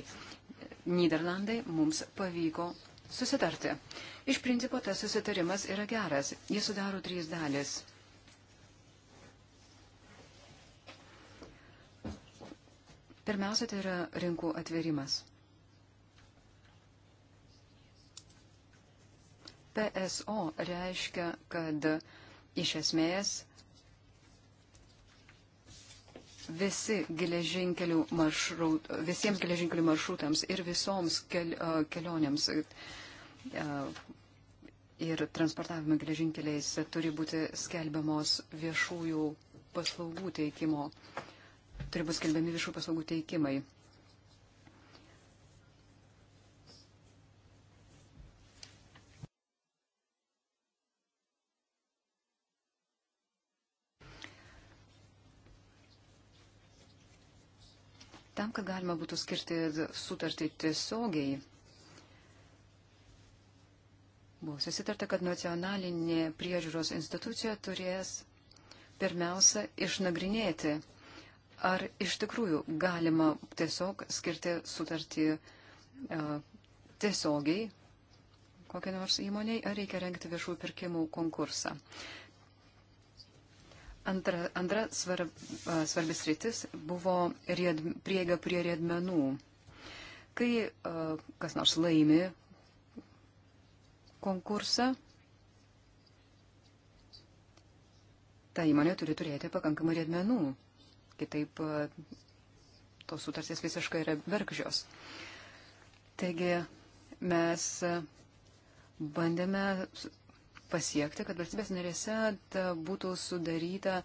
Niderlandai, mums pavyko susitarti. Iš principo tas susitarimas yra geras. Jis sudaro trys dalis. Pirmiausia, tai yra rinkų atverimas. PSO reiškia, kad iš esmės visi geležinkelių maršrut, visiems geležinkelių maršrutams ir visoms kel, kelionėms ir transportavimo geležinkeliais turi būti skelbiamos viešųjų paslaugų teikimo, turi būti skelbiami viešų paslaugų teikimai. Tam, kad galima būtų skirti sutartį tiesiogiai, buvo susitarta, kad nacionalinė priežiūros institucija turės pirmiausia išnagrinėti, ar iš tikrųjų galima tiesiog skirti sutartį uh, tiesiogiai kokiai nors įmoniai, ar reikia renkti viešųjų pirkimų konkursą. Uh, Antra, antra svarb, svarbis rytis buvo ried, prieiga prie riedmenų. Kai uh, kas nors laimi konkursą, ta įmonė turi turėti pakankamai riedmenų. Kitaip uh, tos sutartys visiškai yra verkžios. Taigi mes bandėme pasiekti, kad valstybės narėse būtų sudaryta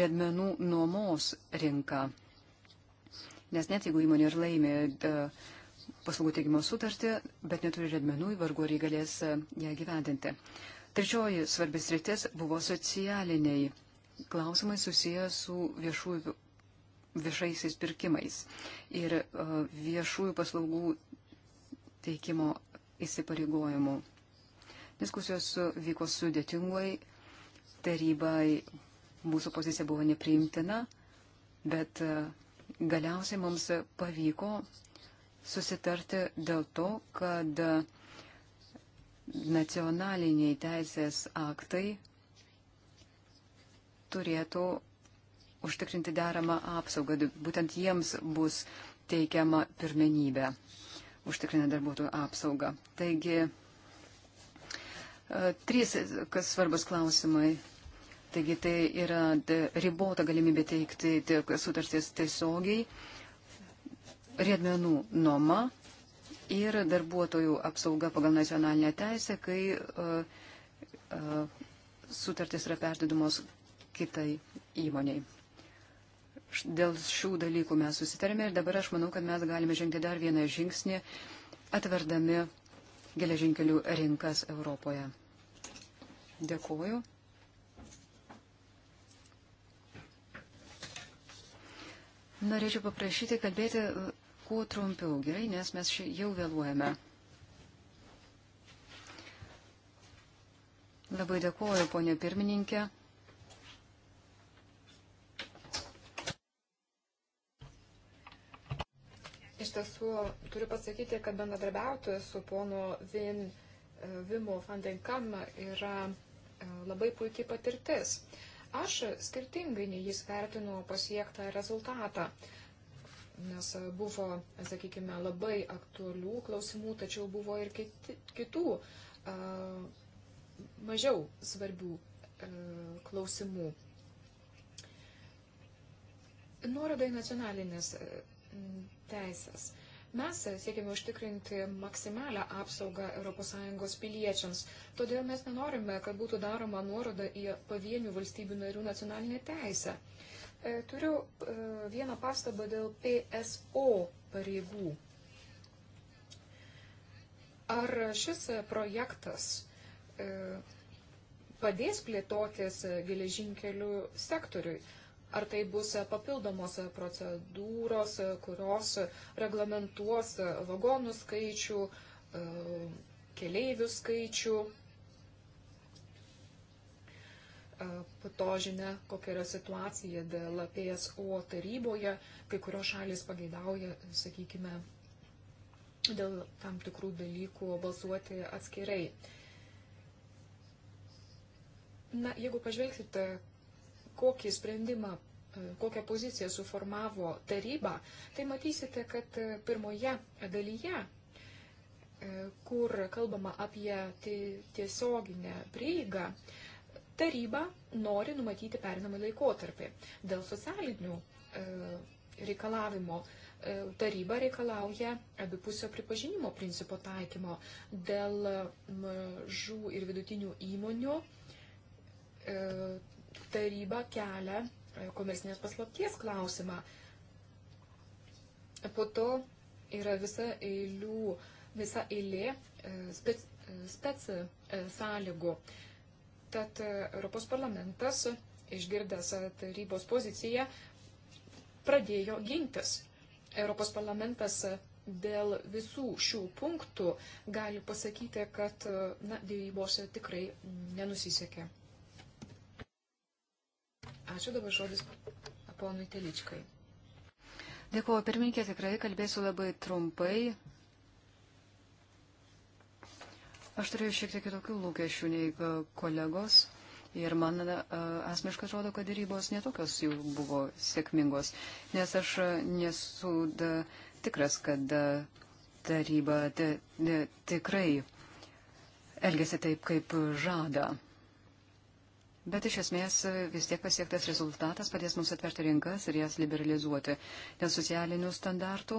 redmenų nuomos rinka. Nes net jeigu įmonė ir laimė e, paslaugų teikimo sutartį, bet neturi redmenų, vargu ar jį galės e, ją gyvendinti. Trečioji svarbis rytis buvo socialiniai klausimai susiję su viešųjų viešaisiais pirkimais ir e, viešųjų paslaugų teikimo įsipareigojimu. Diskusijos vyko sudėtingai, tarybai mūsų pozicija buvo nepriimtina, bet e, galiausiai mums pavyko susitarti dėl to, kad nacionaliniai teisės aktai turėtų užtikrinti deramą apsaugą. Būtent jiems bus teikiama pirmenybė, užtikrinę darbuotojų apsaugą. Taigi Trys, kas svarbus klausimai. Taigi tai yra ribota galimybė teikti tiek sutarties tiesiogiai, riedmenų nuoma ir darbuotojų apsauga pagal nacionalinę teisę, kai uh, e, uh, e, sutartis yra perdodamos kitai įmoniai. Dėl šių dalykų mes susitarėme ir dabar aš manau, kad mes galime žengti dar vieną žingsnį, atverdami geležinkelių rinkas Europoje. Dėkuoju. Norėčiau paprašyti kalbėti uh, kuo trumpiau, gerai, nes mes jau vėluojame. Labai dėkuoju, ponė pirmininkė. Iš tiesų, turiu pasakyti, kad bendradarbiauti su ponu Vin uh, Vimu Fandenkam yra E, labai puikiai patirtis. Aš skirtingai nei jis vertinu pasiektą rezultatą, nes buvo, sakykime, labai aktualių klausimų, tačiau buvo ir kiti, kitų a, e, mažiau svarbių a, e, klausimų. Nuoroda į nacionalinės teisės. A, Mes siekime užtikrinti maksimalę apsaugą ES piliečiams, todėl mes nenorime, kad būtų daroma nuoroda į pavienių valstybių narių nacionalinę teisę. E, turiu e, vieną pastabą dėl PSO pareigų. Ar šis projektas e, padės plėtotis geležinkelių sektoriui? ar tai bus papildomos procedūros, kurios reglamentuos vagonų skaičių, e, keleivių skaičių. E, po to žinia, kokia yra situacija dėl PSO taryboje, kai kurios šalis pageidauja, sakykime, dėl tam tikrų dalykų balsuoti atskirai. Na, jeigu pažvelgsite, kokį sprendimą, e, kokią poziciją suformavo taryba, tai matysite, kad e, pirmoje dalyje, e, kur kalbama apie tiesioginę prieigą, taryba nori numatyti perinamą laikotarpį. Dėl socialinių reikalavimo taryba reikalauja abipusio pripažinimo principo taikymo dėl mažų ir vidutinių įmonių taryba kelia e, komersinės paslapties klausimą. Po to yra visa, eilių, visa eilė e, spec, e, spec sąlygų. Tad Europos parlamentas, išgirdęs tarybos poziciją, pradėjo gintis. Europos parlamentas dėl visų šių punktų gali pasakyti, kad na, dėrybos tikrai nenusisekė. Ačiū dabar žodis ponui Teličkai. Dėkuoju, pirmininkė, tikrai kalbėsiu labai trumpai. Aš turėjau šiek tiek kitokių lūkesčių nei e, kolegos. Ir man e, asmeniškai atrodo, kad dėrybos netokios jau buvo sėkmingos, nes aš e, nesu da, tikras, kad da, taryba da, da, tikrai elgesi taip, kaip žada. Bet iš esmės e, vis tiek pasiektas rezultatas padės mums atverti rinkas ir jas liberalizuoti. Dėl socialinių standartų,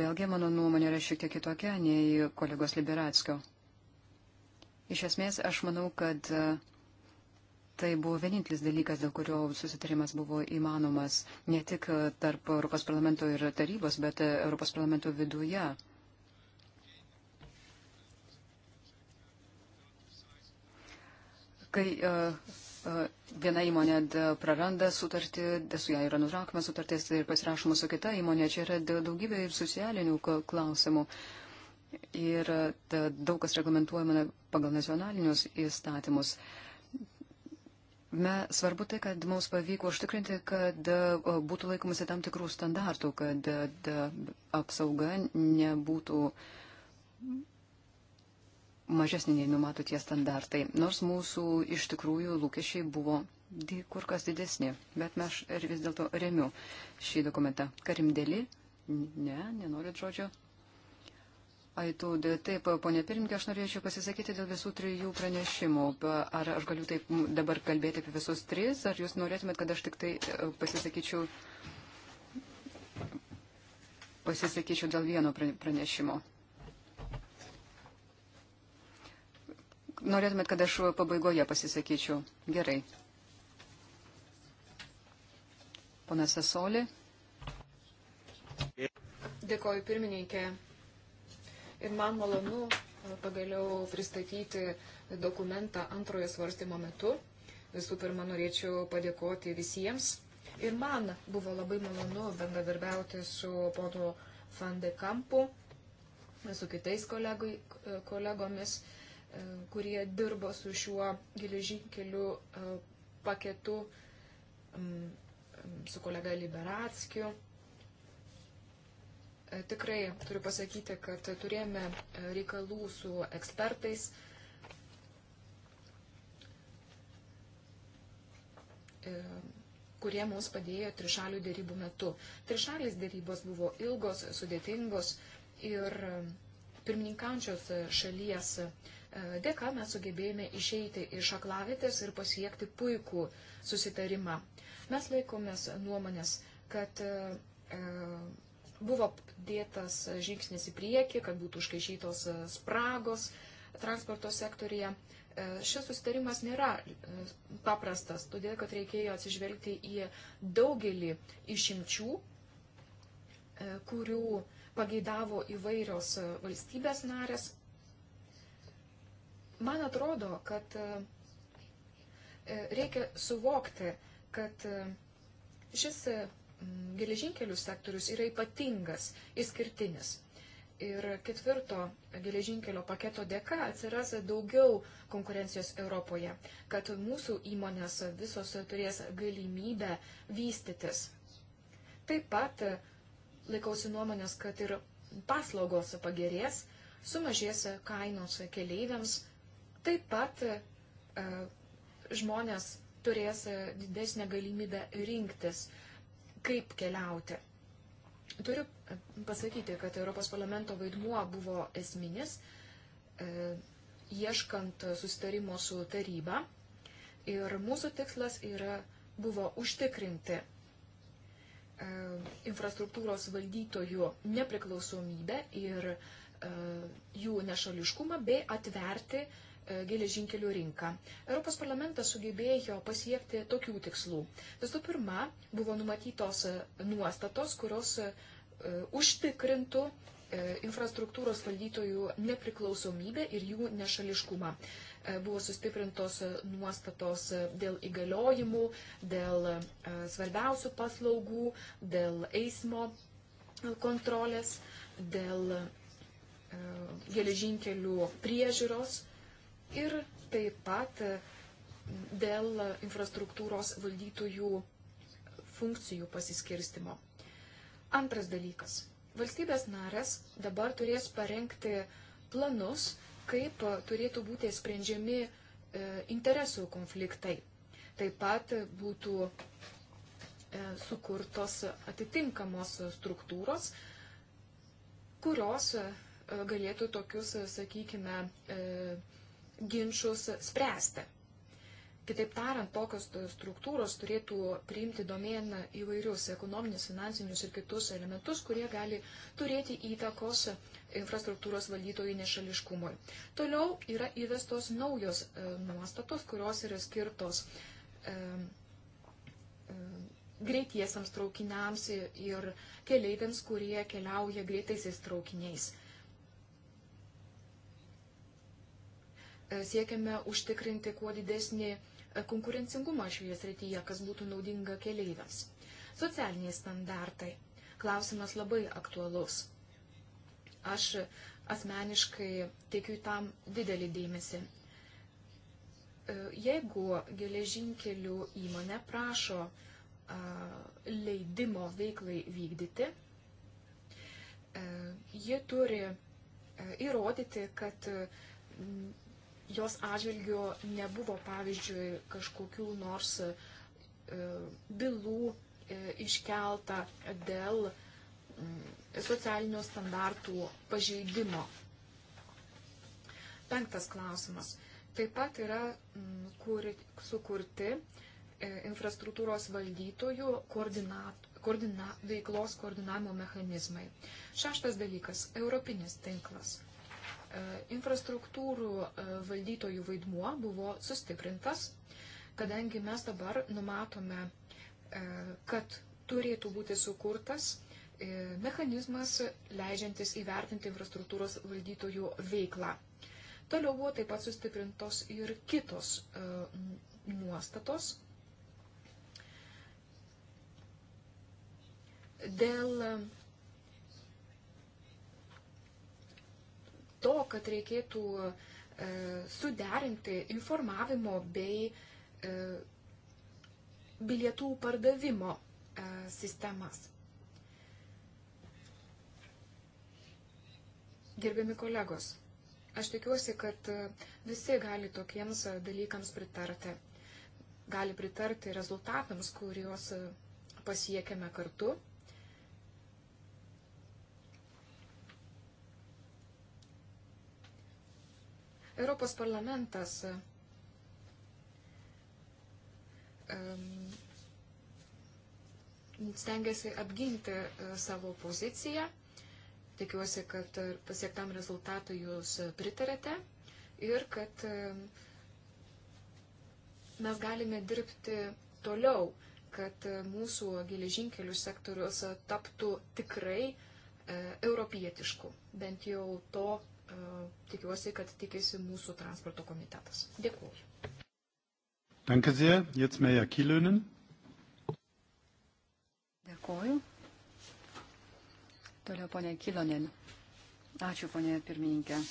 vėlgi mano nuomonė yra šiek tiek kitokia nei kolegos Liberatskio. Iš esmės aš manau, kad e, tai buvo vienintelis dalykas, dėl kurio susitarimas buvo įmanomas ne tik e, tarp Europos parlamento ir tarybos, bet Europos parlamento viduje. Kai uh, viena įmonė praranda sutartį, su ją yra nutraukama sutartis ir pasirašoma su kita įmonė. Čia yra daugybė ir socialinių klausimų. Ir daug kas reglamentuojama pagal nacionalinius įstatymus. Me, svarbu tai, kad mums pavyko užtikrinti, kad būtų laikomasi tam tikrų standartų, kad apsauga nebūtų mažesnė nei numato tie standartai, nors mūsų iš tikrųjų lūkesčiai buvo kur kas didesni, bet mes ir vis dėlto remiu šį dokumentą. Karimdėlį? Ne, nenorit žodžio. Aitų, taip, ponė pirmininkė, aš norėčiau pasisakyti dėl visų trijų pranešimų. Ar aš galiu taip dabar kalbėti apie visus tris, ar jūs norėtumėt, kad aš tik tai e, pasisakyčiau, pasisakyčiau dėl vieno pranešimo? norėtumėt, kad aš pabaigoje pasisakyčiau? Gerai. Ponas Sasolė. Dėkoju pirmininkė. Ir man malonu e, pagaliau pristatyti dokumentą antrojo svarstymo metu. Visų pirma, norėčiau padėkoti visiems. Ir man buvo labai malonu bendradarbiauti su ponu Fandekampu, su kitais kolegui, e, kolegomis. E, kurie dirbo su šiuo geležinkeliu e, paketu, su kolega Liberatskiu. E, tikrai turiu pasakyti, kad turėjome reikalų su ekspertais. kurie mums padėjo trišalių dėrybų metu. Trišalės dėrybos buvo ilgos, sudėtingos ir pirmininkančios šalies uh, dėka mes sugebėjome išeiti iš aklavitės ir pasiekti puikų susitarimą. Mes laikomės nuomonės, kad e, buvo dėtas žingsnis į priekį, kad būtų užkaišytos spragos transporto sektorija. E, šis sustarimas nėra e, paprastas, todėl kad reikėjo atsižvelgti į daugelį išimčių, kurių pageidavo įvairios valstybės narės Man atrodo, kad e, e, reikia suvokti, kad e, šis geležinkelių sektorius yra ypatingas, išskirtinis. Ir ketvirto geležinkelio paketo dėka atsiras daugiau konkurencijos Europoje, kad mūsų įmonės visos turės galimybę vystytis. Taip pat laikausi nuomonės, kad ir paslaugos pagerės, sumažės kainos keleiviams, Taip pat e, žmonės turės didesnę galimybę rinktis, kaip keliauti. Turiu pasakyti, kad Europos parlamento vaidmuo buvo esminis, e, ieškant sustarimo su taryba. Ir mūsų tikslas yra, buvo užtikrinti e, infrastruktūros valdytojų nepriklausomybę ir jų nešališkumą bei atverti uh, E, geležinkelių rinką. Europos parlamentas sugebėjo pasiekti tokių tikslų. Visų pirma, buvo numatytos e, nuostatos, kurios e, užtikrintų infrastruktūros valdytojų nepriklausomybę ir jų nešališkumą. Buvo sustiprintos nuostatos dėl įgaliojimų, dėl svarbiausių paslaugų, dėl eismo kontrolės, dėl geležinkelių priežiūros ir taip pat dėl infrastruktūros valdytojų funkcijų pasiskirstimo. Antras dalykas. Valstybės narės dabar turės parengti planus, kaip turėtų būti sprendžiami e, interesų konfliktai. Taip pat būtų e, sukurtos atitinkamos struktūros, kurios e, galėtų tokius, sakykime, ginčius spręsti. Kitaip tariant, tokios struktūros turėtų priimti domėn įvairius ekonominius, finansinius ir kitus elementus, kurie gali turėti įtakos infrastruktūros valdytojų nešališkumui. Toliau yra įvestos naujos e, nuostatos, kurios yra skirtos e, e, greitiesiams traukiniams ir keleiviams, kurie keliauja greitaisiais traukiniais. E, siekiame užtikrinti kuo didesnį e, konkurencingumą šioje srityje, kas būtų naudinga keleiviams. Socialiniai standartai. Klausimas labai aktualus. Aš asmeniškai teikiu tam didelį dėmesį. E, jeigu geležinkelių įmonė prašo leidimo veiklai vykdyti, ji turi įrodyti, kad jos atžvilgiu nebuvo, pavyzdžiui, kažkokių nors e, bylų e, iškelta dėl mm, socialinių standartų pažeidimo. Penktas klausimas. Taip pat yra mm, kur, sukurti e, infrastruktūros valdytojų koordinat, koordina, veiklos koordinavimo mechanizmai. Šeštas dalykas - europinis tinklas infrastruktūrų e, valdytojų vaidmuo buvo sustiprintas, kadangi mes dabar numatome, e, kad turėtų būti sukurtas e, mechanizmas leidžiantis įvertinti infrastruktūros valdytojų veiklą. Toliau buvo taip pat sustiprintos ir kitos nuostatos. Dėl to, kad reikėtų e, suderinti informavimo bei e, bilietų pardavimo e, sistemas. Gerbiami kolegos, aš tikiuosi, kad visi gali tokiems dalykams pritarti. Gali pritarti rezultatams, kuriuos pasiekėme kartu Europos parlamentas stengiasi apginti e, savo poziciją. Tikiuosi, kad e, pasiektam rezultatui jūs pritarėte ir kad e, mes galime dirbti toliau, kad mūsų geležinkelių sektorius taptų tikrai europietišku. Bent jau to E, tikiuosi, kad tikisi mūsų transporto komitetas. Dėkuoju. Danke sehr. Jetzt Meja Kilönen. Dėkuoju. Toliau ponė Kilonen. Ačiū ponė pirmininkė.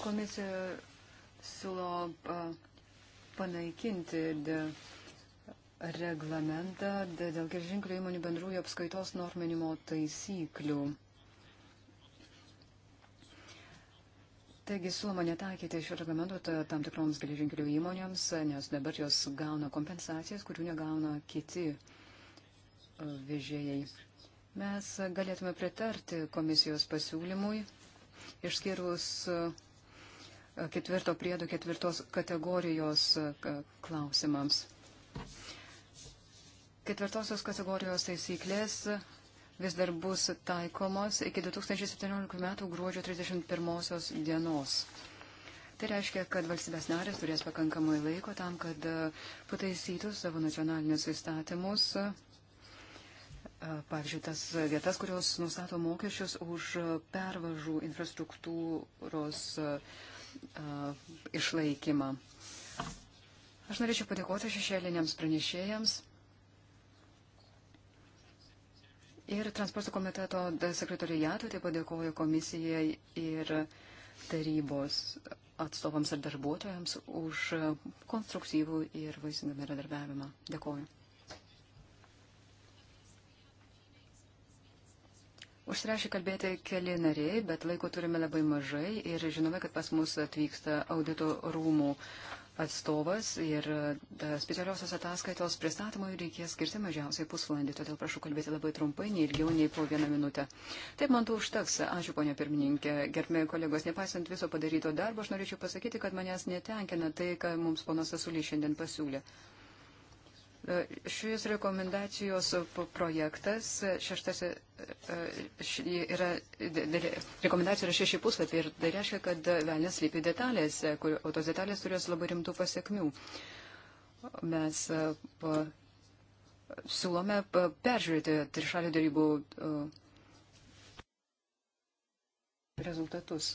Komisija siūlo e, panaikinti dėl reglamentą dėl geržinklių įmonių bendrųjų apskaitos norminimo taisyklių. Taigi siūloma netaikyti šio reglamento tam tikroms geležinkelių įmonėms, nes dabar jos gauna kompensacijas, kurių negauna kiti e, vežėjai. Mes galėtume pritarti komisijos pasiūlymui, išskyrus e, ketvirto priedo ketvirtos kategorijos e, klausimams. Ketvirtosios kategorijos taisyklės vis dar bus taikomos iki 2017 metų gruodžio 31 dienos. Tai reiškia, kad valstybės narės turės pakankamai laiko tam, kad e, pataisytų savo nacionalinius įstatymus, e, pavyzdžiui, tas vietas, kurios nustato mokesčius už pervažų infrastruktūros e, išlaikymą. Aš norėčiau padėkoti šešėliniams pranešėjams. Ir transporto komiteto sekretoriatui taip pat dėkoju komisijai ir tarybos atstovams ir darbuotojams už konstruktyvų ir vaisingą bendradarbiavimą. Dėkoju. Užsirašė kalbėti keli nariai, bet laiko turime labai mažai ir žinome, kad pas mus atvyksta audito rūmų uh, atstovas ir e, specialiosios ataskaitos pristatymui reikės skirti mažiausiai pusvalandį, todėl prašau kalbėti labai trumpai, nei ilgiau, nei po vieną minutę. Taip man to užteks. Ačiū, ponia pirmininkė. Gerbėjai kolegos, nepaisant viso padaryto darbo, aš norėčiau pasakyti, kad manęs netenkina tai, ką mums ponas Asulys šiandien pasiūlė. Šis rekomendacijos projektas, šeštas, e, yra, rekomendacijų yra šeši puslapiai ir tai reiškia, kad velnės lypi detalės, kur, o tos detalės turės labai rimtų pasiekmių. Mes e, pa, siūlome peržiūrėti trišalių darybų e, rezultatus,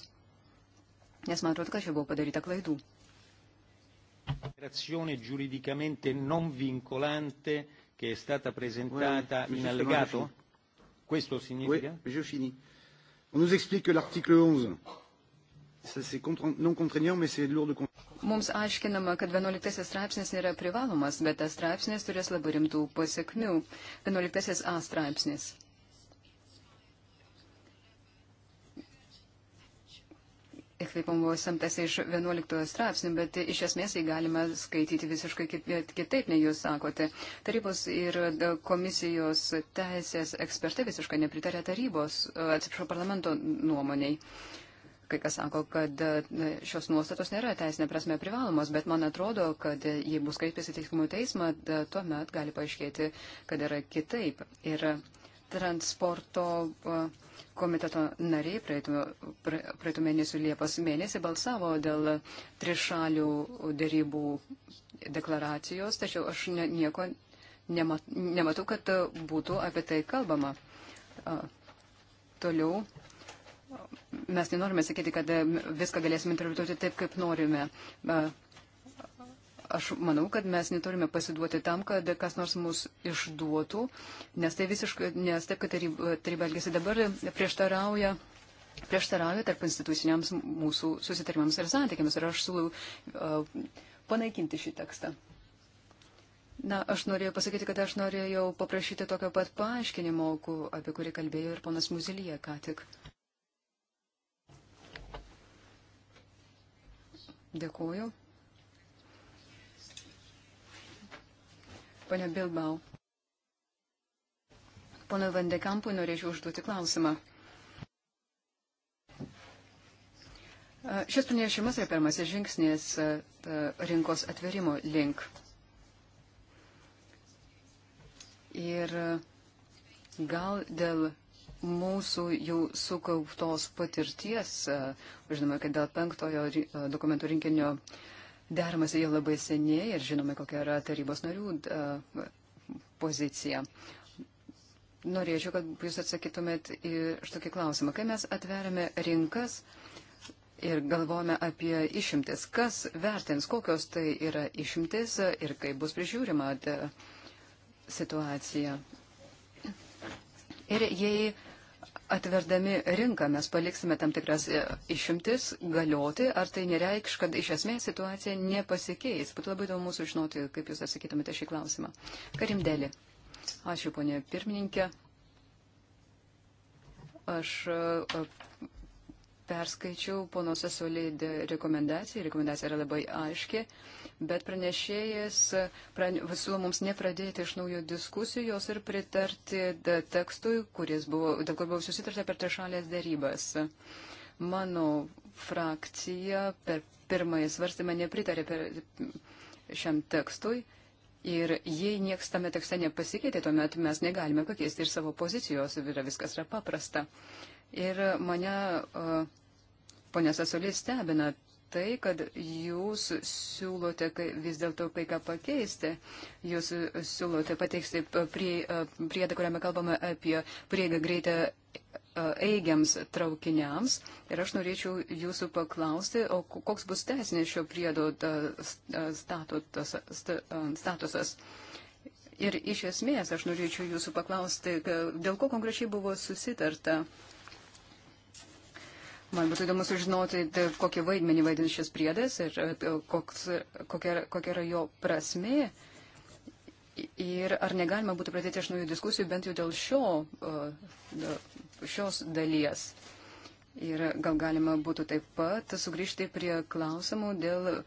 nes man atrodo, kad čia buvo padaryta klaidų. Dichiarazione giuridicamente non vincolante che è stata presentata oui, in allegato? Questo significa? Oui, je finis. On nous explique que l'article 11 Mums aiškinama, kad 11 straipsnis nėra privalomas, bet tas straipsnis turės labai rimtų pasiekmių. 11 A straipsnis. įkvėpom buvo samtas iš 11 straipsnių, bet iš esmės jį galima skaityti visiškai kitaip, nei jūs sakote. Tarybos ir komisijos teisės ekspertai visiškai nepritarė tarybos, atsiprašau, parlamento nuomoniai. Kai kas sako, kad šios nuostatos nėra teisinė prasme privalomos, bet man atrodo, kad jei bus kreipėsi teismų teismą, tuomet gali paaiškėti, kad yra kitaip. Ir transporto uh, Komiteto nariai praeitų, praeitų mėnesių Liepos mėnesį balsavo dėl trišalių dėrybų deklaracijos, tačiau aš ne, nieko nemat, nematau, kad būtų apie tai kalbama. Toliau mes nenorime sakyti, kad viską galėsime interpretuoti taip, kaip norime. Aš manau, kad mes neturime pasiduoti tam, kad kas nors mus išduotų, nes tai visiškai, nes taip, kad taryba elgesi dabar, prieštarauja prieštarauja tarp instituciniams mūsų susitarimams ir santykiams. Ir aš siūlau uh, panaikinti šį tekstą. Na, aš norėjau pasakyti, kad aš norėjau paprašyti tokio pat paaiškinimo, apie kurį kalbėjo ir ponas Muzilyje ką tik. Dėkuoju. Pane Bilbao. Pono Vandekampui norėčiau užduoti klausimą. Šis pranešimas yra pirmasis žingsnis rinkos atverimo link. Ir gal dėl mūsų jau sukauptos patirties, žinoma, kad dėl penktojo dokumentų rinkinio uh, Deramasi jau labai seniai ir žinome, kokia yra tarybos narių pozicija. Norėčiau, kad jūs atsakytumėt į šitokį klausimą. Kai mes atveriame rinkas ir galvojame apie išimtis, kas vertins, kokios tai yra išimtis ir kaip bus prižiūrima situacija. Ir jei atverdami rinką mes paliksime tam tikras e, išimtis galioti, ar tai nereikš, kad iš esmės situacija nepasikeis? Būtų labai įdomu sužinoti, kaip Jūs atsakytumėte šį klausimą. Karimdėlį. Ačiū, ponė pirmininkė. Aš e, e, perskaičiau pono Sasolį rekomendaciją. Rekomendacija yra labai aiški bet pranešėjas prane, siūlo mums nepradėti iš naujo diskusijos ir pritarti tekstui, kuris buvo, dėl kur buvo susitarta per trišalės darybas. Mano frakcija per pirmąjį svarstymą nepritarė per šiam tekstui. Ir jei niekas tame tekste nepasikeitė, tuomet mes negalime pakeisti ir savo pozicijos, yra viskas yra paprasta. Ir mane uh, ponė Sasolė stebina tai, kad jūs siūlote vis dėlto kai ką pakeisti. Jūs siūlote pateikti prie, priedą, kuriame kalbame apie prieigą greitą eigiams traukiniams. Ir aš norėčiau jūsų paklausti, o koks bus teisinės šio priedo statusas. Ir iš esmės aš norėčiau jūsų paklausti, dėl ko konkrečiai buvo susitarta Man būtų įdomu sužinoti, kokį vaidmenį vaidina šis priedas ir e, koks, kokia, kokia yra jo prasmė. Ir ar negalima būtų pradėti iš naujų diskusijų bent jau dėl šio, e, šios dalies. Ir gal galima būtų taip pat sugrįžti prie klausimų dėl e,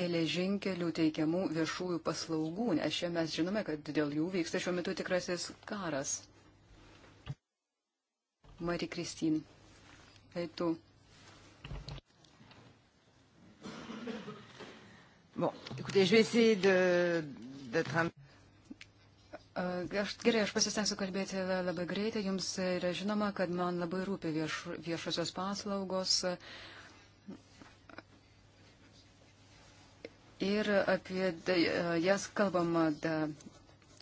geležinkelių teikiamų viešųjų paslaugų, nes čia mes žinome, kad dėl jų vyksta šiuo metu tikrasis karas. Mari Kristin tu. Bon, écoutez, je vais essayer d'être un... Aš, gerai, aš pasistengsiu kalbėti labai greitai. Jums yra žinoma, kad man labai rūpi vieš, viešosios paslaugos ir apie jas kalbama da,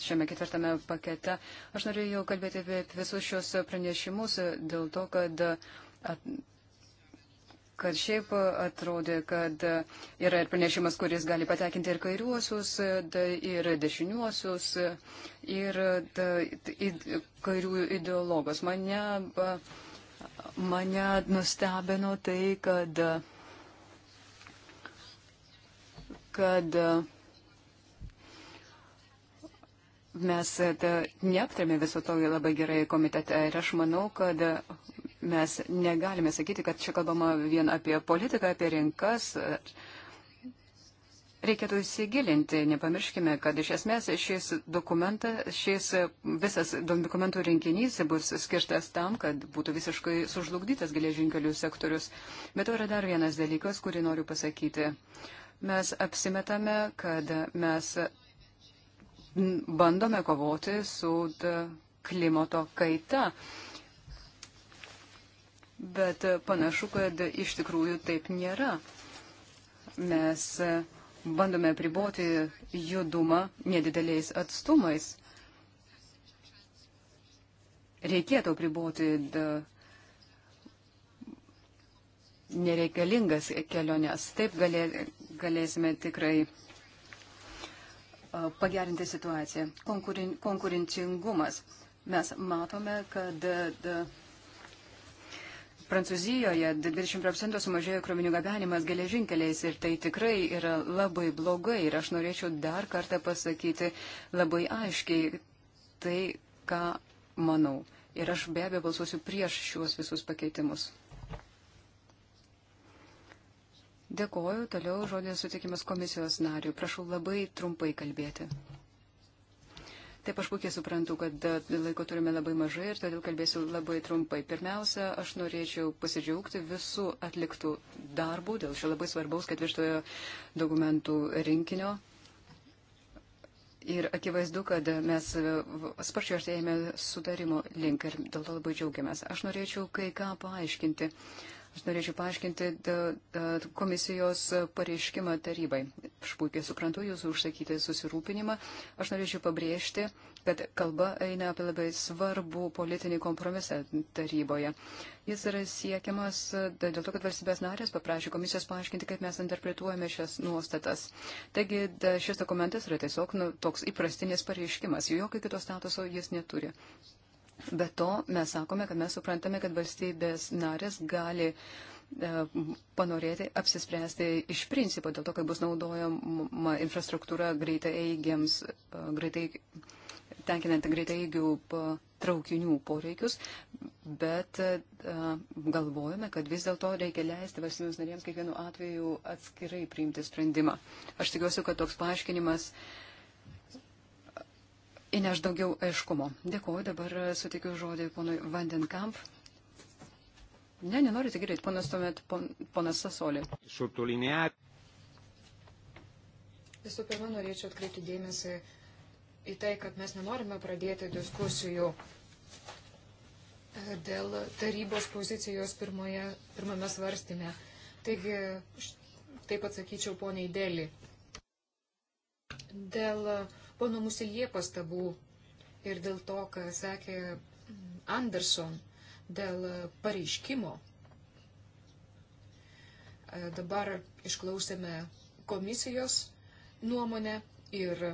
šiame ketvirtame pakete. Aš norėjau kalbėti apie visus šios pranešimus dėl to, kad uh, kad šiaip atrodė, kad yra ir pranešimas, kuris gali patekinti ir kairiuosius, ir dešiniuosius, ir, ir kairių ideologos. Mane, mane nustebino tai, kad, kad mes neaptarėme viso to labai gerai komitete ir aš manau, kad Mes negalime sakyti, kad čia kalbama vien apie politiką, apie rinkas. Reikėtų įsigilinti, nepamirškime, kad iš esmės šis dokumentas, šis visas dokumentų rinkinys bus skirtas tam, kad būtų visiškai sužlugdytas geležinkelių sektorius. Bet to yra dar vienas dalykas, kurį noriu pasakyti. Mes apsimetame, kad mes bandome kovoti su klimato kaita bet panašu, kad iš tikrųjų taip nėra. Mes bandome priboti judumą nedideliais atstumais. Reikėtų priboti nereikalingas keliones. Taip galė, galėsime tikrai pagerinti situaciją. Konkurin, konkurencingumas. Mes matome, kad da, Prancūzijoje 20 procentų sumažėjo krovinių gabenimas geležinkeliais ir tai tikrai yra labai blogai. Ir aš norėčiau dar kartą pasakyti labai aiškiai tai, ką manau. Ir aš be abejo balsuosiu prieš šiuos visus pakeitimus. Dėkoju, toliau žodės sutikimas komisijos nariu. Prašau labai trumpai kalbėti. Taip aš puikiai suprantu, kad laiko turime labai mažai ir todėl kalbėsiu labai trumpai. Pirmiausia, aš norėčiau pasidžiaugti visų atliktų darbų dėl šio labai svarbaus ketvirtojo dokumentų rinkinio. Ir akivaizdu, kad mes sparčiai artėjame sutarimo link ir dėl to labai džiaugiamės. Aš norėčiau kai ką paaiškinti. Uh, Aš norėčiau paaiškinti komisijos pareiškimą tarybai. Aš puikiai suprantu jūsų užsakyti susirūpinimą. Aš norėčiau pabrėžti, kad kalba eina apie labai svarbų politinį kompromisą taryboje. Jis yra siekiamas dėl to, kad valstybės narės paprašė komisijos paaiškinti, kaip mes interpretuojame šias nuostatas. Taigi šis dokumentas yra tiesiog nu, toks įprastinis pareiškimas. Jokio kito statuso jis neturi. Be to, mes sakome, kad mes suprantame, kad valstybės narės gali e, panorėti apsispręsti iš principo dėl to, kad bus naudojama infrastruktūra greitai eigiams, e, greitai tenkinant greitai eigių e, traukinių poreikius, bet galvojame, kad vis dėlto reikia leisti valstybėms narėms kiekvienu atveju atskirai priimti sprendimą. Aš tikiuosi, kad toks paaiškinimas uh, įneš daugiau aiškumo. Dėkuoju, dabar sutikiu žodį ponui Vandenkamp. Ne, nenorite gerai, ponas tuomet pon, ponas Sasolė. Visų pirma, norėčiau atkreipti dėmesį į tai, kad mes nenorime pradėti diskusijų dėl tarybos pozicijos pirmoje, pirmame svarstymė. Taigi, taip atsakyčiau poniai Dėlį. Dėl pono Musilie pastabų ir dėl to, ką sakė Anderson dėl pareiškimo. E, dabar išklausėme komisijos nuomonę ir e,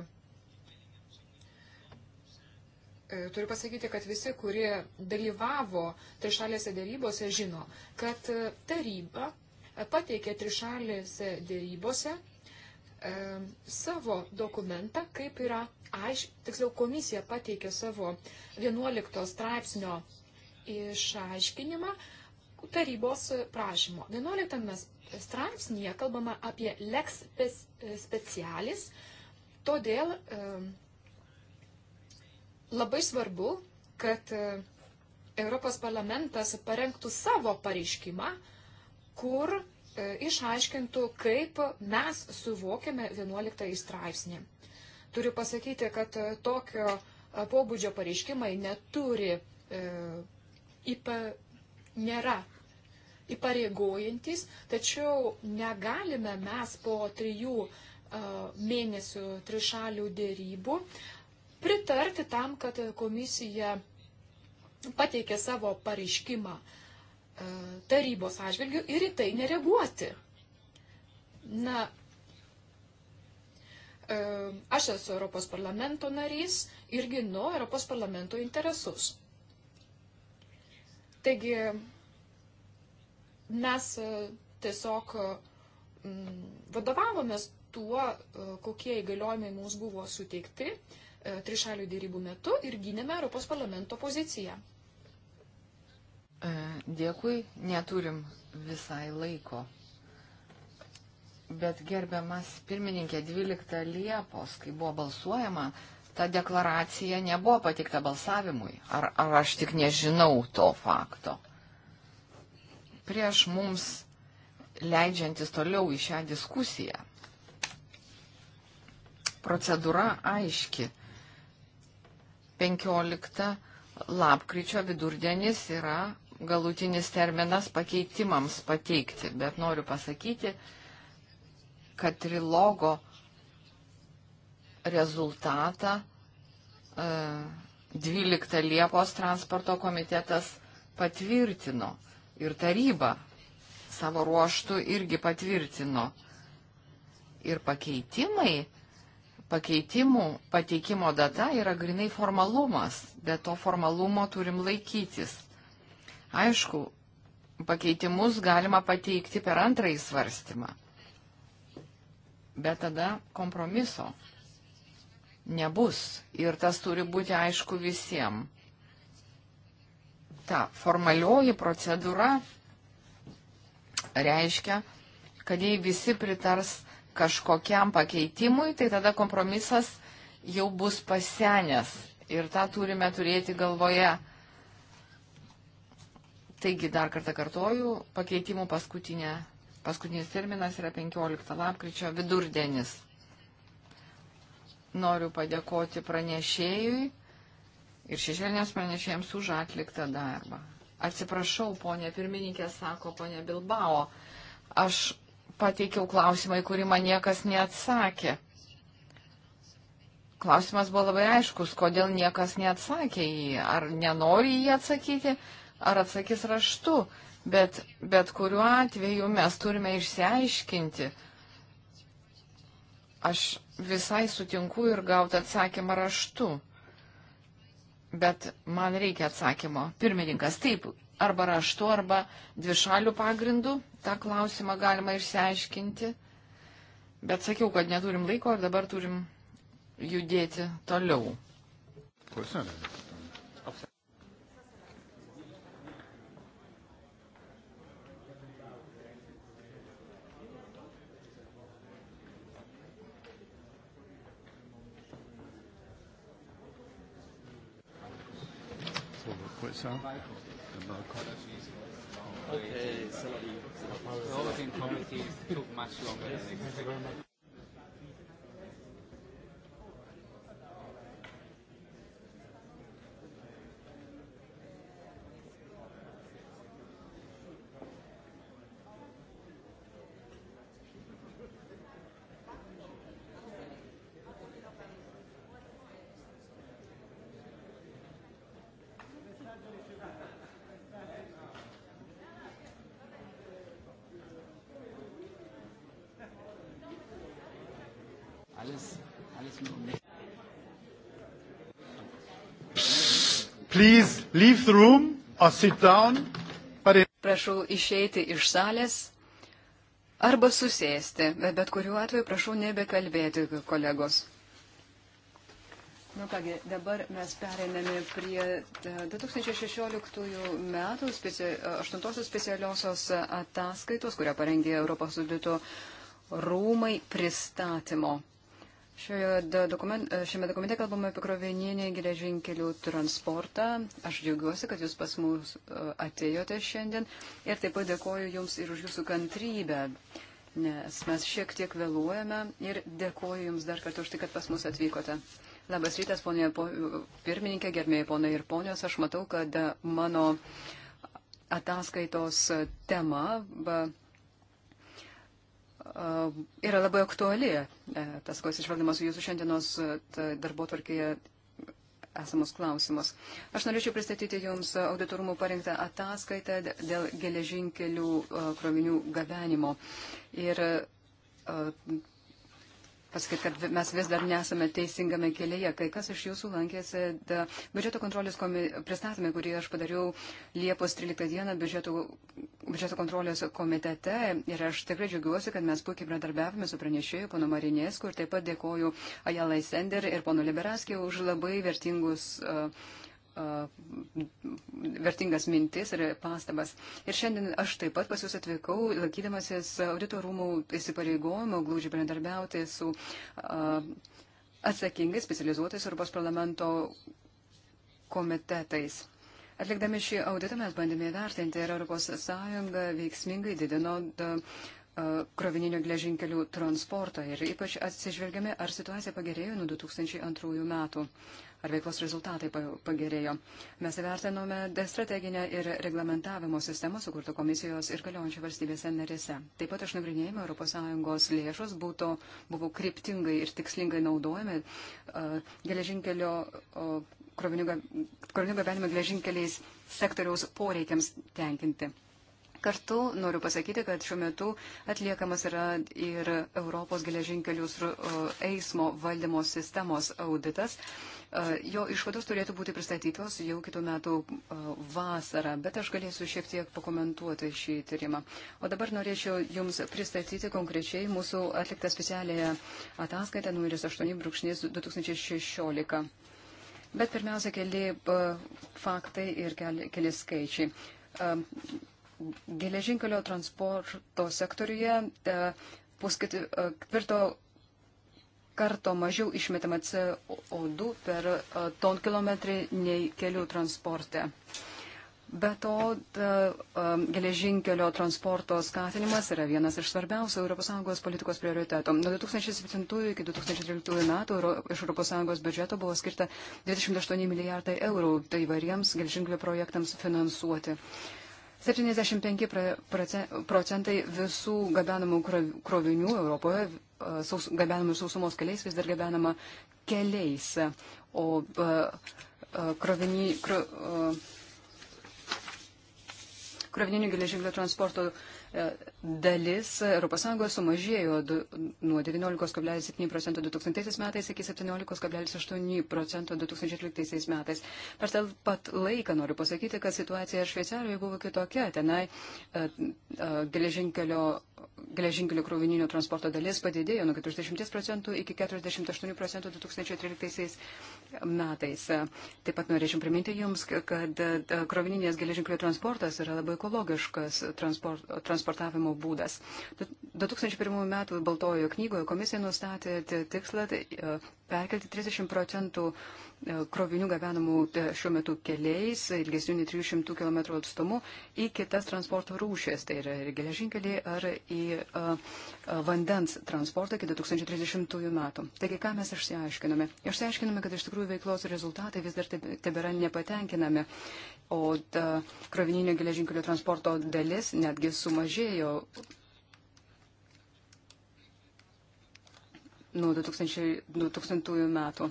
turiu pasakyti, kad visi, kurie dalyvavo trišalėse dėrybose, žino, kad taryba pateikė trišalėse dėrybose e, savo dokumentą, kaip yra, aiš, tiksliau komisija pateikė savo 11 straipsnio išaiškinimą tarybos prašymo. 11 straipsnėje kalbama apie lex specialis, todėl e, labai svarbu, kad e, Europos parlamentas parengtų savo pareiškimą, kur e, E, išaiškintų, kaip mes suvokiame 11 straipsnį. Turiu pasakyti, kad e, tokio e, pobūdžio pareiškimai neturi, e, ipa, nėra įpareigojantis, tačiau negalime mes po trijų e, mėnesių trišalių dėrybų pritarti tam, kad komisija pateikė savo pareiškimą. E, E, tarybos atžvilgių ir į tai nereaguoti. Na, e, aš esu Europos parlamento narys ir ginu Europos parlamento interesus. Taigi, mes e, tiesiog vadovavomės tuo, kokie įgaliojimai mums buvo suteikti trišalių dėrybų metu ir gynėme Europos parlamento poziciją. E, dėkui, neturim visai laiko. Bet gerbiamas pirmininkė, 12 Liepos, kai buvo balsuojama, ta deklaracija nebuvo patikta balsavimui. Ar, ar aš tik nežinau to fakto? Prieš mums leidžiantis toliau į šią diskusiją. Procedūra aiški. 15 lapkričio vidurdienis yra galutinis terminas pakeitimams pateikti, bet noriu pasakyti, kad trilogo rezultatą 12 e, Liepos transporto komitetas patvirtino ir taryba savo ruoštų irgi patvirtino. Ir pakeitimai, pakeitimų pateikimo data yra grinai formalumas, bet to formalumo turim laikytis. Aišku, pakeitimus galima pateikti per antrąjį svarstymą, bet tada kompromiso nebus ir tas turi būti aišku visiems. Ta formalioji procedūra reiškia, kad jei visi pritars kažkokiam pakeitimui, tai tada kompromisas jau bus pasenęs. Ir tą turime turėti galvoje Taigi, dar kartą kartoju, pakeitimų paskutinė, paskutinis terminas yra 15 lapkričio vidurdienis. Noriu padėkoti pranešėjui ir šešėlinės pranešėjams už atliktą darbą. Atsiprašau, ponė pirmininkė, sako ponė Bilbao, aš pateikiau klausimą, į kurį man niekas neatsakė. Klausimas buvo labai aiškus, kodėl niekas neatsakė į jį, ar nenori į jį atsakyti, ar atsakys raštu, bet, bet kuriuo atveju mes turime išsiaiškinti. Aš visai sutinku ir gauti atsakymą raštu, bet man reikia atsakymo. Pirmininkas, taip, arba raštu, arba dvišalių pagrindų, tą klausimą galima išsiaiškinti. Bet sakiau, kad neturim laiko ir dabar turim judėti toliau. Klausimai. what's that? Okay, somebody. The voting committee took much longer than expected. Please leave the room or sit down. But... Prašau išeiti iš salės arba susėsti, bet, bet kuriuo atveju prašau nebekalbėti, kolegos. Nu kągi, dabar mes pereiname prie 2016 e, metų speci 8 e, specialiosios ataskaitos, kurią parengė Europos audito rūmai pristatymo. Dokumen, e, šiame dokumente kalbame apie krovininį geležinkelių transportą. Aš džiaugiuosi, kad jūs pas mus e, atėjote šiandien ir taip pat dėkoju jums ir už jūsų kantrybę, nes mes šiek tiek vėluojame ir dėkoju jums dar kartą už tai, kad pas mus atvykote. Labas rytas, ponė po, pirmininkė, gerbėjai ponai ir ponios. Aš matau, kad mano ataskaitos tema ba, E, yra labai aktuali, e, tas, kuo išvelgdamas jūsų šiandienos e, darbo tvarkėje esamus klausimus. Aš norėčiau pristatyti Jums auditorumų parengtą ataskaitą dėl geležinkelių krovinių gabenimo. Ir pasakyti, kad mes vis dar nesame teisingame kelyje. Kai kas iš jūsų lankėsi biudžeto kontrolės komi... pristatymė, kurį aš padariau Liepos 13 dieną biudžeto, biudžeto kontrolės komitete. Ir aš tikrai džiaugiuosi, kad mes puikiai bendradarbiavome su pranešėju, pono Marinėsku, ir taip pat dėkoju Ajalai Sender ir pono Liberaskė už labai vertingus. Uh, vertingas mintis ir pastabas. Ir šiandien aš taip pat pas jūs atvykau, laikydamasis auditorumų įsipareigojimų glūdžiai bendradarbiauti su atsakingais specializuotais Europos parlamento komitetais. Atlikdami šį auditą mes bandėme įvertinti, ar ES veiksmingai didino krovininių gležinkelių transportą ir ypač atsižvelgiame, ar situacija pagerėjo nuo 2002 metų ar veiklos rezultatai pagerėjo. Mes įvertinome strateginę ir reglamentavimo sistemą sukurtą komisijos ir galiojančių valstybėse narėse. Taip pat aš nagrinėjimą ES lėšos būtų, buvo kryptingai ir tikslingai naudojami uh, geležinkelio uh, krovinių gabenimo geležinkeliais sektoriaus poreikiams tenkinti. Kartu noriu pasakyti, kad šiuo metu atliekamas yra ir Europos geležinkelius eismo valdymo sistemos auditas. Jo išvados turėtų būti pristatytos jau kitų metų vasarą, bet aš galėsiu šiek tiek pakomentuoti šį tyrimą. O dabar norėčiau Jums pristatyti konkrečiai mūsų atliktą specialiąją ataskaitą numeris 8.2016. Bet pirmiausia, keli faktai ir keli skaičiai geležinkelio transporto sektoriuje e, pusketvirto karto mažiau išmetama CO2 per e, tonkilometrį nei kelių transporte. Be to, da, e, geležinkelio transporto skatinimas yra vienas iš svarbiausių ES politikos prioritetų. Nuo 2007 iki 2013 metų iš ES biudžeto buvo skirta 28 milijardai eurų tai variems geležinkelio projektams finansuoti. Uh, 75 procentai visų gabenamų krovinių Europoje saus, gabenamų sausumos keliais vis dar gabenama keliais, o krovinį, kro, krovininių geležinkelio transporto uh, dalis ES sumažėjo nuo 19,7 procento 2000 metais iki 17,8 procento 2013 metais. Per tą pat laiką noriu pasakyti, kad situacija Šveicarijoje buvo kitokia. Tenai e, e, geležinkelio geležinkelių krovininių transporto dalis padidėjo nuo 40 procentų iki 48 procentų 2013 metais. Taip pat norėčiau priminti Jums, kad e, krovininės geležinkelių transportas yra labai ekologiškas transport, transportavimo būdas. 2001 metų Baltojoje knygoje komisija nustatė tikslą tai, e, perkelti 30 procentų e, krovinių gabenamų e, šiuo metu keliais, ilgesnių nei 300 km atstumu, į kitas transporto rūšės, tai yra ir geležinkelį, ar į a, e, a, vandens transportą iki 2030 metų. Taigi, ką mes išsiaiškinome? Išsiaiškinome, kad iš tikrųjų veiklos rezultatai vis dar tebėra nepatenkinami, o ta, krovininio geležinkelio transporto dalis netgi sumažėjo nuo 2000, 2000 metų.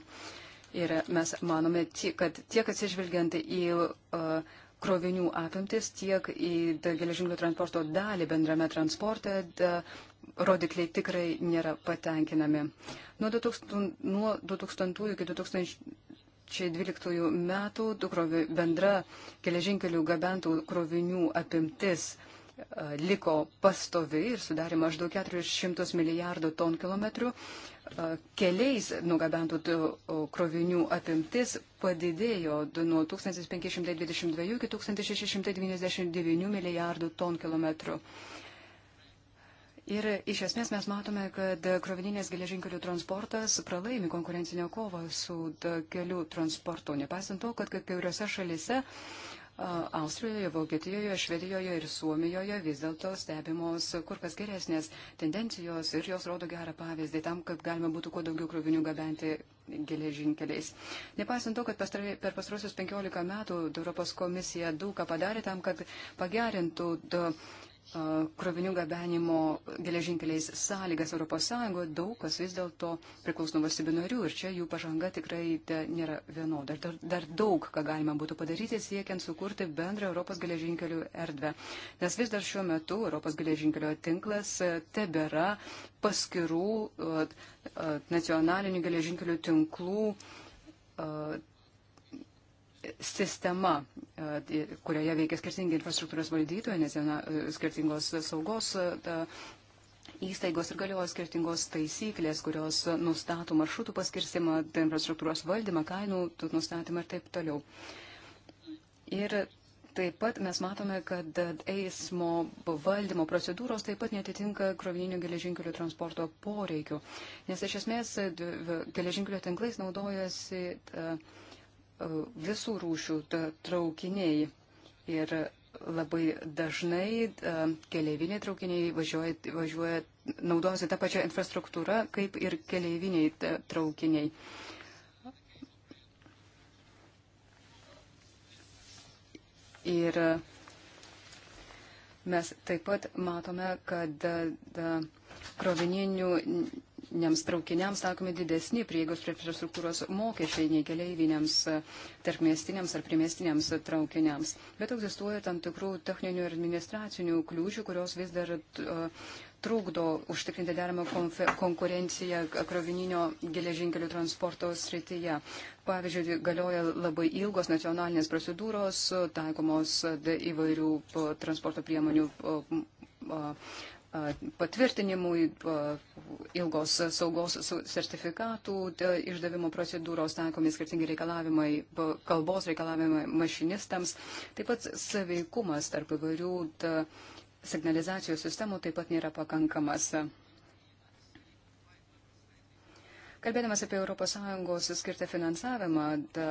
Ir mes manome, kad tiek atsižvelgiant į uh, krovinių apimtis, tiek į geležinkelio transporto dalį bendrame transporte, da, rodikliai tikrai nėra patenkinami. Nuo 2000, nuo 2000 iki 2012 metų krovi, bendra geležinkelių gabentų krovinių apimtis E, liko pastovi ir sudarė maždaug 400 milijardų ton kilometrų. E, keliais nugabentų krovinių apimtis padidėjo nuo 1522 iki 1699 milijardų ton kilometrų. Ir iš esmės mes matome, kad krovininės geležinkelių transportas pralaimi konkurencinę kovą su kelių transportu, nepaisant to, kad kai kuriuose šalise uh, Austrijoje, Vokietijoje, Švedijoje ir Suomijoje vis dėlto stebimos kur kas geresnės tendencijos ir jos rodo gerą pavyzdį tam, kad galima būtų kuo daugiau krovinių gabenti geležinkeliais. Nepaisant to, kad pastarai, per pastarosius 15 metų Europos komisija daug ką padarė tam, kad pagerintų krovinių gabenimo geležinkeliais sąlygas ES daug kas vis dėlto priklauso nuo valstybių narių ir čia jų pažanga tikrai nėra vienoda. Dar, dar daug ką galima būtų padaryti siekiant sukurti bendrą Europos geležinkelių erdvę. Nes vis dar šiuo metu Europos geležinkelio tinklas e, tebėra paskirų e, e, nacionalinių geležinkelių tinklų sistema, e, kurioje veikia skirtingi infrastruktūros valdytojai, nes viena e, skirtingos saugos e, įstaigos ir galioja skirtingos taisyklės, kurios nustato maršrutų paskirstimą, tai infrastruktūros valdymą, kainų nustatymą ir taip toliau. Ir taip pat mes matome, kad eismo valdymo procedūros taip pat netitinka krovininių geležinkelių transporto poreikių, nes iš esmės geležinkelių tinklais naudojasi. Uh, visų rūšių traukiniai. Ir labai dažnai e, keleiviniai traukiniai važiuoja, važiuoja naudojasi tą pačią infrastruktūrą kaip ir keleiviniai traukiniai. Ir mes taip pat matome, kad e, krovininių Nems traukiniams taikomi didesni prieigos prie infrastruktūros mokesčiai nei keleiviniams e, tarpmiestiniams ar primestiniams traukiniams. Bet egzistuoja tam tikrų techninių ir administracinių kliūčių, kurios vis dar e, trukdo užtikrinti deramą konkurenciją krovininio geležinkelių transporto srityje. Pavyzdžiui, galioja labai ilgos nacionalinės procedūros, taikomos e, įvairių transporto priemonių patvirtinimui, ilgos saugos sertifikatų išdavimo procedūros taikomi skirtingi reikalavimai, kalbos reikalavimai mašinistams, taip pat saveikumas tarp įvairių signalizacijos sistemų taip pat nėra pakankamas. Kalbėdamas apie ES skirtą finansavimą, da,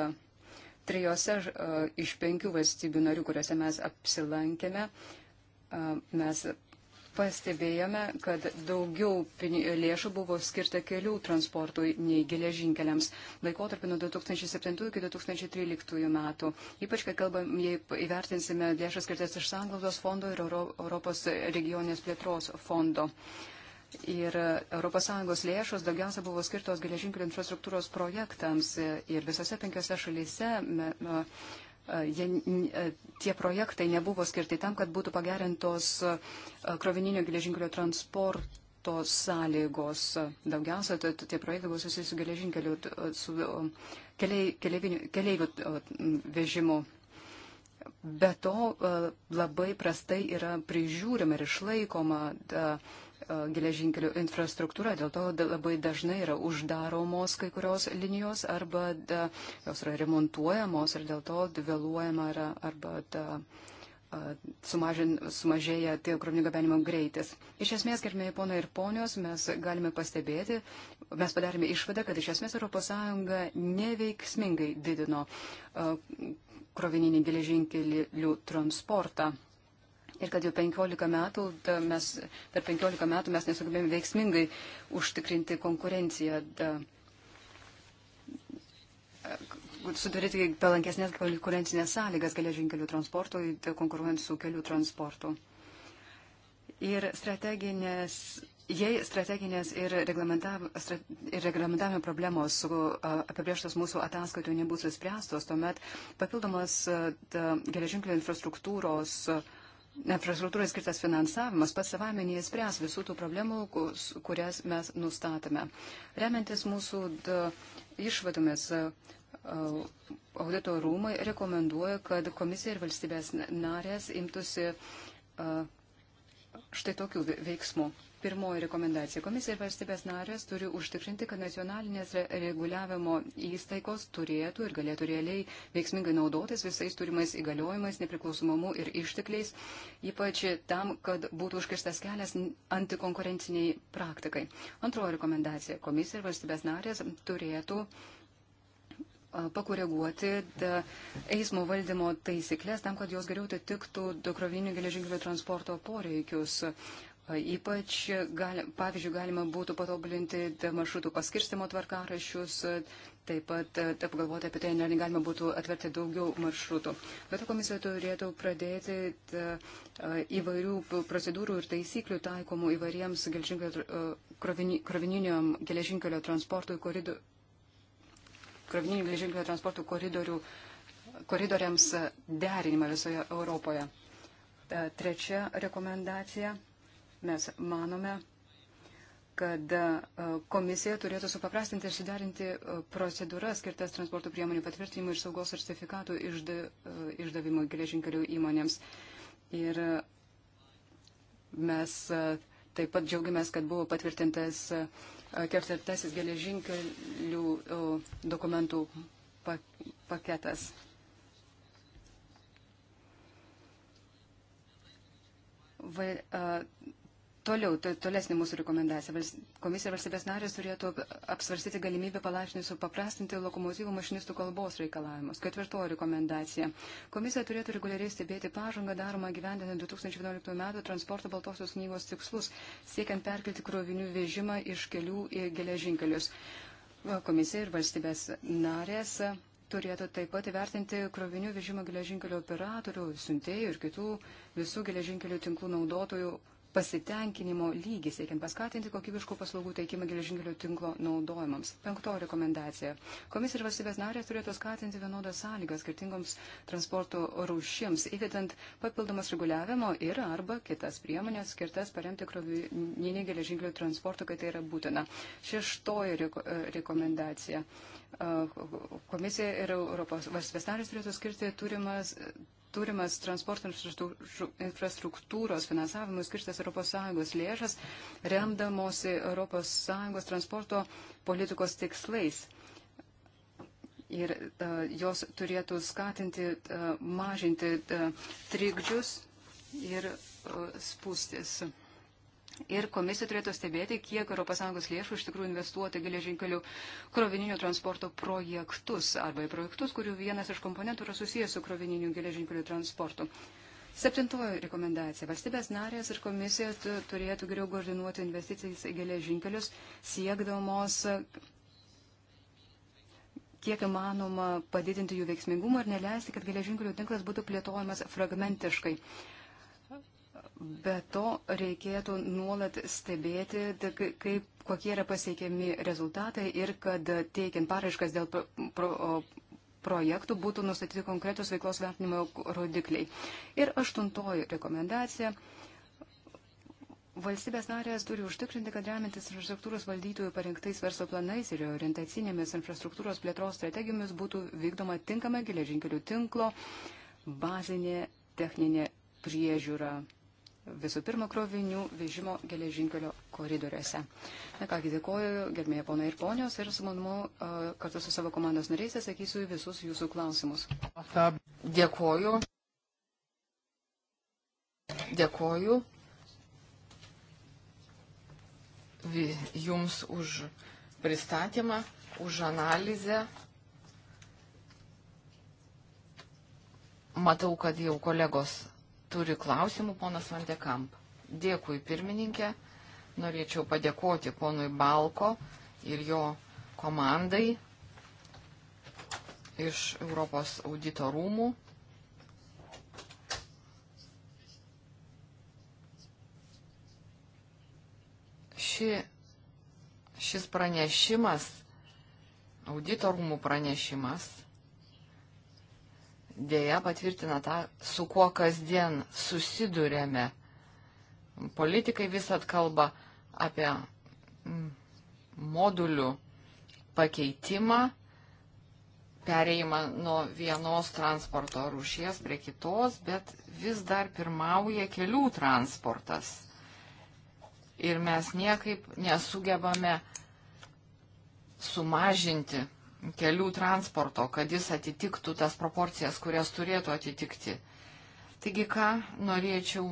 trijose uh, iš penkių valstybių narių, kuriuose mes apsilankėme, uh, mes pastebėjome, kad daugiau lėšų buvo skirta kelių transportui nei geležinkeliams laikotarpį nuo 2007 iki 2013 metų. Ypač, kai kalbam, jei įvertinsime lėšas skirtas iš Sanglaudos fondo ir Europos regionės plėtros fondo. Ir ES lėšos daugiausia buvo skirtos geležinkelių infrastruktūros projektams ir visose penkiose šalyse. Me, me, E, jie, e, tie projektai nebuvo skirti tam, kad būtų pagerintos e, krovininio geležinkelio transporto sąlygos. Daugiausia tai, tie projektai buvo susijęs su geležinkeliu, su keliaivių vežimu. Be to labai prastai yra prižiūrima ir išlaikoma. Da, E, geležinkelių infrastruktūra, dėl to labai dažnai yra uždaromos kai kurios linijos arba da, jos yra remontuojamos ir dėl to vėluojama yra arba da, sumažin, sumažėja tie krovinių gabenimo greitis. Iš esmės, gerbėjai ponai ir ponios, mes galime pastebėti, mes padarėme išvadą, kad iš esmės ES neveiksmingai didino krovininį geležinkelių transportą ir kad jau 15 metų, da, mes, per 15 metų mes nesugebėjome veiksmingai užtikrinti konkurenciją, da, sudaryti palankesnės konkurencinės sąlygas geležinkelių transportui, da, konkuruojant su kelių transportu. Ir strateginės Jei strateginės ir, reglamentav, ir reglamentavimo problemos su, apibrieštos mūsų ataskaitoje nebus įspręstos, tuomet papildomas geležinkelio infrastruktūros a, infrastruktūrai skirtas finansavimas pats savame neįspręs visų tų problemų, kurias mes nustatome. Remiantis mūsų išvadomis, audito rūmai rekomenduoja, kad komisija ir valstybės narės imtųsi štai tokių veiksmų. Pirmoji rekomendacija. Komisija ir valstybės narės turi užtikrinti, kad nacionalinės reguliavimo įstaigos turėtų ir galėtų realiai veiksmingai naudotis visais turimais įgaliojimais, nepriklausomumu ir ištekliais, ypač tam, kad būtų užkirstas kelias antikonkurenciniai praktikai. Antroji rekomendacija. Komisija ir valstybės narės turėtų pakoreguoti eismo valdymo taisyklės tam, kad jos geriau atitiktų krovininių geležinkelių transporto poreikius. Ypač, gali, pavyzdžiui, galima būtų patobulinti maršrutų paskirstimo tvarkarašius, taip pat e, apgalvoti apie tai, ar galima būtų atverti daugiau maršrutų. Bet komisija turėtų pradėti tė, e, įvairių procedūrų ir taisyklių taikomų įvairiems e, krovininiam geležinkelio transportui koridoriui krovininių geležinkelio transporto koridoriams derinimą visoje Europoje. Trečia rekomendacija Mes manome, kad e, komisija turėtų supaprastinti ir sudarinti e, procedūras skirtas transporto priemonių patvirtinimui ir saugos sertifikatų e, išdavimui geležinkelių įmonėms. Ir mes taip pat džiaugiamės, kad buvo patvirtintas ketvirtasis geležinkelių dokumentų paketas. Va, a, Toliau, to, tolesnė mūsų rekomendacija. Vals, komisija valstybės narės turėtų apsvarstyti galimybę palaipsniui supaprastinti lokomotyvų mašinistų kalbos reikalavimus. Ketvirtoji rekomendacija. Komisija turėtų reguliariai stebėti pažangą daromą gyvendinant 2011 m. transporto baltosios knygos tikslus, siekiant perkelti krovinių vežimą iš kelių į geležinkelius. Komisija ir valstybės narės turėtų taip pat įvertinti krovinių vežimą geležinkelio operatorių, siuntėjų ir kitų visų geležinkelių tinklų naudotojų pasitenkinimo lygį, siekiant paskatinti kokybiškų paslaugų teikimą geležinkelio tinklo naudojimams. Penktoji rekomendacija. Komisija ir valstybės narės turėtų skatinti vienodas sąlygas skirtingoms transporto rūšims, įvedant papildomas reguliavimo ir arba kitas priemonės skirtas paremti krovininį geležinkelio transportą, kai tai yra būtina. Šeštoji reko rekomendacija komisija ir Europos valstybės narės turėtų skirti turimas, turimas transporto infrastruktūros finansavimui skirtas ES lėšas, remdamosi ES transporto politikos tikslais. Ir uh, jos turėtų skatinti, uh, mažinti uh, trikdžius ir uh, spūstis ir komisija turėtų stebėti, kiek ES lėšų iš tikrųjų investuoti geležinkelių krovininių transporto projektus arba į projektus, kurių vienas iš komponentų yra susijęs su krovininiu geležinkelių transportu. Septintoji rekomendacija. Valstybės narės ir komisija turėtų geriau koordinuoti investicijas į geležinkelius, siekdamos kiek įmanoma padidinti jų veiksmingumą ir neleisti, kad geležinkelių tinklas būtų plėtojamas fragmentiškai. Be to reikėtų nuolat stebėti, tai kaip, kokie yra pasiekiami rezultatai ir kad teikiant paraiškas dėl pro, pro, projektų būtų nustatyti konkretus veiklos vertinimo rodikliai. Ir aštuntoji rekomendacija. Valstybės narės turi užtikrinti, kad remintis infrastruktūros valdytojų parengtais verslo planais ir orientacinėmis infrastruktūros plėtros strategijomis būtų vykdoma tinkama geležinkelių tinklo bazinė techninė priežiūra visų pirma krovinių vežimo geležinkelio koridoriuose. Na kągi, dėkoju, gerbėjai ponai ir ponios, ir su manimu kartu su savo komandos nariais atsakysiu į visus jūsų klausimus. Dėkoju. Dėkoju jums už pristatymą, už analizę. Matau, kad jau kolegos turi klausimų ponas Vandekamp. Dėkui pirmininkė, norėčiau padėkoti ponui Balko ir jo komandai iš Europos audito rūmų. Ši, šis pranešimas, audito rūmų pranešimas, dėja patvirtina tą, su kuo kasdien susidurėme. Politikai visat kalba apie mm, modulių pakeitimą, pereimą nuo vienos transporto rūšies prie kitos, bet vis dar pirmauja kelių transportas. Ir mes niekaip nesugebame sumažinti kelių transporto, kad jis atitiktų tas proporcijas, kurias turėtų atitikti. Taigi, ką norėčiau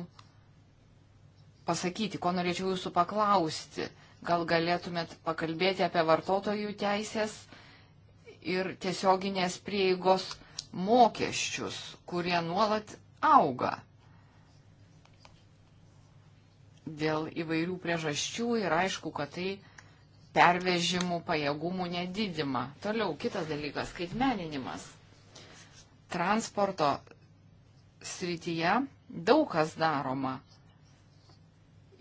pasakyti, ko norėčiau jūsų paklausti, gal galėtumėt pakalbėti apie vartotojų teisės ir tiesioginės prieigos mokesčius, kurie nuolat auga. Dėl įvairių priežasčių ir aišku, kad tai pervežimų pajėgumų nedidimą. Toliau kitas dalykas - skaitmeninimas. Transporto srityje daug kas daroma.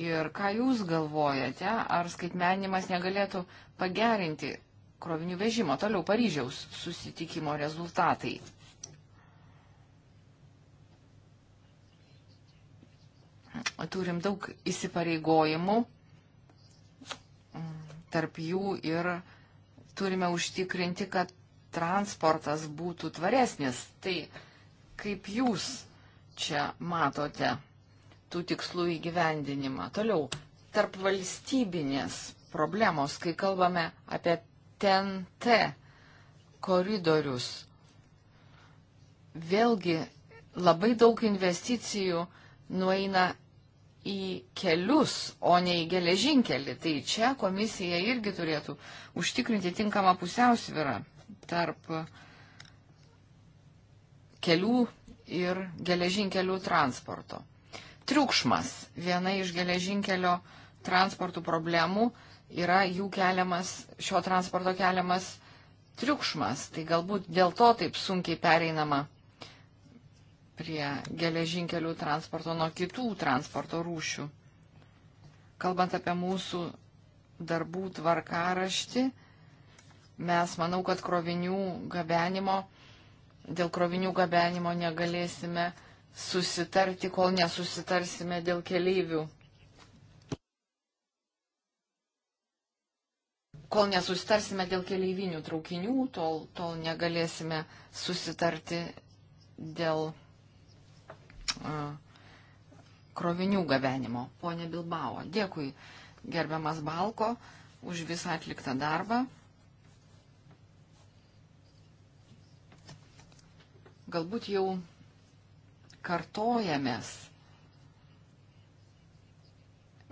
Ir ką Jūs galvojate, ar skaitmeninimas negalėtų pagerinti krovinių vežimo? Toliau Paryžiaus susitikimo rezultatai. Turim daug įsipareigojimų tarp jų ir turime užtikrinti, kad transportas būtų tvaresnis. Tai kaip jūs čia matote tų tikslų įgyvendinimą? Toliau, tarp valstybinės problemos, kai kalbame apie TNT koridorius, vėlgi labai daug investicijų nueina į kelius, o ne į geležinkelį. Tai čia komisija irgi turėtų užtikrinti tinkamą pusiausvyrą tarp kelių ir geležinkelių transporto. Triukšmas viena iš geležinkelio transportų problemų yra jų keliamas, šio transporto keliamas triukšmas. Tai galbūt dėl to taip sunkiai pereinama prie geležinkelių transporto nuo kitų transporto rūšių. Kalbant apie mūsų darbų tvarkaraštį, mes manau, kad krovinių gabenimo, dėl krovinių gabenimo negalėsime susitarti, kol nesusitarsime dėl keleivių. Kol nesusitarsime dėl keleivinių traukinių, tol, tol negalėsime susitarti dėl keleivių krovinių gabenimo. Pone Bilbao, dėkui gerbiamas Balko už visą atliktą darbą. Galbūt jau kartojamės,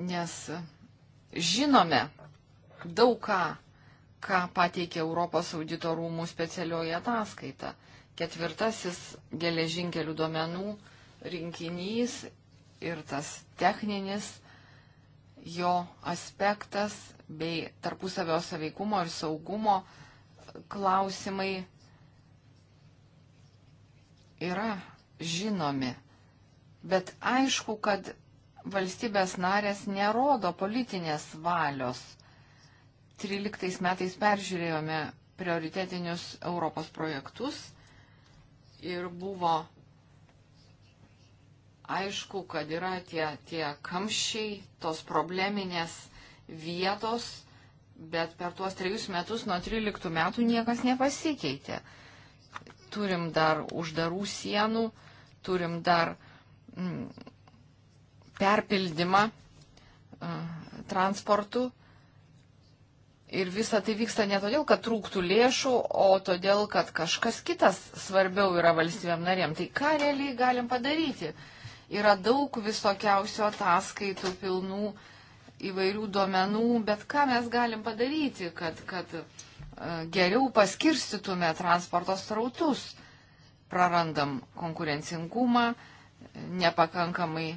nes žinome daug ką, ką pateikė Europos audito rūmų specialioji ataskaita. Ketvirtasis geležinkelių duomenų rinkinys ir tas techninis jo aspektas bei tarpusavio saveikumo ir saugumo klausimai yra žinomi. Bet aišku, kad valstybės narės nerodo politinės valios. 13 metais peržiūrėjome prioritetinius Europos projektus ir buvo Aišku, kad yra tie, tie kamščiai, tos probleminės vietos, bet per tuos trejus metus nuo 13 metų niekas nepasikeitė. Turim dar uždarų sienų, turim dar mm, perpildymą mm, transportu. Ir visa tai vyksta ne todėl, kad trūktų lėšų, o todėl, kad kažkas kitas svarbiau yra valstybėm narėm. Tai ką realiai galim padaryti? Uh, Yra daug visokiausių ataskaitų, pilnų įvairių duomenų, bet ką mes galim padaryti, kad, kad e, geriau paskirstytume transporto srautus. Prarandam konkurencingumą, nepakankamai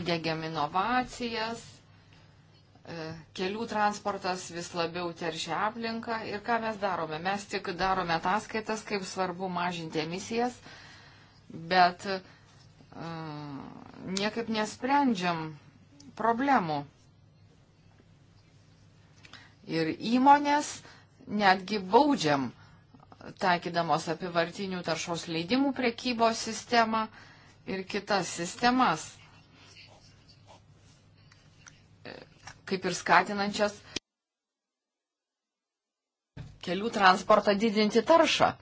įdėgiam inovacijas, e, kelių transportas vis labiau teršia aplinką ir ką mes darome? Mes tik darome ataskaitas, kaip svarbu mažinti emisijas, bet uh, E, niekaip nesprendžiam problemų. Ir įmonės netgi baudžiam, taikydamos apivartinių taršos leidimų prekybos sistemą ir kitas sistemas, e, kaip ir skatinančias kelių transportą didinti taršą.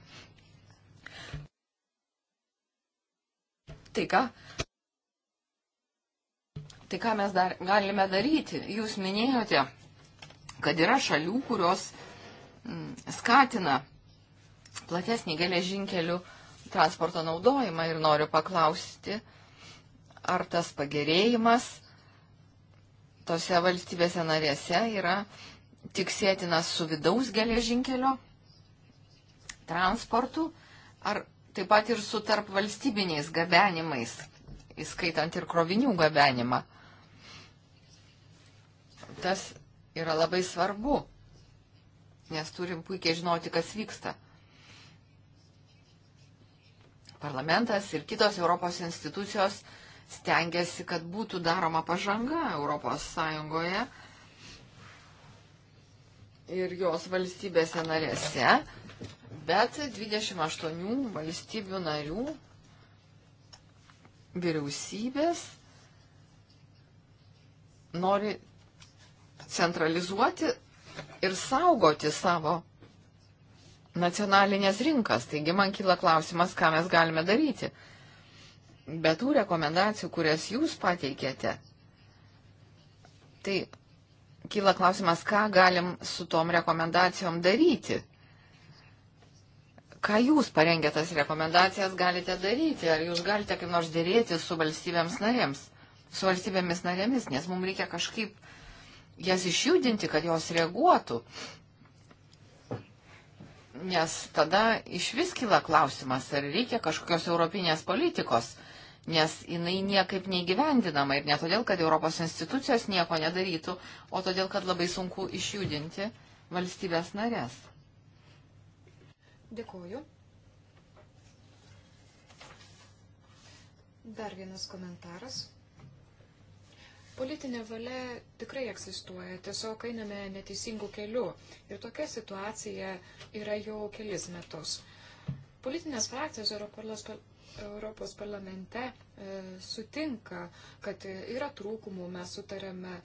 Tai ką? Tai ką mes dar galime daryti? Jūs minėjote, kad yra šalių, kurios mm, skatina platesnį geležinkelių transporto naudojimą ir noriu paklausti, ar tas pagerėjimas tose valstybėse narėse yra tik sėtinas su vidaus geležinkelio transportu, ar taip pat ir su tarp valstybiniais gabenimais, įskaitant ir krovinių gabenimą. Tas yra labai svarbu, nes turim puikiai žinoti, kas vyksta. Parlamentas ir kitos Europos institucijos stengiasi, kad būtų daroma pažanga Europos Sąjungoje ir jos valstybėse narėse, bet 28 valstybių narių vyriausybės nori centralizuoti ir saugoti savo nacionalinės rinkas. Taigi man kyla klausimas, ką mes galime daryti. Be tų rekomendacijų, kurias jūs pateikėte, tai kyla klausimas, ką galim su tom rekomendacijom daryti ką jūs parengę tas rekomendacijas galite daryti? Ar jūs galite kaip nors dėrėti su valstybėms narėms? Su valstybėmis narėmis, nes mums reikia kažkaip jas išjudinti, kad jos reaguotų. Nes tada iš vis kyla klausimas, ar reikia kažkokios europinės politikos, nes jinai niekaip neįgyvendinama ir ne todėl, kad Europos institucijos nieko nedarytų, o todėl, kad labai sunku išjudinti valstybės narės. Dėkuoju. Dar vienas komentaras. Politinė valia tikrai egzistuoja, tiesiog einame neteisingų kelių. Ir tokia situacija yra jau kelis metus. Politinės frakcijos Europos parlamente e, sutinka, kad yra trūkumų, mes sutarėme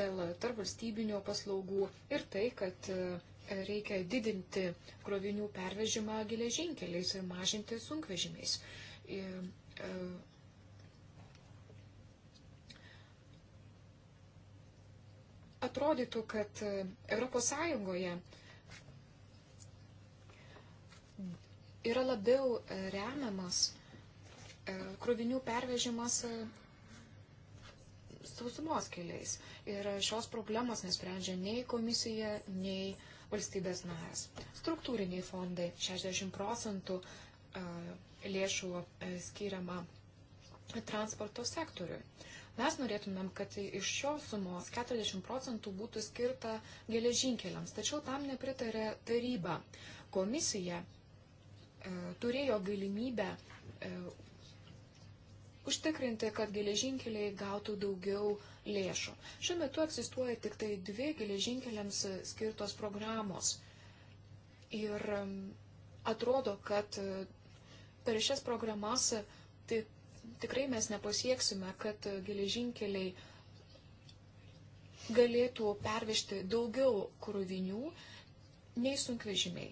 dėl tarpvalstybinio paslaugų ir tai, kad e, reikia didinti krovinių pervežimą geležinkeliais ir mažinti sunkvežimiais. Ir, e, atrodytų, kad ES yra labiau e, remiamas e, krovinių pervežimas sausumos keliais. Ir šios problemos nesprendžia nei komisija, nei valstybės narės. Struktūriniai fondai 60 procentų lėšų skiriama transporto sektoriui. Mes norėtumėm, kad iš šios sumos 40 procentų būtų skirta geležinkeliams, tačiau tam nepritarė taryba. Komisija e, turėjo galimybę e, užtikrinti, kad geležinkeliai gautų daugiau lėšų. Šiuo metu egzistuoja tik tai dvi geležinkeliams skirtos programos. Ir um, atrodo, kad uh, per šias programas tai tikrai mes nepasieksime, kad uh, geležinkeliai galėtų pervežti daugiau krovinių nei sunkvežimiai.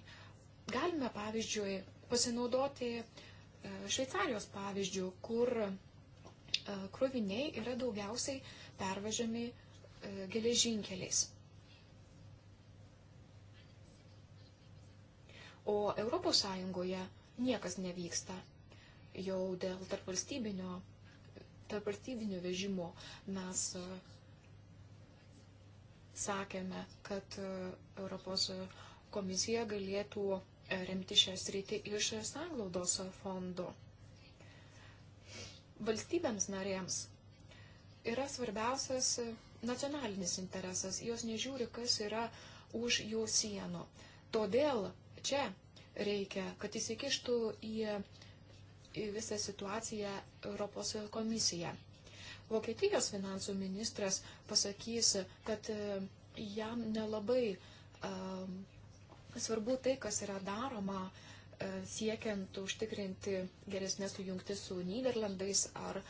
Galime, pavyzdžiui, pasinaudoti uh, Šveicarijos pavyzdžių, kur e, kroviniai yra daugiausiai pervažiami e, geležinkeliais. O ES niekas nevyksta jau dėl tarpvalstybinio, tarpvalstybinio vežimo mes e, sakėme, kad Europos komisija galėtų remti šią sritį iš sanglaudos fondo. Valstybėms narėms yra svarbiausias nacionalinis interesas, jos nežiūri, kas yra už jų sienų. Todėl čia reikia, kad įsikištų į, į visą situaciją Europos komisija. Vokietijos finansų ministras pasakys, kad jam nelabai um, svarbu tai, kas yra daroma e, siekiant užtikrinti geresnės sujungtis su Niderlandais ar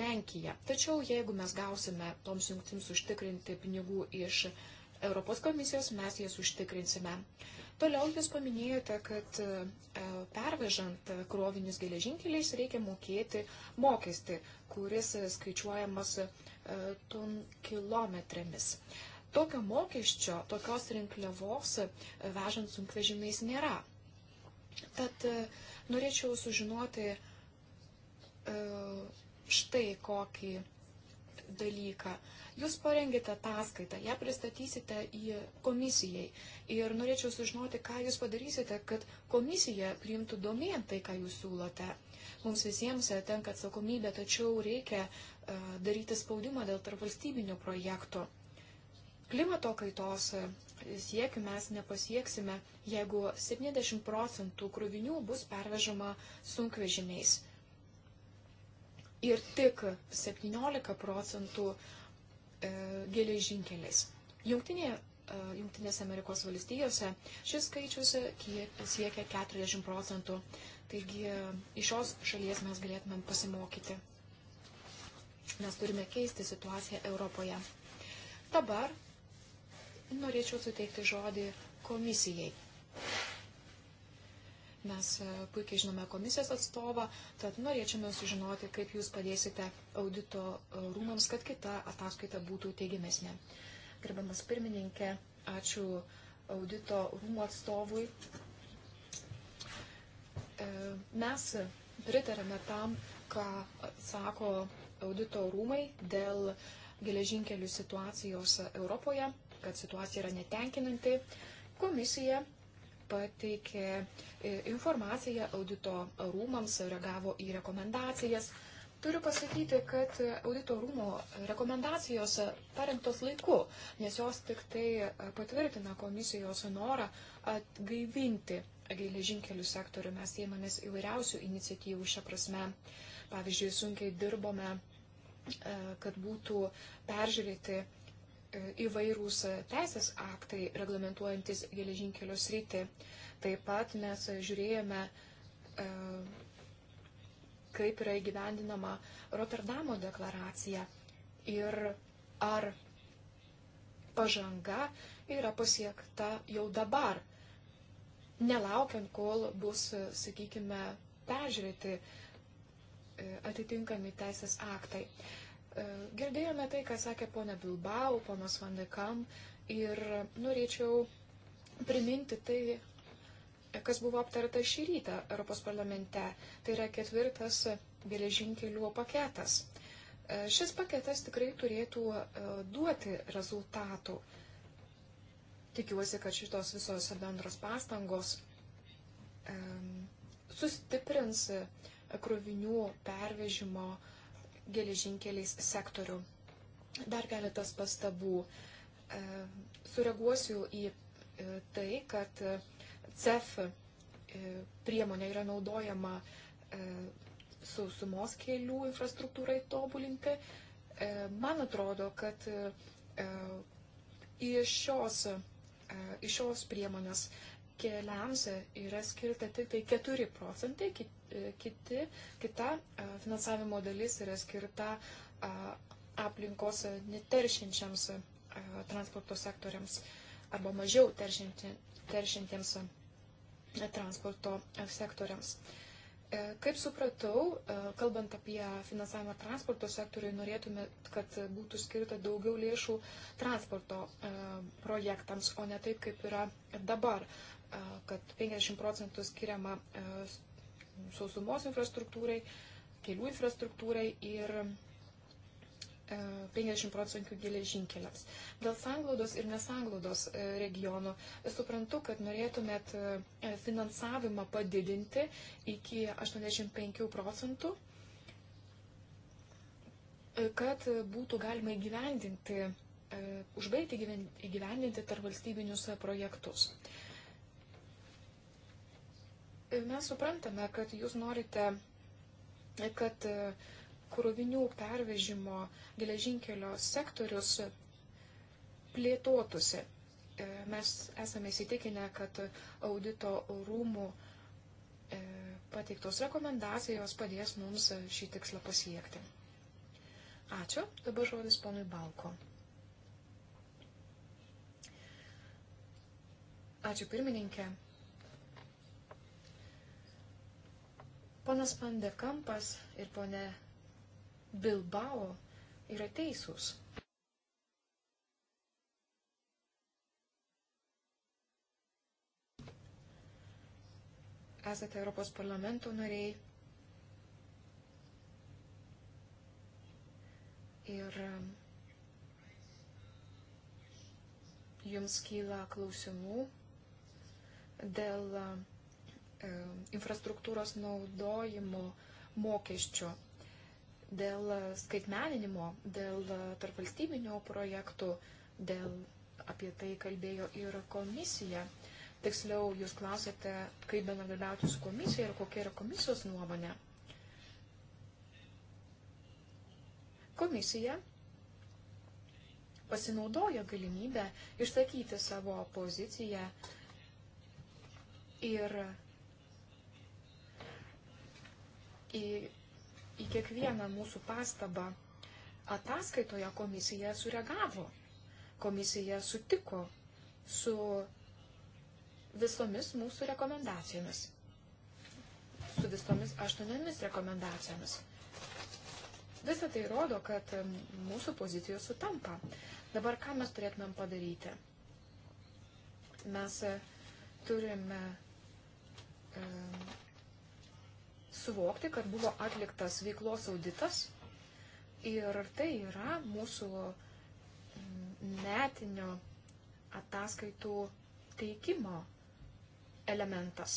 Lenkija. Tačiau jeigu mes gausime toms jungtims užtikrinti pinigų iš Europos komisijos, mes jas užtikrinsime. Toliau jūs paminėjote, kad e, pervežant krovinius geležinkeliais reikia mokėti mokestį, kuris skaičiuojamas e, ton kilometrėmis. Tokio mokesčio, tokios rinkliavos e, vežant sunkvežimiais nėra. Tad e, norėčiau sužinoti e, štai kokį dalyką. Jūs parengėte ataskaitą, ją pristatysite į komisijai ir norėčiau sužinoti, ką jūs padarysite, kad komisija priimtų domėn tai, ką jūs siūlote. Mums visiems tenka atsakomybė, tačiau reikia daryti spaudimą dėl tarpvalstybinio projekto. Klimato kaitos siekių mes nepasieksime, jeigu 70 procentų krovinių bus pervežama sunkvežimiais. Ir tik 17 procentų e, geležinkeliais. Jungtinėje, e, Jungtinėse Amerikos valstijose šis skaičius siekia 40 procentų. Taigi e, iš šios šalies mes galėtumėm pasimokyti. Mes turime keisti situaciją Europoje. Dabar norėčiau suteikti žodį komisijai. Mes e, puikiai žinome komisijos atstovą, tad norėčiame sužinoti, kaip jūs padėsite audito rūmams, kad kita ataskaita būtų teigiamesnė. Gerbiamas pirmininkė, ačiū audito rūmų atstovui. E, mes pritarame tam, ką sako audito rūmai dėl geležinkelių situacijos Europoje kad situacija yra netenkinanti, komisija pateikė e, informaciją audito rūmams, reagavo į rekomendacijas. Turiu pasakyti, kad audito rūmo rekomendacijos parengtos laiku, nes jos tik tai e, patvirtina komisijos norą atgaivinti geležinkelių sektorių. Mes ėmėmės įvairiausių iniciatyvų šią prasme. Pavyzdžiui, sunkiai dirbome, e, kad būtų peržiūrėti įvairūs teisės aktai reglamentuojantis geležinkelio sritį. Taip pat mes žiūrėjome, e, kaip yra įgyvendinama Rotterdamo deklaracija ir ar pažanga yra pasiekta jau dabar, nelaukiant, kol bus, sakykime, peržiūrėti e, atitinkami teisės aktai. E, girdėjome tai, ką sakė ponia Bilbao, ponas Vandekam ir norėčiau priminti tai, kas buvo aptarta šį rytą Europos parlamente. Tai yra ketvirtas geležinkelių paketas. E, šis paketas tikrai turėtų e, duoti rezultatų. Tikiuosi, kad šitos visos bendros pastangos sustiprins krovinių pervežimo uh, geležinkeliais sektorių. Dar keletas pastabų. E, sureaguosiu į e, tai, kad e, CEF priemonė yra naudojama su sumos kelių infrastruktūrai tobulinti. Man atrodo, kad iš šios, iš šios priemonės keliams yra skirta tik tai 4 procentai, e, kiti, kita e, finansavimo dalis yra skirta aplinkos neteršinčiams e, transporto sektoriams arba mažiau teršinti, teršintiems transporto sektoriams. Kaip supratau, kalbant apie finansavimą transporto sektoriui, norėtume, kad būtų skirta daugiau lėšų transporto projektams, o ne taip, kaip yra dabar kad 50 procentų skiriama sausumos infrastruktūrai, kelių infrastruktūrai ir 50 procentų geležinkeliams. Dėl sanglaudos ir nesanglaudos regionų suprantu, kad norėtumėt finansavimą padidinti iki 85 procentų, kad būtų galima įgyvendinti, užbaigti įgyvendinti tarp valstybinius projektus. Mes suprantame, kad jūs norite, kad e, krovinių pervežimo geležinkelio sektorius plėtotųsi. E, mes esame įsitikinę, kad audito rūmų e, pateiktos rekomendacijos padės mums šį tikslą pasiekti. Ačiū. Dabar žodis ponui Balko. Ačiū pirmininkė. Panas Pandekampas ir ponė Bilbao yra teisūs. Esate Europos parlamento nariai. Ir um, jums kyla klausimų dėl um, E, infrastruktūros naudojimo mokesčių, dėl skaitmeninimo, dėl tarpvalstybinio projektų, dėl apie tai kalbėjo ir komisija. Tiksliau, jūs klausėte, kaip bendradarbiauti su komisija ir kokia yra komisijos nuomonė. Komisija pasinaudojo galimybę išsakyti savo poziciją ir į, į kiekvieną mūsų pastabą ataskaitoje komisija sureagavo. Komisija sutiko su visomis mūsų rekomendacijomis. Su visomis aštuoniomis rekomendacijomis. Visą tai rodo, kad mūsų pozicijos sutampa. Dabar ką mes turėtumėm padaryti? Mes e, turime e, suvokti, kad buvo atliktas veiklos auditas ir tai yra mūsų metinio ataskaitų teikimo elementas.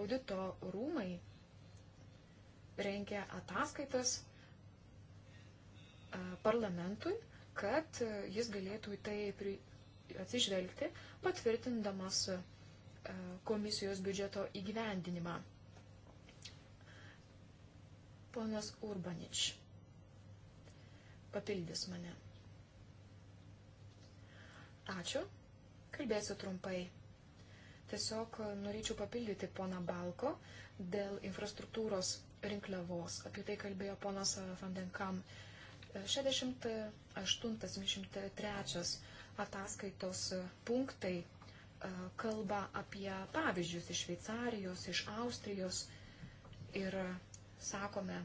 Audito rūmai rengia ataskaitas parlamentui, kad jis galėtų į tai atsižvelgti, patvirtindamas E, komisijos biudžeto įgyvendinimą. Ponas Urbanič papildys mane. Ačiū, kalbėsiu trumpai. Tiesiog norėčiau papildyti poną Balko dėl infrastruktūros rinkliavos. Apie tai kalbėjo ponas Vandenkam. 68-73 ataskaitos punktai kalba apie pavyzdžius iš Šveicarijos, iš Austrijos ir sakome,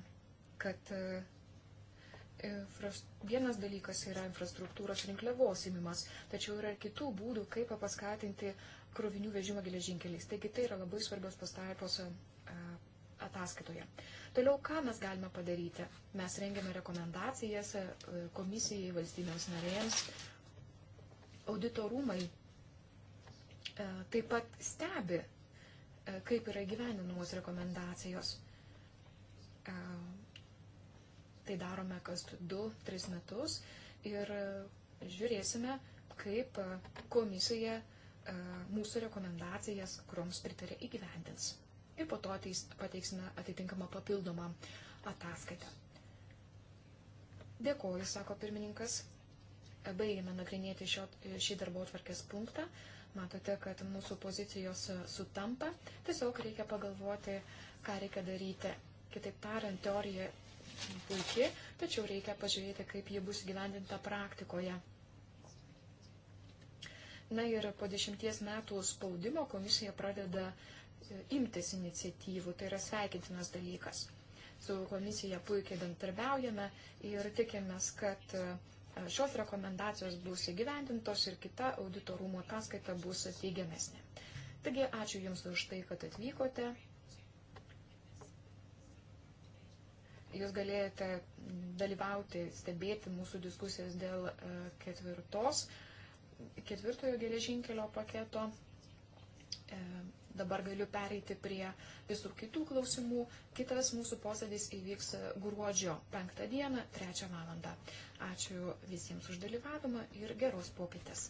kad e, vienas dalykas yra infrastruktūros rinkliavos įmimas, tačiau yra ir kitų būdų, kaip paskatinti krovinių vežimą geležinkeliais. Taigi tai yra labai svarbios pastaipos e, ataskaitoje. Toliau, ką mes galime padaryti? Mes rengiame rekomendacijas e, komisijai, valstybėms narėms. Auditorumai E, taip pat stebi, e, kaip yra gyveninamos rekomendacijos. E, tai darome kas 2-3 metus ir žiūrėsime, kaip komisija mūsų rekomendacijas, kuriuoms pritarė, įgyvendins. Ir po to ateis, pateiksime atitinkamą papildomą ataskaitą. Dėkoju, sako pirmininkas. Baigėme nagrinėti šio, šį darbo atvarkės punktą. Matote, kad mūsų pozicijos sutampa, tiesiog reikia pagalvoti, ką reikia daryti. Kitaip tariant, teorija puikiai, tačiau reikia pažiūrėti, kaip ji bus gyvendinta praktikoje. Na ir po dešimties metų spaudimo komisija pradeda imtis iniciatyvų, tai yra sveikintinas dalykas. Su komisija puikiai bentarbiaujame ir tikėmės, kad uh, šios rekomendacijos bus įgyvendintos ir kita audito rūmų ataskaita bus teigiamesnė. Taigi ačiū Jums už tai, kad atvykote. Jūs galėjote dalyvauti, stebėti mūsų diskusijas dėl e, ketvirtos, ketvirtojo geležinkelio paketo e, Dabar galiu pereiti prie visų kitų klausimų. Kitas mūsų posėdis įvyks gruodžio 5 dieną, 3 valandą. Ačiū visiems už dalyvavimą ir geros popietės.